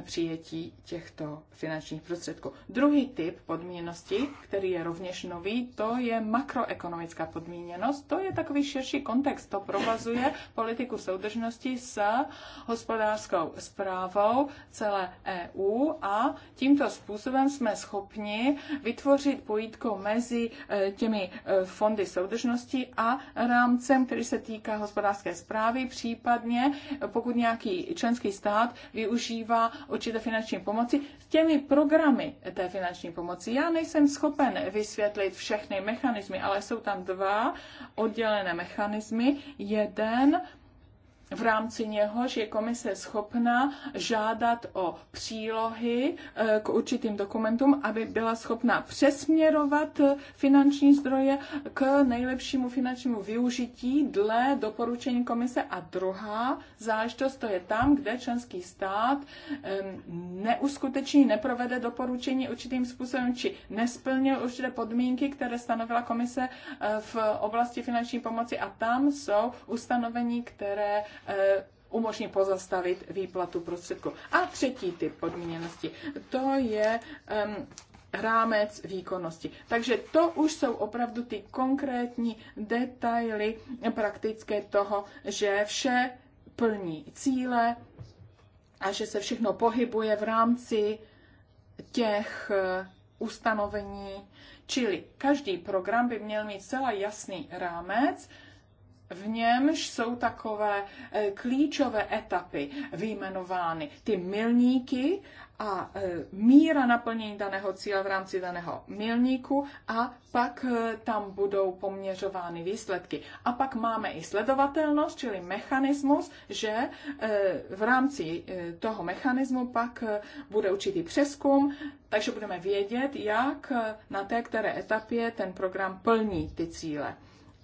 přijetí těchto finančních prostředků. Druhý typ podmíněnosti, který je rovněž nový, to je makroekonomická podmíněnost. To je takový širší kontext. To provazuje politiku soudržnosti s hospodářskou zprávou celé EU a tímto způsobem jsme schopni vytvořit pojítko mezi eh, těmi eh, fondy soudržnosti a rámcem, který se týká hospodářské zprávy, případně pokud nějaký členský stát využívá určité finanční pomoci s těmi programy té finanční pomoci. Já nejsem schopen vysvětlit všechny mechanismy, ale jsou tam dva oddělené mechanismy. Jeden v rámci něhož je komise schopna žádat o přílohy eh, k určitým dokumentům, aby byla schopna přesměrovat eh, finanční zdroje k nejlepšímu finančnímu využití dle doporučení komise. A druhá záležitost to je tam, kde členský stát neuskuteční, neprovede doporučení určitým způsobem, či nesplnil určité podmínky, které stanovila komise eh, v oblasti finanční pomoci a tam jsou ustanovení, které Eh, umožní pozastavit výplatu prostředku. A třetí typ podmíněnosti, to je um, rámec výkonnosti. Takže to už jsou opravdu ty konkrétní detaily praktické toho, že vše plní cíle a že se všechno pohybuje v rámci těch eh, ustanovení. Čili každý program by měl mít celá jasný rámec, v němž jsou takové eh, klíčové etapy vyjmenovány, ty milníky a eh, míra naplnění daného cíle v rámci daného milníku a pak eh, tam budou poměřovány výsledky. A pak máme i sledovatelnost, čili mechanismus, že v rámci toho mechanismu pak bude určitý přeskum, takže budeme vědět, jak na té které etapě ten program plní ty cíle.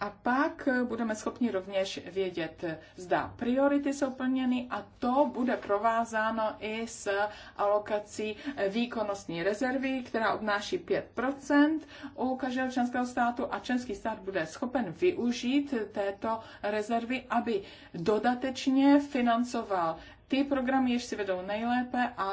A pak eh, budeme schopni rovněž vědět, zda priority jsou plněny a to bude provázáno i s alokací eh, výkonnostní rezervy, která obnáší 5% u každého členského státu a členský stát bude schopen využít této rezervy, aby dodatečně financoval ty programy, jež si vedou nejlépe a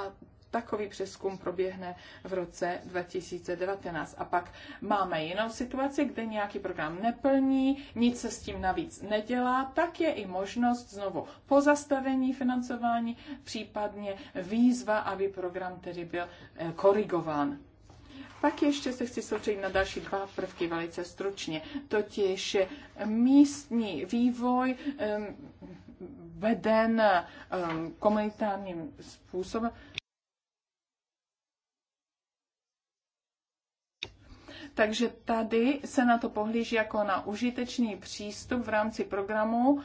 takový přeskum proběhne v roce 2019. A pak máme jinou situaci, kde nějaký program neplní, nic se s tím navíc nedělá, tak je i možnost znovu pozastavení financování, případně výzva, aby program tedy byl eh, korigován. Pak ještě se chci soustředit na další dva prvky velice stručně, totiž místní vývoj ehm, veden ehm, komunitárním způsobem. Takže tady se na to pohlíží jako na užitečný přístup v rámci programu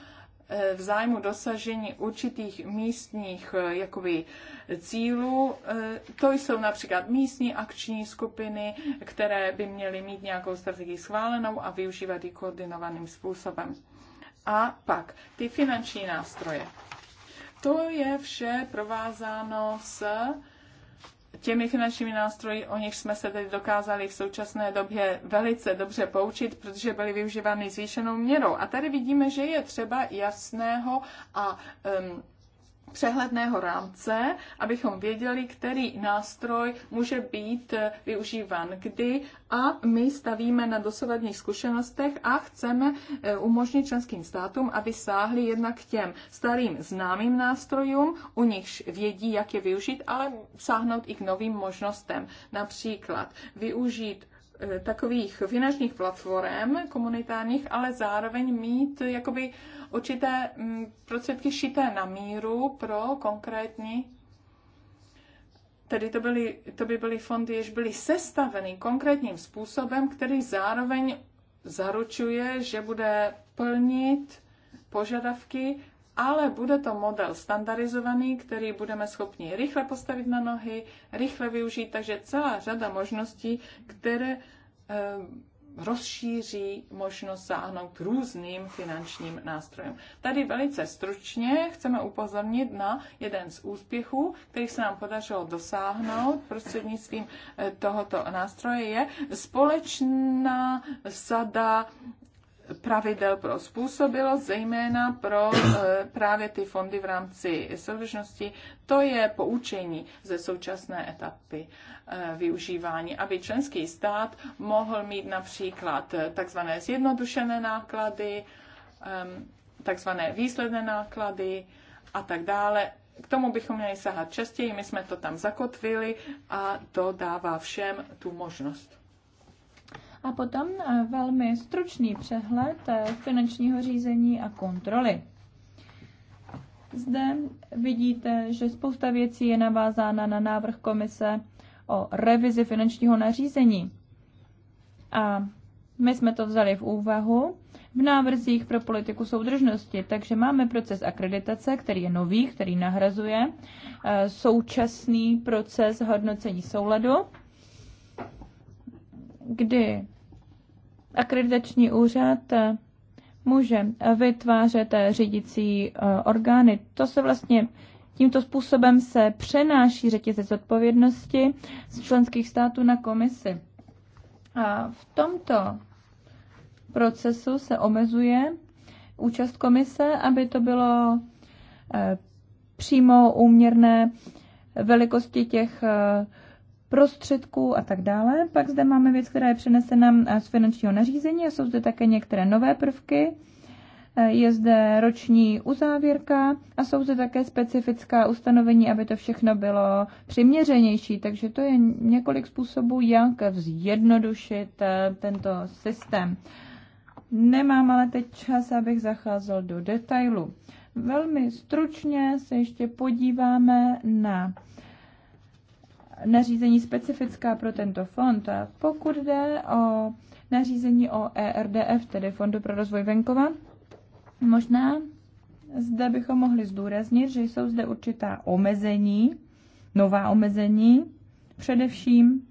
eh, v zájmu dosažení určitých místních eh, jakoby, cílů. Eh, to jsou například místní akční skupiny, které by měly mít nějakou strategii schválenou a využívat ji koordinovaným způsobem. A pak ty finanční nástroje. To je vše provázáno s těmi finančními nástroji, o nich jsme se teď dokázali v současné době velice dobře poučit, protože byly využívány zvýšenou měrou. A tady vidíme, že je třeba jasného a um, přehledného rámce, abychom věděli, který nástroj může být eh, využíván kdy a my stavíme na dosavadních zkušenostech a chceme eh, umožnit členským státům, aby sáhli jednak k těm starým známým nástrojům, u nichž vědí, jak je využít, ale sáhnout i k novým možnostem. Například využít Eh, takových finančních platform komunitárních, ale zároveň mít jakoby určité mm, prostředky šité na míru pro konkrétní Tedy to, byly, to by byly fondy, jež byly sestaveny konkrétním způsobem, který zároveň zaručuje, že bude plnit požadavky ale bude to model standardizovaný, který budeme schopni rychle postavit na nohy, rychle využít, takže celá řada možností, které eh, rozšíří možnost sáhnout různým finančním nástrojům. Tady velice stručně chceme upozornit na jeden z úspěchů, který se nám podařilo dosáhnout prostřednictvím eh, tohoto nástroje, je společná sada pravidel pro způsobilost, zejména pro e, právě ty fondy v rámci soudržnosti. To je poučení ze současné etapy e, využívání, aby členský stát mohl mít například e, takzvané zjednodušené náklady, takzvané výsledné náklady a tak dále. K tomu bychom měli sahat častěji, my jsme to tam zakotvili a to dává všem tu možnost a potom eh, velmi stručný přehled eh, finančního řízení a kontroly. Zde vidíte, že spousta věcí je navázána na návrh komise o revizi finančního nařízení. A my jsme to vzali v úvahu v návrzích pro politiku soudržnosti, takže máme proces akreditace, který je nový, který nahrazuje eh, současný proces hodnocení souladu kdy akreditační úřad může vytvářet řídící eh, orgány. To se vlastně tímto způsobem se přenáší řetězec odpovědnosti z členských států na komisi. A v tomto procesu se omezuje účast komise, aby to bylo eh, přímo úměrné velikosti těch eh, prostředků a tak dále. Pak zde máme věc, která je přenesena z finančního nařízení a jsou zde také některé nové prvky. E, je zde roční uzávěrka a jsou zde také specifická ustanovení, aby to všechno bylo přiměřenější. Takže to je několik způsobů, jak zjednodušit e, tento systém. Nemám ale teď čas, abych zacházel do detailu. Velmi stručně se ještě podíváme na uh, nařízení specifická pro tento fond. A pokud jde o nařízení o ERDF, tedy Fondu pro rozvoj venkova, možná zde bychom mohli zdůraznit, že jsou zde určitá omezení, nová omezení, především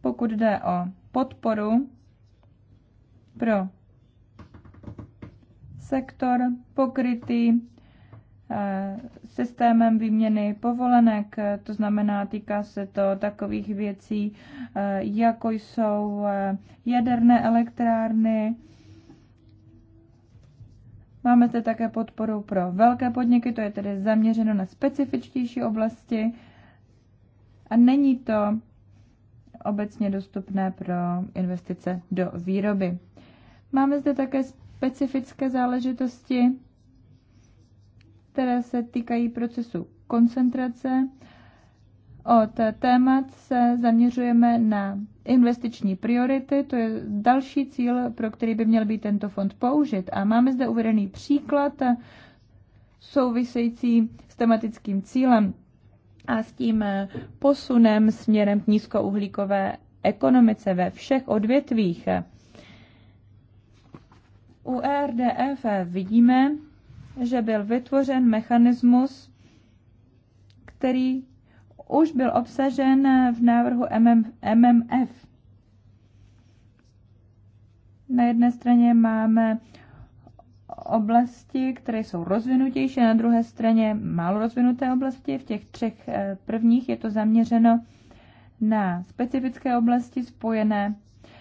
pokud jde o podporu pro sektor pokrytý Eh, systémem výměny povolenek, eh, to znamená, týká se to takových věcí, eh, jako jsou jaderné elektrárny. Máme zde také podporu pro velké podniky, to je tedy zaměřeno na specifičtější oblasti a není to obecně dostupné pro investice do výroby. Máme zde také specifické záležitosti, které se týkají procesu koncentrace. Od témat se zaměřujeme na investiční priority, to je další cíl, pro který by měl být tento fond použit. A máme zde uvedený příklad související s tematickým cílem a s tím posunem směrem k nízkouhlíkové ekonomice ve všech odvětvích. U e RDF vidíme, že byl vytvořen mechanismus, který už byl obsažen v návrhu MMF. Na jedné straně máme oblasti, které jsou rozvinutější, na druhé straně málo rozvinuté oblasti. V těch třech eh, prvních je to zaměřeno na specifické oblasti spojené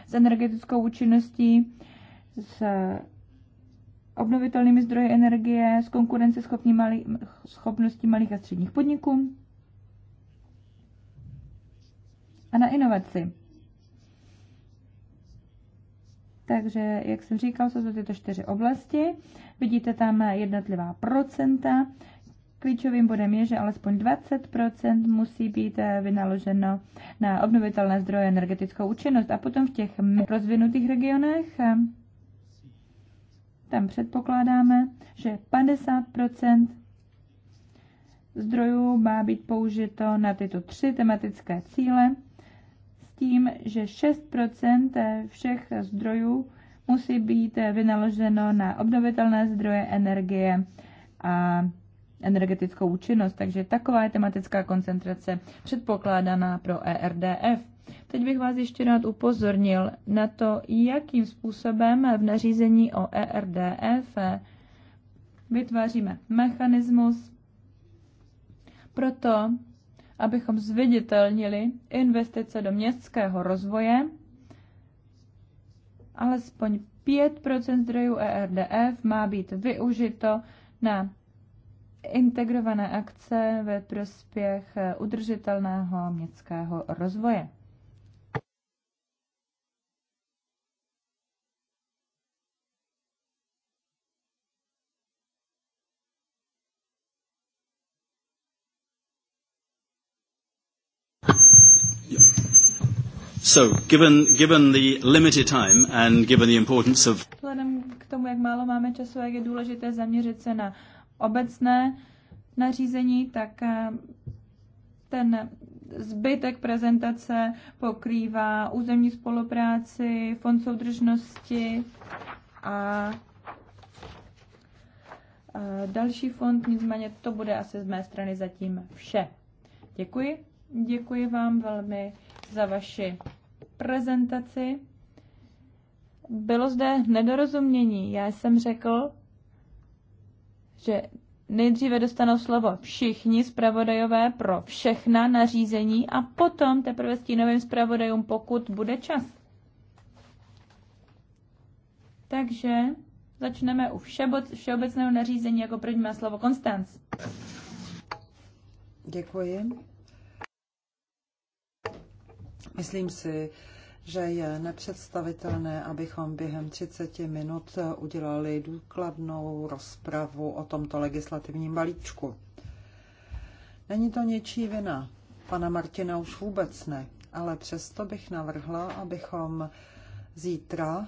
s energetickou účinností, s obnovitelnými zdroji energie, s konkurenceschopností schopností malých a středních podniků a na inovaci. Takže, jak jsem říkal, jsou to tyto čtyři oblasti. Vidíte tam jednotlivá procenta. Klíčovým bodem je, že alespoň 20 musí být eh, vynaloženo na obnovitelné zdroje energetickou účinnost. A potom v těch rozvinutých regionech eh, tam předpokládáme, že 50 zdrojů má být použito na tyto tři tematické cíle, s tím, že 6 všech zdrojů musí být vynaloženo na obnovitelné zdroje energie a energetickou účinnost. Takže taková je tematická koncentrace předpokládaná pro ERDF. Teď bych vás ještě rád upozornil na to, jakým způsobem v nařízení o ERDF vytváříme mechanismus pro to, abychom zviditelnili investice do městského rozvoje. Alespoň 5 zdrojů ERDF má být využito na integrované akce ve prospěch udržitelného městského rozvoje. So, given, given the limited time and given the importance of... Vzhledem k tomu, jak málo máme času, jak je důležité zaměřit se na obecné nařízení, tak eh, ten zbytek prezentace pokrývá územní spolupráci, fond soudržnosti a eh, další fond, nicméně to bude asi z mé strany zatím vše. Děkuji. Děkuji vám velmi za vaši prezentaci. Bylo zde nedorozumění. Já jsem řekl, že nejdříve dostanou slovo všichni zpravodajové pro všechna nařízení a potom teprve stínovým zpravodajům, pokud bude čas. Takže začneme u všeobecného nařízení. Jako první má slovo Konstanc. Děkuji. Myslím si, že je nepředstavitelné, abychom během 30 minut udělali důkladnou rozpravu o tomto legislativním balíčku. Není to něčí vina, pana Martina už vůbec ne, ale přesto bych navrhla, abychom zítra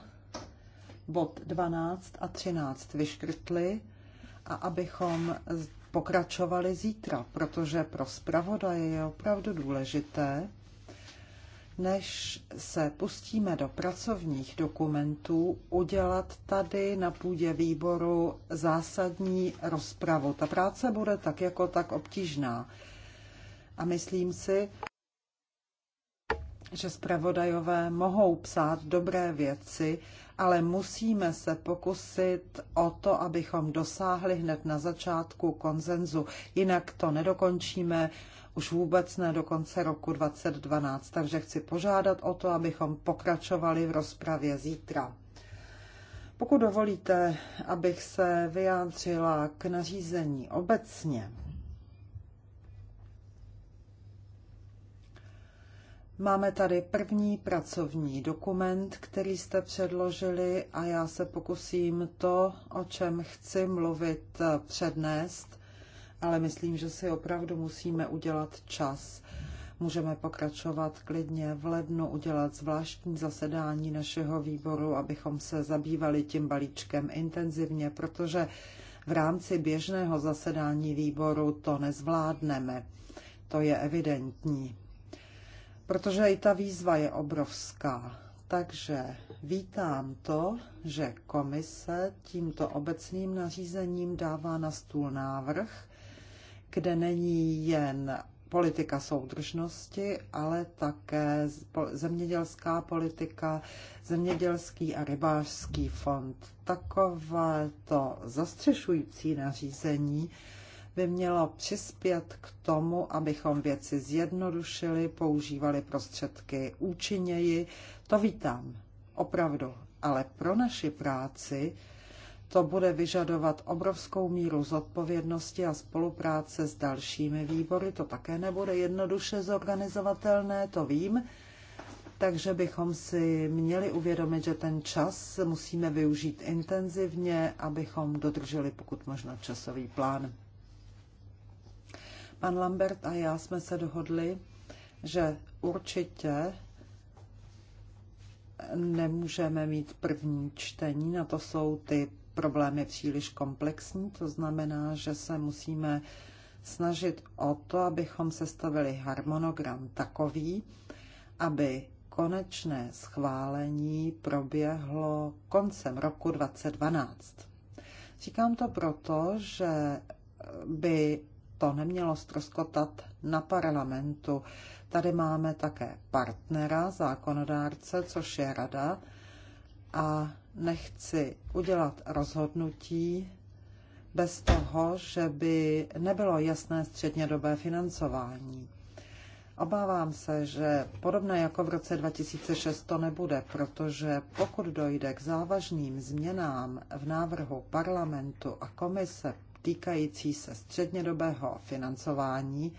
bod 12 a 13 vyškrtli a abychom pokračovali zítra, protože pro zpravodaje je opravdu důležité, než se pustíme do pracovních dokumentů, udělat tady na půdě výboru zásadní rozpravu. Ta práce bude tak jako tak obtížná. A myslím si, že zpravodajové mohou psát dobré věci, ale musíme se pokusit o to, abychom dosáhli hned na začátku konzenzu. Jinak to nedokončíme, už vůbec ne do konce roku 2012, takže chci požádat o to, abychom pokračovali v rozpravě zítra. Pokud dovolíte, abych se vyjádřila k nařízení obecně, Máme tady první pracovní dokument, který jste předložili a já se pokusím to, o čem chci mluvit, přednést ale myslím, že si opravdu musíme udělat čas. Můžeme pokračovat klidně v lednu, udělat zvláštní zasedání našeho výboru, abychom se zabývali tím balíčkem intenzivně, protože v rámci běžného zasedání výboru to nezvládneme. To je evidentní. Protože i ta výzva je obrovská. Takže vítám to, že komise tímto obecným nařízením dává na stůl návrh, kde není jen politika soudržnosti, ale také zemědělská politika, zemědělský a rybářský fond. Takové to zastřešující nařízení by mělo přispět k tomu, abychom věci zjednodušili, používali prostředky účinněji. To vítám, opravdu. Ale pro naši práci to bude vyžadovat obrovskou míru zodpovědnosti a spolupráce s dalšími výbory. To také nebude jednoduše zorganizovatelné, to vím. Takže bychom si měli uvědomit, že ten čas musíme využít intenzivně, abychom dodrželi pokud možno časový plán. Pan Lambert a já jsme se dohodli, že určitě nemůžeme mít první čtení, na to jsou ty problém je příliš komplexní, to znamená, že se musíme snažit o to, abychom sestavili harmonogram takový, aby konečné schválení proběhlo koncem roku 2012. Říkám to proto, že by to nemělo stroskotat na parlamentu. Tady máme také partnera, zákonodárce, což je rada, a nechci udělat rozhodnutí bez toho, že by nebylo jasné střednědobé financování. Obávám se, že podobné jako v roce 2006 to nebude, protože pokud dojde k závažným změnám v návrhu parlamentu a komise týkající se střednědobého financování,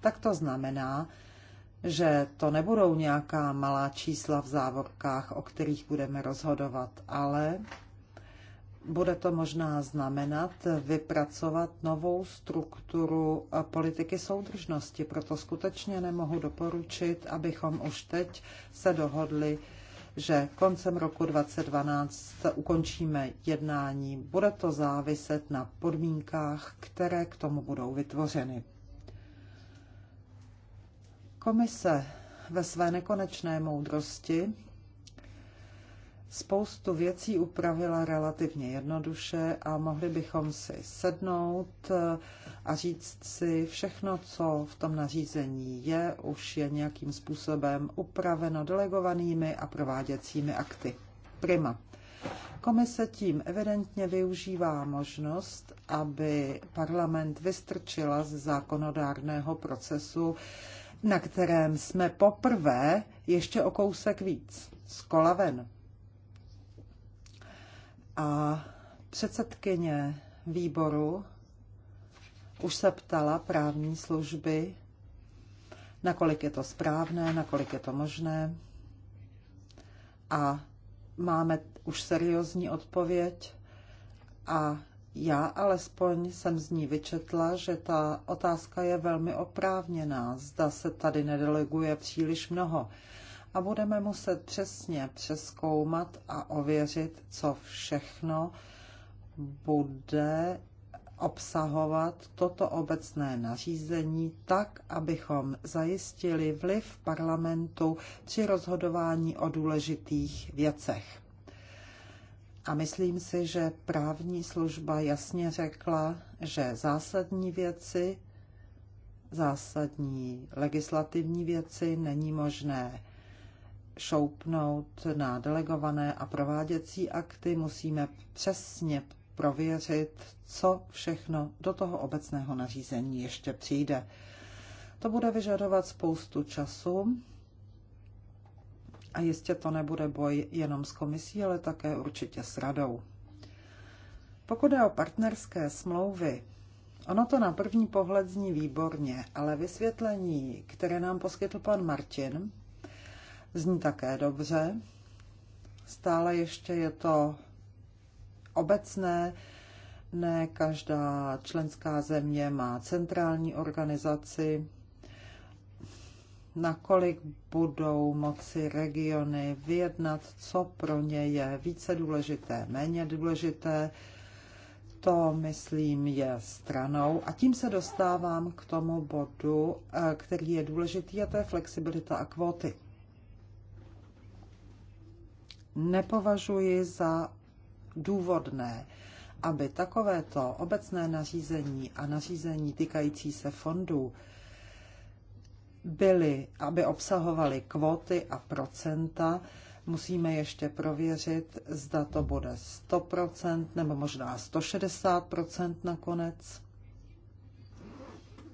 tak to znamená, že to nebudou nějaká malá čísla v závorkách, o kterých budeme rozhodovat, ale bude to možná znamenat vypracovat novou strukturu politiky soudržnosti. Proto skutečně nemohu doporučit, abychom už teď se dohodli, že koncem roku 2012 ukončíme jednání. Bude to záviset na podmínkách, které k tomu budou vytvořeny. Komise ve své nekonečné moudrosti spoustu věcí upravila relativně jednoduše a mohli bychom si sednout eh, a říct si, všechno, co v tom nařízení je, už je nějakým způsobem upraveno delegovanými a prováděcími akty. Prima. Komise tím evidentně využívá možnost, aby parlament vystrčila z zákonodárného procesu na kterém jsme poprvé ještě o kousek víc, z kola ven. A předsedkyně výboru už se ptala právní služby, nakolik je to správné, nakolik je to možné. A máme už seriózní odpověď a já alespoň jsem z ní vyčetla, že ta otázka je velmi oprávněná, zda se tady nedeleguje příliš mnoho. A budeme muset přesně přeskoumat a ověřit, co všechno bude obsahovat toto obecné nařízení tak, abychom zajistili vliv parlamentu při rozhodování o důležitých věcech. A myslím si, že právní služba jasně řekla, že zásadní věci, zásadní legislativní věci není možné šoupnout na delegované a prováděcí akty. Musíme přesně prověřit, co všechno do toho obecného nařízení ještě přijde. To bude vyžadovat spoustu času, a jistě to nebude boj jenom s komisí, ale také určitě s radou. Pokud je o partnerské smlouvy, ono to na první pohled zní výborně, ale vysvětlení, které nám poskytl pan Martin, zní také dobře. Stále ještě je to obecné, ne každá členská země má centrální organizaci, nakolik budou moci regiony vyjednat, co pro ně je více důležité, méně důležité. To, myslím, je stranou. A tím se dostávám k tomu bodu, eh, který je důležitý, a to je flexibilita a kvóty. Nepovažuji za důvodné, aby takovéto obecné nařízení a nařízení týkající se fondů byly, aby obsahovaly kvóty a procenta. Musíme ještě prověřit, zda to bude 100% nebo možná 160% nakonec.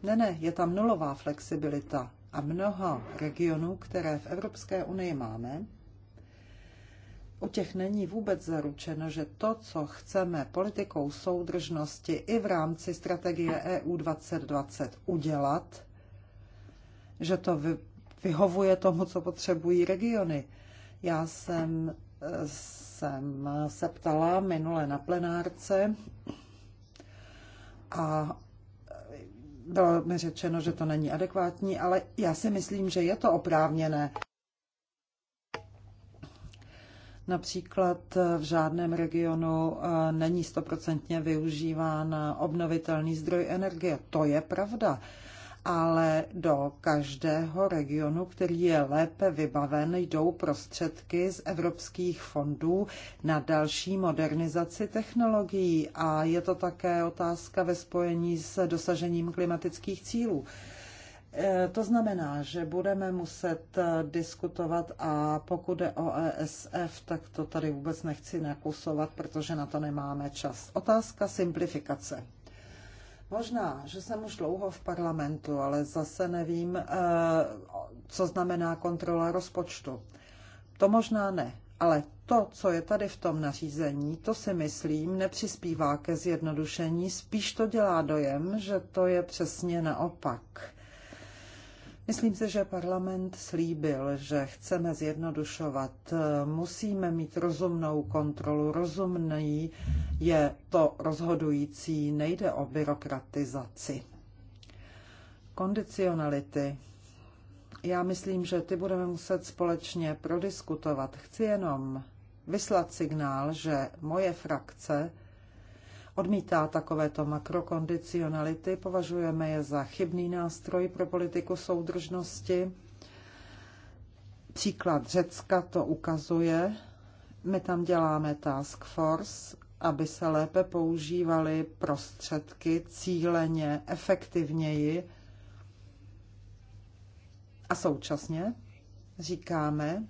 Ne, ne, je tam nulová flexibilita a mnoho regionů, které v Evropské unii máme, u těch není vůbec zaručeno, že to, co chceme politikou soudržnosti i v rámci strategie EU 2020 udělat, že to vyhovuje tomu, co potřebují regiony. Já jsem, jsem se ptala minule na plenárce a bylo mi řečeno, že to není adekvátní, ale já si myslím, že je to oprávněné. Například v žádném regionu eh, není stoprocentně využívána obnovitelný zdroj energie. To je pravda ale do každého regionu, který je lépe vybaven, jdou prostředky z evropských fondů na další modernizaci technologií a je to také otázka ve spojení s dosažením klimatických cílů. E, to znamená, že budeme muset e, diskutovat a pokud je o ESF, tak to tady vůbec nechci nakusovat, protože na to nemáme čas. Otázka simplifikace. Možná, že jsem už dlouho v parlamentu, ale zase nevím, eh, co znamená kontrola rozpočtu. To možná ne, ale to, co je tady v tom nařízení, to si myslím, nepřispívá ke zjednodušení, spíš to dělá dojem, že to je přesně naopak. Myslím si, že parlament slíbil, že chceme zjednodušovat. Musíme mít rozumnou kontrolu. Rozumný je to rozhodující, nejde o byrokratizaci. Kondicionality. Já myslím, že ty budeme muset společně prodiskutovat. Chci jenom vyslat signál, že moje frakce odmítá takovéto makrokondicionality, považujeme je za chybný nástroj pro politiku soudržnosti. Příklad Řecka to ukazuje. My tam děláme task force, aby se lépe používaly prostředky cíleně, efektivněji a současně říkáme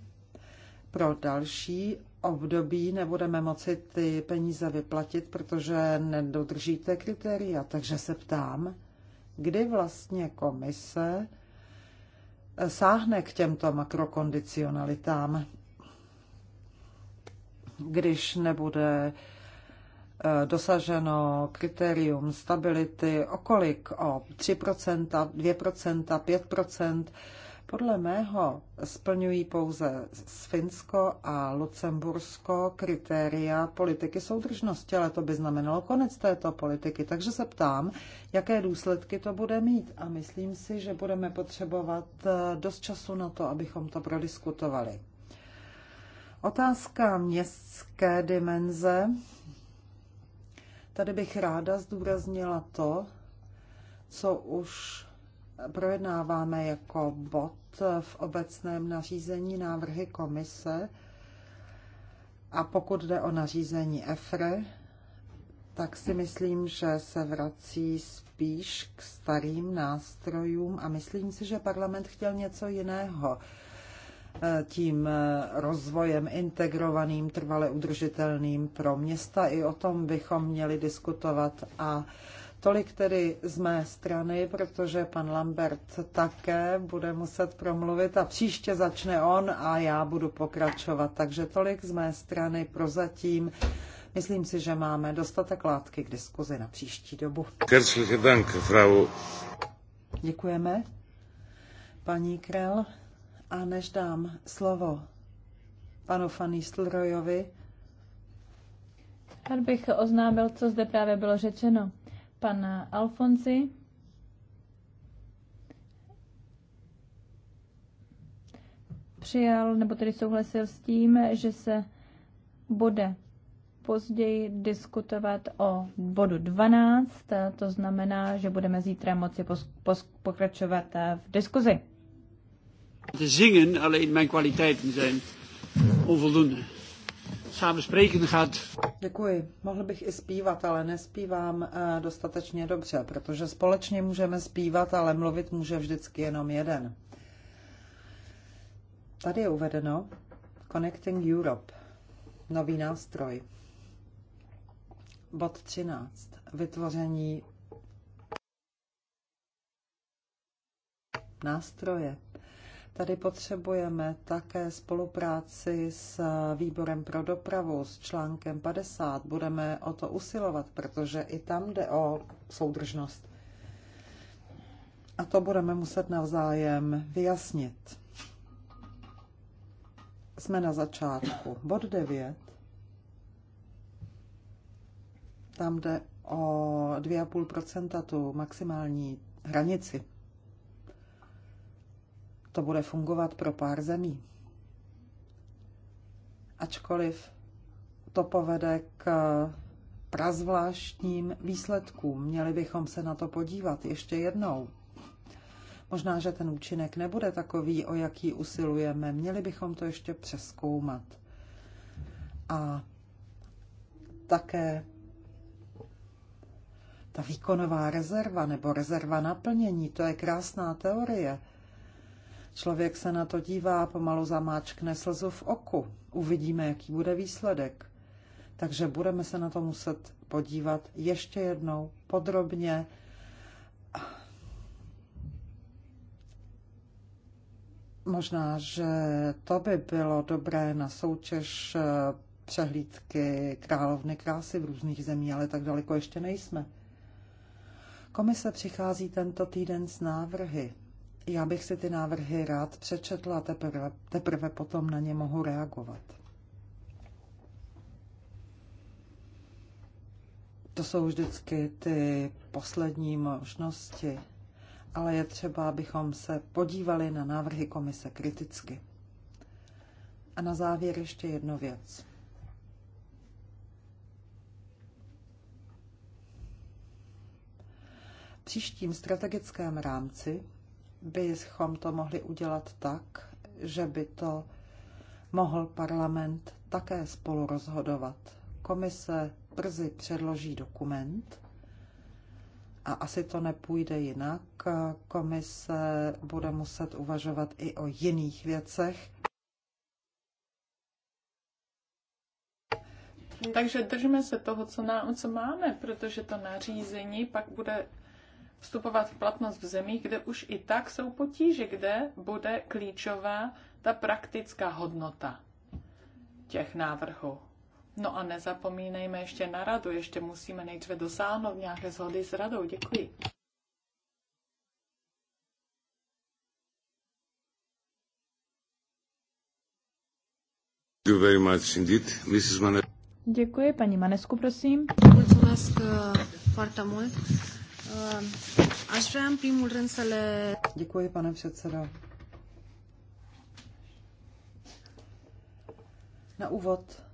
pro další období nebudeme moci ty peníze vyplatit, protože nedodržíte kritéria. Takže se ptám, kdy vlastně komise sáhne k těmto makrokondicionalitám, když nebude eh, dosaženo kritérium stability, okolik o 3%, 2%, 5%, podle mého splňují pouze Finsko a Lucembursko kritéria politiky soudržnosti, ale to by znamenalo konec této politiky. Takže se ptám, jaké důsledky to bude mít a myslím si, že budeme potřebovat eh, dost času na to, abychom to prodiskutovali. Otázka městské dimenze. Tady bych ráda zdůraznila to, co už projednáváme jako bod v obecném nařízení návrhy komise a pokud jde o nařízení EFRE, tak si myslím, že se vrací spíš k starým nástrojům a myslím si, že parlament chtěl něco jiného tím rozvojem integrovaným, trvale udržitelným pro města. I o tom bychom měli diskutovat a Tolik tedy z mé strany, protože pan Lambert také bude muset promluvit a příště začne on a já budu pokračovat. Takže tolik z mé strany prozatím. Myslím si, že máme dostatek látky k diskuzi na příští dobu. Děkujeme, paní Krel. A než dám slovo panu Stlrojovi. Rád bych oznámil, co zde právě bylo řečeno pan Alfonsi. Přijal, nebo tedy souhlasil s tím, že se bude později diskutovat o bodu 12, to znamená, že budeme zítra moci pokračovat v diskuzi. Zingen alleen mijn kwaliteiten zijn onvoldoende samen spreken gaat. Děkuji. Mohl bych i zpívat, ale nespívám eh, dostatečně dobře, protože společně můžeme zpívat, ale mluvit může vždycky jenom jeden. Tady je uvedeno Connecting Europe, nový nástroj. Bod 13. Vytvoření nástroje Tady potřebujeme také spolupráci s výborem pro dopravu, s článkem 50. Budeme o to usilovat, protože i tam jde o soudržnost. A to budeme muset navzájem vyjasnit. Jsme na začátku. Bod 9. Tam jde o 2,5 tu maximální hranici to bude fungovat pro pár zemí. Ačkoliv to povede k prazvláštním výsledkům. Měli bychom se na to podívat ještě jednou. Možná, že ten účinek nebude takový, o jaký usilujeme. Měli bychom to ještě přeskoumat. A také ta výkonová rezerva nebo rezerva naplnění, to je krásná teorie, Člověk se na to dívá, pomalu zamáčkne slzu v oku. Uvidíme, jaký bude výsledek. Takže budeme se na to muset podívat ještě jednou podrobně. Možná, že to by bylo dobré na soutěž eh, přehlídky královny krásy v různých zemích, ale tak daleko ještě nejsme. Komise přichází tento týden s návrhy. Já bych si ty návrhy rád přečetla a teprve, teprve potom na ně mohu reagovat. To jsou vždycky ty poslední možnosti, ale je třeba, abychom se podívali na návrhy komise kriticky. A na závěr ještě jednu věc. příštím strategickém rámci bychom to mohli udělat tak, že by to mohl parlament také spolu rozhodovat. Komise brzy předloží dokument a asi to nepůjde jinak. Komise bude muset uvažovat i o jiných věcech. Takže držme se toho, co, nám, co máme, protože to nařízení pak bude vstupovat v platnost v zemích, kde už i tak jsou potíže, kde bude klíčová ta praktická hodnota těch návrhů. No a nezapomínejme ještě na radu, ještě musíme nejdříve dosáhnout nějaké zhody s radou. Děkuji. Děkuji, paní Manesku, prosím. paní Manesku, prosím. Aș vrea în primul rând să le... Děkuji, pane předsedo. Na úvod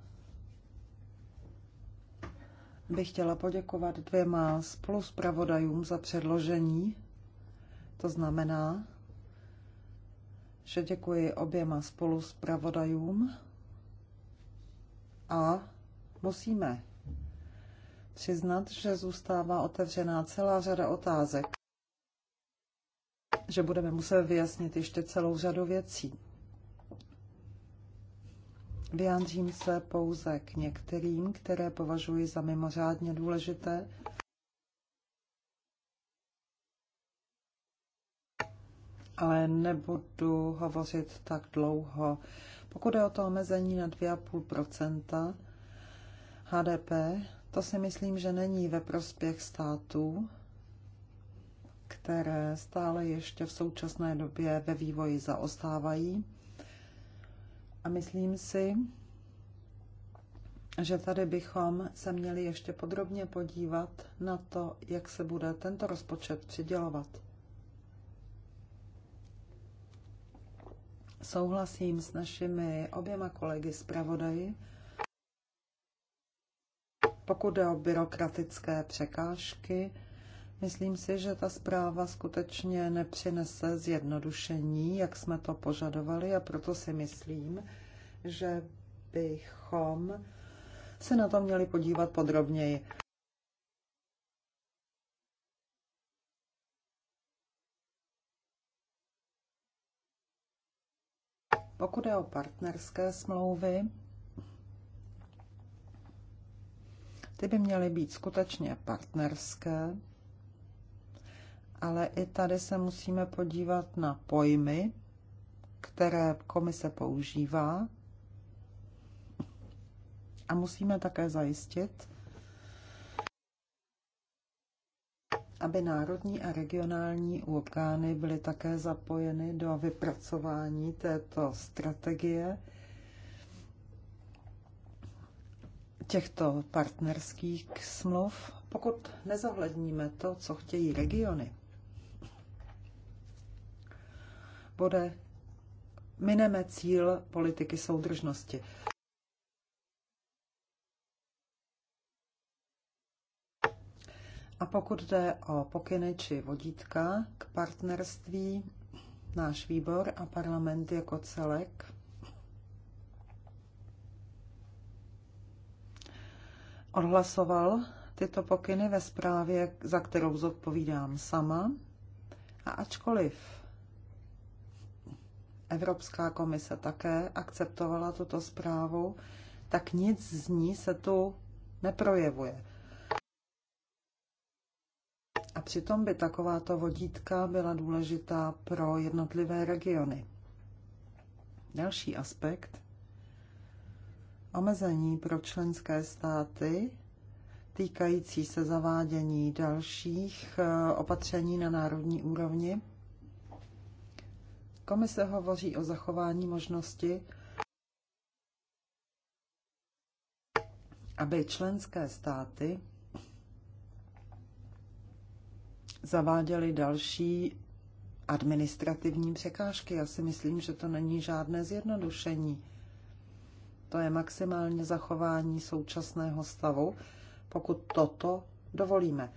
bych chtěla poděkovat dvěma spoluspravodajům za předložení. To znamená, že děkuji oběma spoluspravodajům a musíme přiznat, že zůstává otevřená celá řada otázek, že budeme muset vyjasnit ještě celou řadu věcí. Vyjádřím se pouze k některým, které považuji za mimořádně důležité. Ale nebudu hovořit tak dlouho. Pokud je o to omezení na 2,5 HDP, to si myslím, že není ve prospěch států, které stále ještě v současné době ve vývoji zaostávají. A myslím si, že tady bychom se měli ještě podrobně podívat na to, jak se bude tento rozpočet přidělovat. Souhlasím s našimi oběma kolegy pravodají, pokud jde o byrokratické překážky, myslím si, že ta zpráva skutečně nepřinese zjednodušení, jak jsme to požadovali, a proto si myslím, že bychom se na to měli podívat podrobněji. Pokud je o partnerské smlouvy, Ty by měly být skutečně partnerské, ale i tady se musíme podívat na pojmy, které komise používá a musíme také zajistit, aby národní a regionální orgány byly také zapojeny do vypracování této strategie těchto partnerských smluv, pokud nezohledníme to, co chtějí regiony, bude mineme cíl politiky soudržnosti. A pokud jde o pokyny či vodítka k partnerství, náš výbor a parlament jako celek odhlasoval tyto pokyny ve zprávě, za kterou zodpovídám sama. A ačkoliv Evropská komise také akceptovala tuto zprávu, tak nic z ní se tu neprojevuje. A přitom by takováto vodítka byla důležitá pro jednotlivé regiony. Další aspekt omezení pro členské státy týkající se zavádění dalších eh, opatření na národní úrovni. Komise hovoří o zachování možnosti, aby členské státy zaváděly další administrativní překážky. Já si myslím, že to není žádné zjednodušení. To je maximálně zachování současného stavu, pokud toto dovolíme.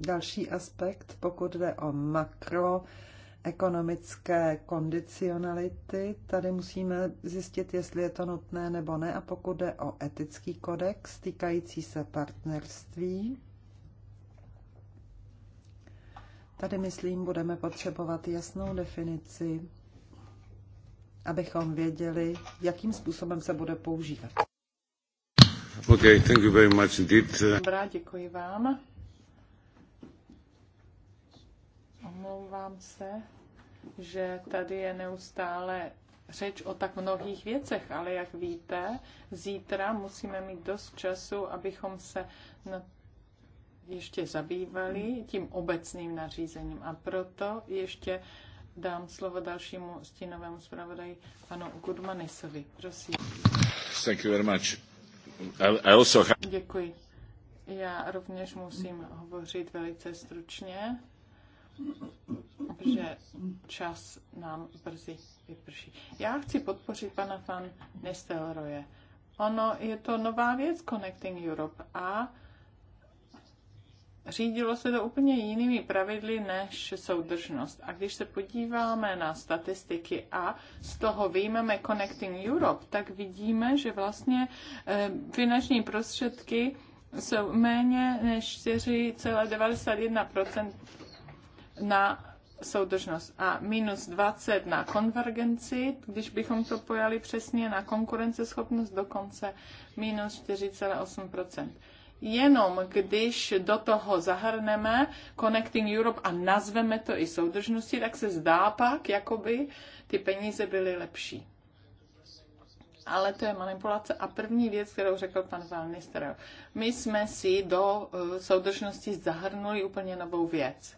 Další aspekt, pokud jde o makroekonomické kondicionality. Tady musíme zjistit, jestli je to nutné nebo ne. A pokud jde o etický kodex týkající se partnerství, tady myslím, budeme potřebovat jasnou definici abychom věděli, jakým způsobem se bude používat. Okay, thank you very much indeed. Dobrá, děkuji vám. Omlouvám se, že tady je neustále řeč o tak mnohých věcech, ale jak víte, zítra musíme mít dost času, abychom se na ještě zabývali tím obecným nařízením. A proto ještě dám slovo dalšímu stínovému zpravodaji, panu Gudmanisovi. Prosím. Thank you very much. I, also have... Děkuji. Já rovněž musím hovořit velice stručně, že čas nám brzy vyprší. Já chci podpořit pana fan Nestelroje. Ono je to nová věc Connecting Europe a řídilo se to úplně jinými pravidly než soudržnost. A když se podíváme na statistiky a z toho vyjmeme Connecting Europe, tak vidíme, že vlastně eh, finanční prostředky jsou méně než 4,91% na soudržnost a minus 20 na konvergenci, když bychom to pojali přesně na konkurenceschopnost, dokonce minus 4,8% jenom když do toho zahrneme Connecting Europe a nazveme to i soudržností, tak se zdá pak, jakoby ty peníze byly lepší. Ale to je manipulace. A první věc, kterou řekl pan Valnister, my jsme si do eh, soudržnosti zahrnuli úplně novou věc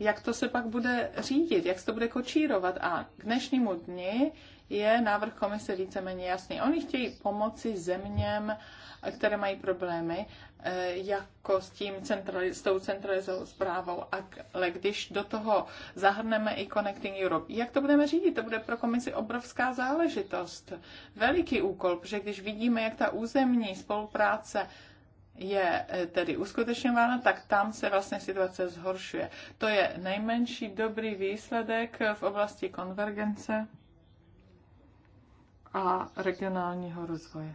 jak to se pak bude řídit, jak se to bude kočírovat. A k dnešnímu dni je návrh komise víceméně jasný. Oni chtějí pomoci zeměm které mají problémy eh, jako s, tím centrali- s tou centralizovanou zprávou, ale když do toho zahrneme i Connecting Europe, jak to budeme řídit? To bude pro komisi obrovská záležitost, veliký úkol, protože když vidíme, jak ta územní spolupráce je eh, tedy uskutečňována, tak tam se vlastně situace zhoršuje. To je nejmenší dobrý výsledek v oblasti konvergence a regionálního rozvoje.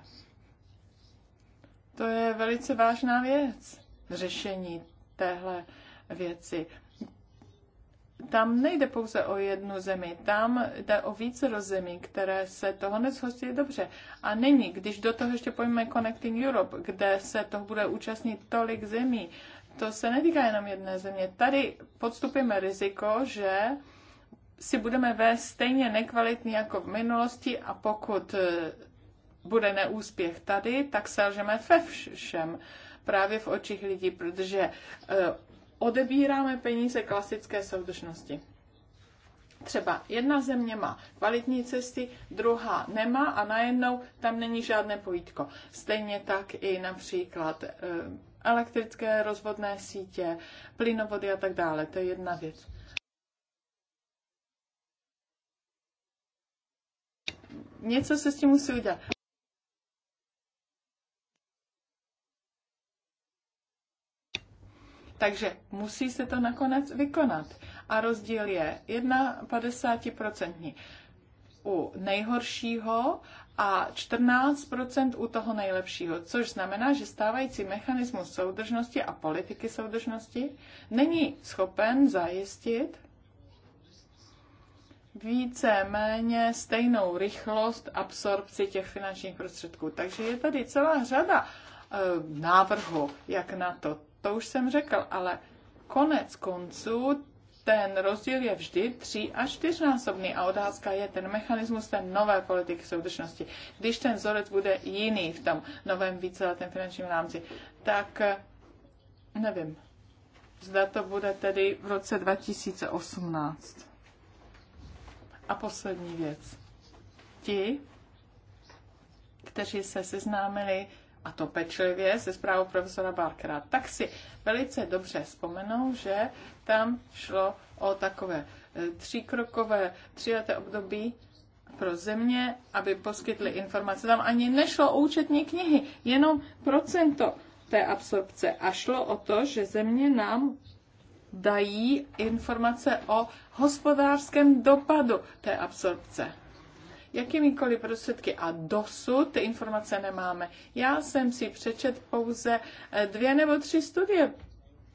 To je velice vážná věc, řešení téhle věci. Tam nejde pouze o jednu zemi, tam jde o více zemí, které se toho nezhostí dobře. A nyní, když do toho ještě pojmeme Connecting Europe, kde se toho bude účastnit tolik zemí, to se netýká jenom jedné země. Tady podstupíme riziko, že si budeme vést stejně nekvalitní jako v minulosti a pokud eh, bude neúspěch tady, tak selžeme ve všem, právě v očích lidí, protože e, odebíráme peníze klasické soudržnosti. Třeba jedna země má kvalitní cesty, druhá nemá a najednou tam není žádné pojítko. Stejně tak i například e, elektrické rozvodné sítě, plynovody a tak dále. To je jedna věc. Něco se s tím musí udělat. Takže musí se to nakonec vykonat. A rozdíl je 51% u nejhoršího a 14% u toho nejlepšího, což znamená, že stávající mechanismus soudržnosti a politiky soudržnosti není schopen zajistit více méně stejnou rychlost absorpci těch finančních prostředků. Takže je tady celá řada eh, návrhu, jak na to to už jsem řekl, ale konec konců ten rozdíl je vždy tři až čtyřnásobný a otázka je ten mechanismus té nové politiky soudržnosti. Když ten vzorec bude jiný v tom novém víceletém finančním rámci, tak eh, nevím, zda to bude tedy v roce 2018. A poslední věc. Ti, kteří se seznámili a to pečlivě, se zprávou profesora Barkera, tak si velice dobře vzpomenou, že tam šlo o takové e, tříkrokové tříleté období pro země, aby poskytly informace. Tam ani nešlo o účetní knihy, jenom procento té absorpce. A šlo o to, že země nám dají informace o hospodářském dopadu té absorpce jakýmikoliv prostředky a dosud ty informace nemáme. Já jsem si přečet pouze eh, dvě nebo tři studie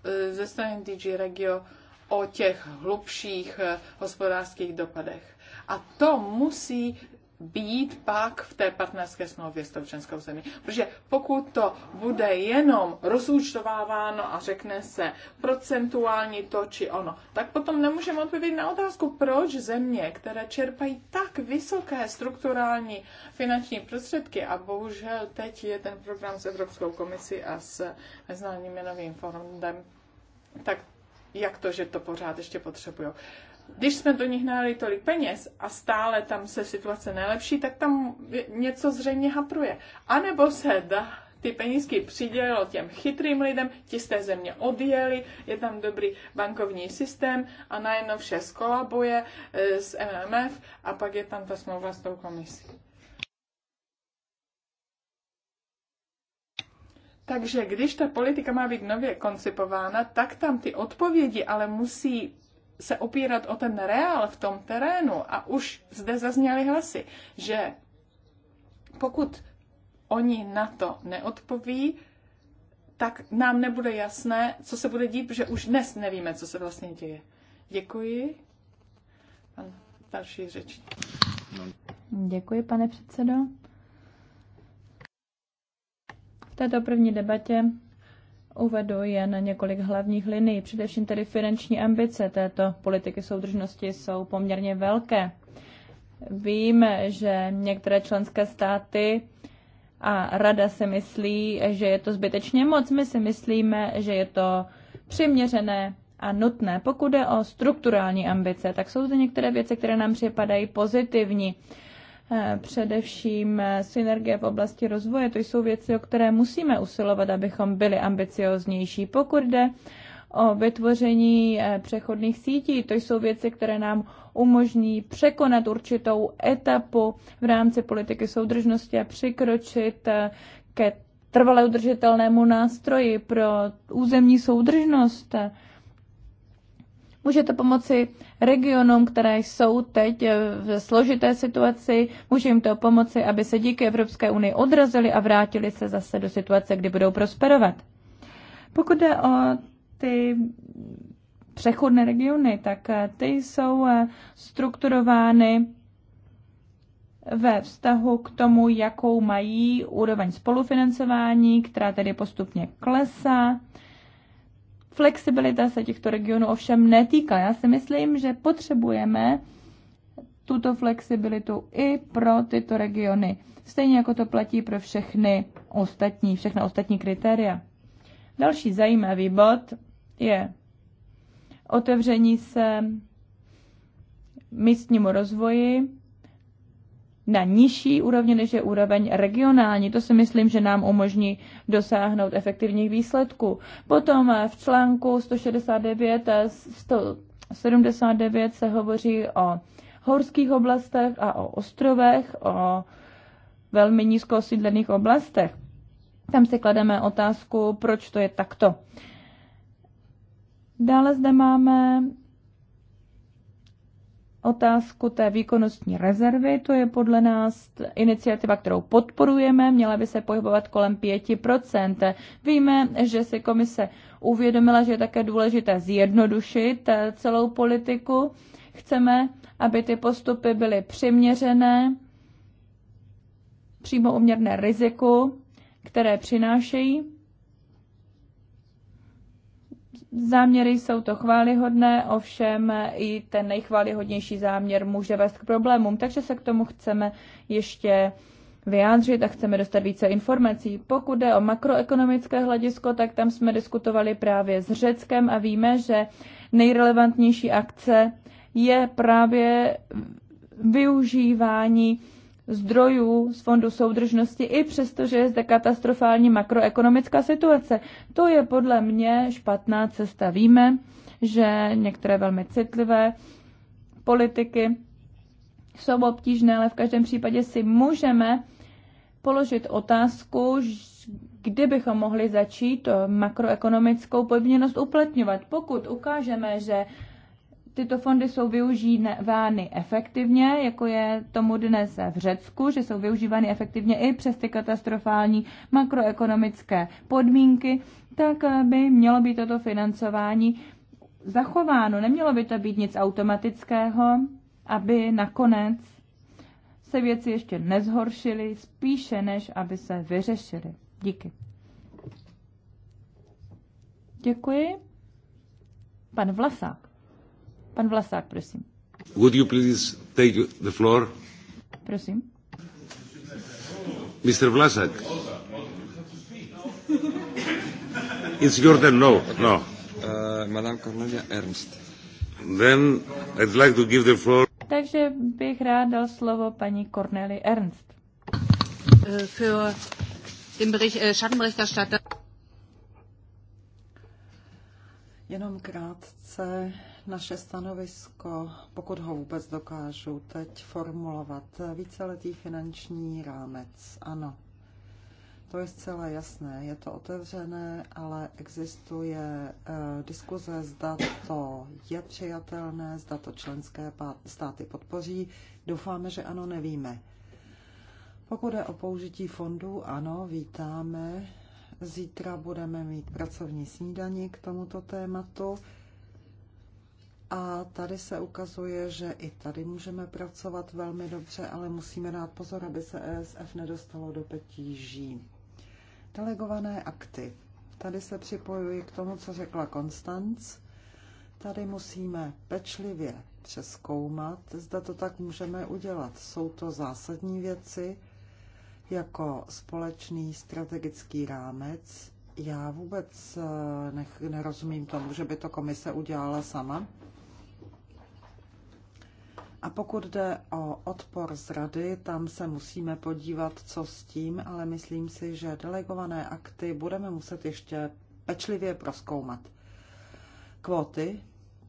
eh, ze strany DG Regio o těch hlubších eh, hospodářských dopadech. A to musí být pak v té partnerské smlouvě s tou členskou zemí. Protože pokud to bude jenom rozúčtováváno a řekne se procentuální to či ono, tak potom nemůžeme odpovědět na otázku, proč země, které čerpají tak vysoké strukturální finanční prostředky a bohužel teď je ten program s Evropskou komisí a s Mezinárodním měnovým fondem, tak jak to, že to pořád ještě potřebují když jsme do nich nalili tolik peněz a stále tam se situace nelepší, tak tam něco zřejmě hapruje. A nebo se dá, ty penízky přidělilo těm chytrým lidem, ti z té země odjeli, je tam dobrý bankovní systém a najednou vše skolabuje e, s MMF a pak je tam ta smlouva s tou komisí. Takže když ta politika má být nově koncipována, tak tam ty odpovědi ale musí se opírat o ten reál v tom terénu. A už zde zazněly hlasy, že pokud oni na to neodpoví, tak nám nebude jasné, co se bude dít, protože už dnes nevíme, co se vlastně děje. Děkuji. Pan další řečník. Děkuji, pane předsedo. V této první debatě uvedu jen několik hlavních linií. Především tedy finanční ambice této politiky soudržnosti jsou poměrně velké. Vím, že některé členské státy a rada si myslí, že je to zbytečně moc. My si myslíme, že je to přiměřené a nutné. Pokud jde o strukturální ambice, tak jsou zde některé věci, které nám připadají pozitivní. Eh, především eh, synergie v oblasti rozvoje. To jsou věci, o které musíme usilovat, abychom byli ambicioznější. Pokud jde o vytvoření eh, přechodných sítí, to jsou věci, které nám umožní překonat určitou etapu v rámci politiky soudržnosti a přikročit ke trvale udržitelnému nástroji pro územní soudržnost. Může to pomoci regionům, které jsou teď eh, v složité situaci, může jim to pomoci, aby se díky Evropské unii odrazili a vrátili se zase do situace, kdy budou prosperovat. Pokud jde o ty přechodné regiony, tak eh, ty jsou eh, strukturovány ve vztahu k tomu, jakou mají úroveň spolufinancování, která tedy postupně klesá. Flexibilita se těchto regionů ovšem netýká. Já si myslím, že potřebujeme tuto flexibilitu i pro tyto regiony. Stejně jako to platí pro všechny ostatní, všechna ostatní kritéria. Další zajímavý bod je otevření se místnímu rozvoji na nižší úrovni, než je úroveň regionální. To si myslím, že nám umožní dosáhnout efektivních výsledků. Potom eh, v článku 169 179 eh, se hovoří o horských oblastech a o ostrovech, o velmi nízkosídlených oblastech. Tam si klademe otázku, proč to je takto. Dále zde máme otázku té výkonnostní rezervy. To je podle nás iniciativa, kterou podporujeme, měla by se pohybovat kolem 5%. Víme, že si komise uvědomila, že je také důležité zjednodušit eh, celou politiku. Chceme, aby ty postupy byly přiměřené, přímo uměrné riziku, které přinášejí Záměry jsou to chválihodné, ovšem i ten nejchválihodnější záměr může vést k problémům, takže se k tomu chceme ještě vyjádřit a chceme dostat více informací. Pokud jde o makroekonomické hledisko, tak tam jsme diskutovali právě s Řeckem a víme, že nejrelevantnější akce je právě využívání zdrojů z Fondu soudržnosti, i přesto, že je zde katastrofální makroekonomická situace. To je podle mě špatná cesta. Víme, že některé velmi citlivé politiky jsou obtížné, ale v každém případě si můžeme položit otázku, kdy bychom mohli začít makroekonomickou povinnost uplatňovat. Pokud ukážeme, že tyto fondy jsou využívány efektivně, jako je tomu dnes v Řecku, že jsou využívány efektivně i přes ty katastrofální makroekonomické podmínky, tak eh, by mělo být toto financování zachováno. Nemělo by to být nic automatického, aby nakonec se věci ještě nezhoršily, spíše než aby se vyřešily. Díky. Děkuji. Pan Vlasák. Pan Vlasák, prosím. Would you please take the floor? Prosím. Mr. Vlasak. It's your turn, no, no. Uh, Madame Cornelia Ernst. Then I'd like to give the floor. Takže bych rád dal slovo paní Corneli Ernst. Eh, für den Bericht, uh, Schattenberichterstatter. Jenom krátce naše stanovisko, pokud ho vůbec dokážu teď formulovat. Víceletý finanční rámec, ano. To je zcela jasné, je to otevřené, ale existuje uh, diskuze, zda to je přijatelné, zda to členské státy podpoří. Doufáme, že ano, nevíme. Pokud je o použití fondů, ano, vítáme. Zítra budeme mít pracovní snídaní k tomuto tématu. A tady se ukazuje, že i tady můžeme pracovat velmi dobře, ale musíme dát pozor, aby se ESF nedostalo do petíží. Delegované akty. Tady se připojuji k tomu, co řekla Konstanc. Tady musíme pečlivě přeskoumat, zda to tak můžeme udělat. Jsou to zásadní věci, jako společný strategický rámec. Já vůbec eh, nech, nerozumím tomu, že by to komise udělala sama. A pokud jde o odpor z rady, tam se musíme podívat, co s tím, ale myslím si, že delegované akty budeme muset ještě pečlivě proskoumat. Kvóty,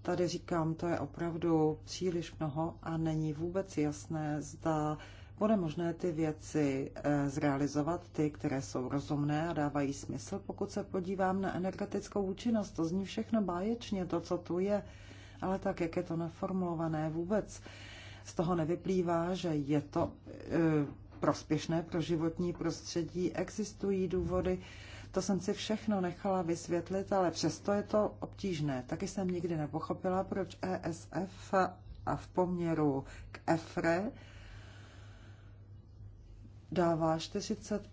tady říkám, to je opravdu příliš mnoho a není vůbec jasné, zda bude možné ty věci eh, zrealizovat, ty, které jsou rozumné a dávají smysl. Pokud se podívám na energetickou účinnost, to zní všechno báječně, to, co tu je ale tak, jak je to naformulované vůbec, z toho nevyplývá, že je to e, prospěšné pro životní prostředí, existují důvody, to jsem si všechno nechala vysvětlit, ale přesto je to obtížné. Taky jsem nikdy nepochopila, proč ESF a v poměru k EFRE dává 40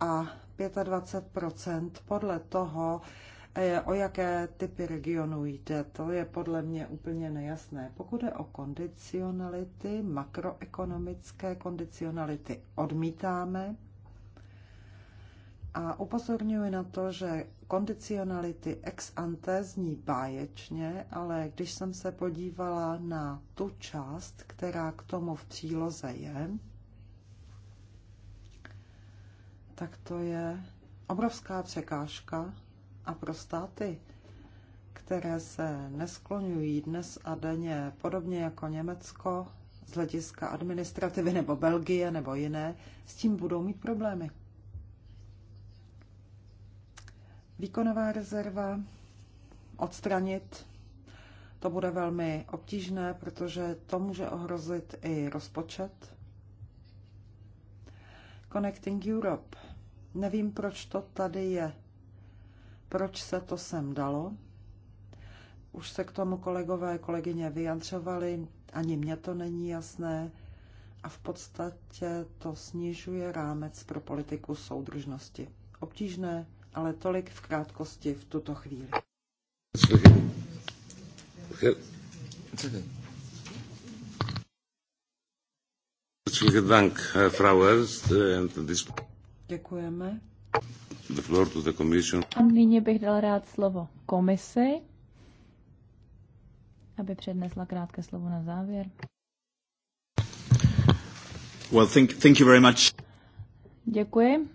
a 25 podle toho, o jaké typy regionů jde, to je podle mě úplně nejasné. Pokud je o kondicionality, makroekonomické kondicionality odmítáme a upozorňuji na to, že kondicionality ex ante zní báječně, ale když jsem se podívala na tu část, která k tomu v příloze je, tak to je obrovská překážka a pro státy, které se nesklonují dnes a denně podobně jako Německo z hlediska administrativy nebo Belgie nebo jiné, s tím budou mít problémy. Výkonová rezerva odstranit, to bude velmi obtížné, protože to může ohrozit i rozpočet. Connecting Europe. Nevím, proč to tady je proč se to sem dalo. Už se k tomu kolegové, a kolegyně vyjadřovali, ani mně to není jasné a v podstatě to snižuje rámec pro politiku soudržnosti. Obtížné, ale tolik v krátkosti v tuto chvíli. Děkujeme the floor to the commission. A nyní bych dal rád slovo komisi, aby přednesla krátké slovo na závěr. Well, thank, thank you very much. Děkuji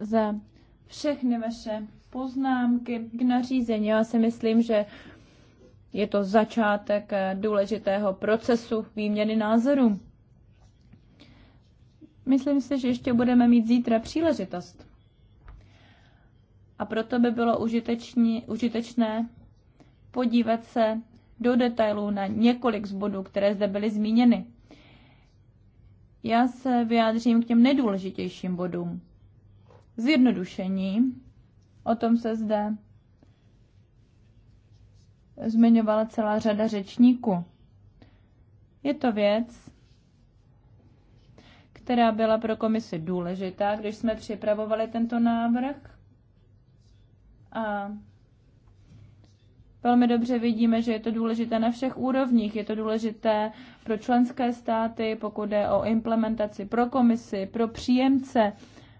za všechny vaše poznámky k nařízení. Já si myslím, že je to začátek eh, důležitého procesu výměny názorů. Myslím si, že ještě budeme mít zítra příležitost. A proto by bylo užitečný, užitečné podívat se do detailů na několik z bodů, které zde byly zmíněny. Já se vyjádřím k těm nejdůležitějším bodům. Zjednodušení, o tom se zde zmiňovala celá řada řečníků. Je to věc, která byla pro komisi důležitá, když jsme připravovali tento návrh. A velmi dobře vidíme, že je to důležité na všech úrovních. Je to důležité pro členské státy, pokud jde o implementaci, pro komisi, pro příjemce,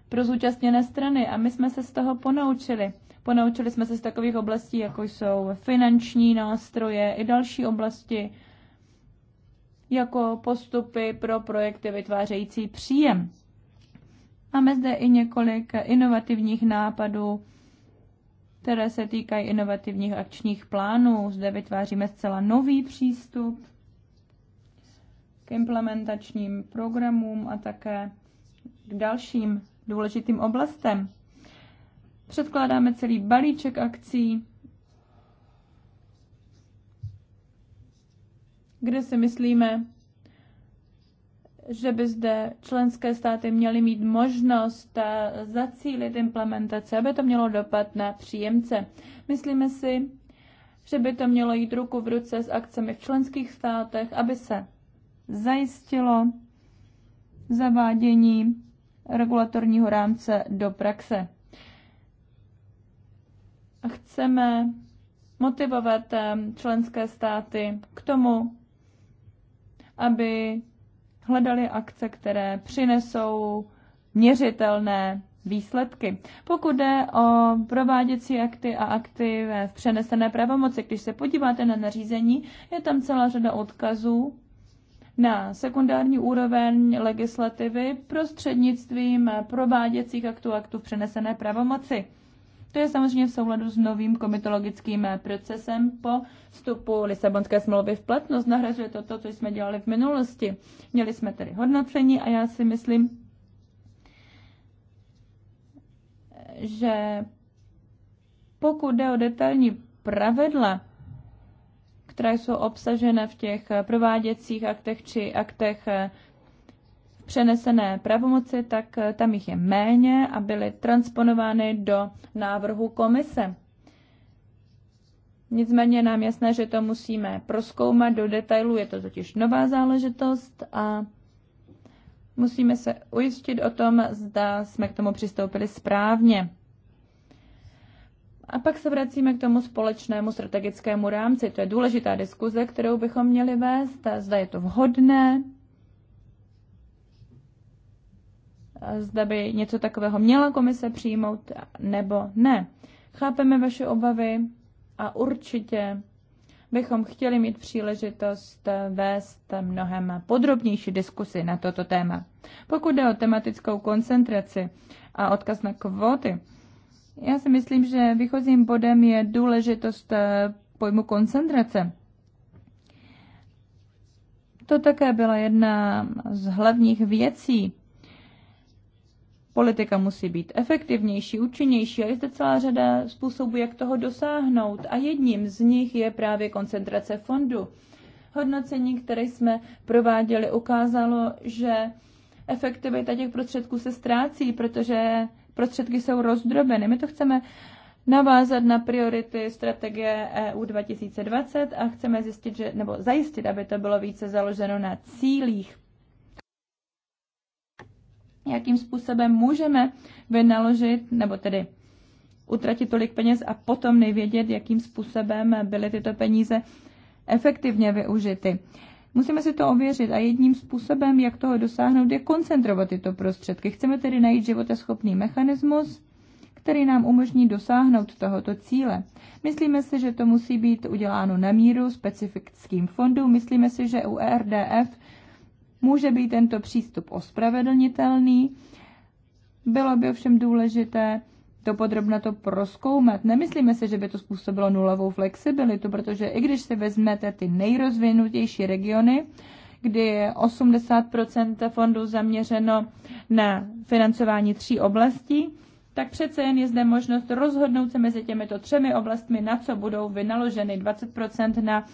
pro zúčastněné strany. A my jsme se z toho ponaučili. Ponaučili jsme se z takových oblastí, jako jsou finanční nástroje i další oblasti, jako postupy pro projekty vytvářející příjem. Máme zde i několik inovativních nápadů, které se týkají inovativních akčních plánů. Zde vytváříme zcela nový přístup k implementačním programům a také k dalším důležitým oblastem. Předkládáme celý balíček akcí, kde si myslíme, že by zde členské státy měly mít možnost eh, zacílit implementace, aby to mělo dopad na příjemce. Myslíme si, že by to mělo jít ruku v ruce s akcemi v členských státech, aby se zajistilo zavádění regulatorního rámce do praxe. A chceme motivovat eh, členské státy k tomu, aby hledali akce, které přinesou měřitelné výsledky. Pokud jde o prováděcí akty a akty v přenesené pravomoci, když se podíváte na nařízení, je tam celá řada odkazů na sekundární úroveň legislativy prostřednictvím prováděcích aktů aktů v přenesené pravomoci. To je samozřejmě v souladu s novým komitologickým procesem po vstupu Lisabonské smlouvy v platnost. Nahrazuje to to, co jsme dělali v minulosti. Měli jsme tedy hodnocení a já si myslím, že pokud jde o detailní pravidla, která jsou obsažena v těch prováděcích aktech či aktech přenesené pravomoci, tak eh, tam jich je méně a byly transponovány do návrhu komise. Nicméně nám jasné, že to musíme proskoumat do detailu, je to totiž nová záležitost a musíme se ujistit o tom, zda jsme k tomu přistoupili správně. A pak se vracíme k tomu společnému strategickému rámci. To je důležitá diskuze, kterou bychom měli vést. Zda je to vhodné, zda by něco takového měla komise přijmout nebo ne. Chápeme vaše obavy a určitě bychom chtěli mít příležitost vést mnohem podrobnější diskusy na toto téma. Pokud jde o tematickou koncentraci a odkaz na kvóty, já si myslím, že výchozím bodem je důležitost eh, pojmu koncentrace. To také byla jedna z hlavních věcí, Politika musí být efektivnější, účinnější a je zde celá řada způsobů, jak toho dosáhnout. A jedním z nich je právě koncentrace fondu. Hodnocení, které jsme prováděli, ukázalo, že efektivita těch prostředků se ztrácí, protože prostředky jsou rozdrobeny. My to chceme navázat na priority strategie EU 2020 a chceme zjistit, že, nebo zajistit, aby to bylo více založeno na cílích jakým způsobem můžeme vynaložit, nebo tedy utratit tolik peněz a potom nevědět, jakým způsobem byly tyto peníze efektivně využity. Musíme si to ověřit a jedním způsobem, jak toho dosáhnout, je koncentrovat tyto prostředky. Chceme tedy najít životeschopný mechanismus, který nám umožní dosáhnout tohoto cíle. Myslíme si, že to musí být uděláno na míru specifickým fondům. Myslíme si, že u e RDF Může být tento přístup ospravedlnitelný, bylo by ovšem důležité to podrobně to proskoumat. Nemyslíme si, že by to způsobilo nulovou flexibilitu, protože i když si vezmete ty nejrozvinutější regiony, kdy je 80 fondů zaměřeno na financování tří oblastí, tak přece jen je zde možnost rozhodnout se mezi těmito třemi oblastmi, na co budou vynaloženy 20 na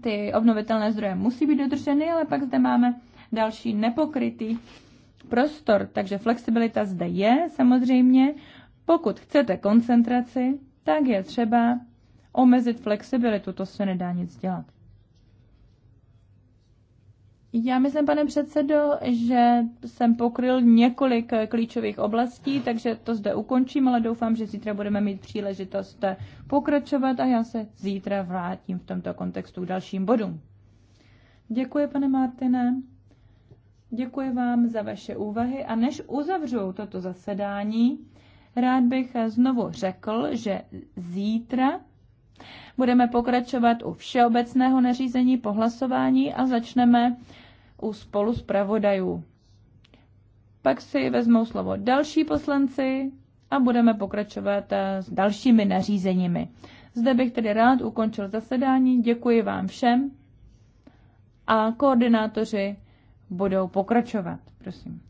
ty obnovitelné zdroje musí být dodrženy, ale pak zde máme další nepokrytý prostor, takže flexibilita zde je samozřejmě. Pokud chcete koncentraci, tak je třeba omezit flexibilitu, to se nedá nic dělat. Já myslím, pane předsedo, že jsem pokryl několik eh, klíčových oblastí, takže to zde ukončím, ale doufám, že zítra budeme mít příležitost eh, pokračovat a já se zítra vrátím v tomto kontextu k dalším bodům. Děkuji, pane Martine. Děkuji vám za vaše úvahy a než uzavřu toto zasedání, rád bych eh, znovu řekl, že zítra Budeme pokračovat u všeobecného neřízení po hlasování a začneme u spolu zpravodajů. Pak si vezmou slovo další poslanci a budeme pokračovat eh, s dalšími nařízeními. Zde bych tedy rád ukončil zasedání. Děkuji vám všem a koordinátoři budou pokračovat. Prosím.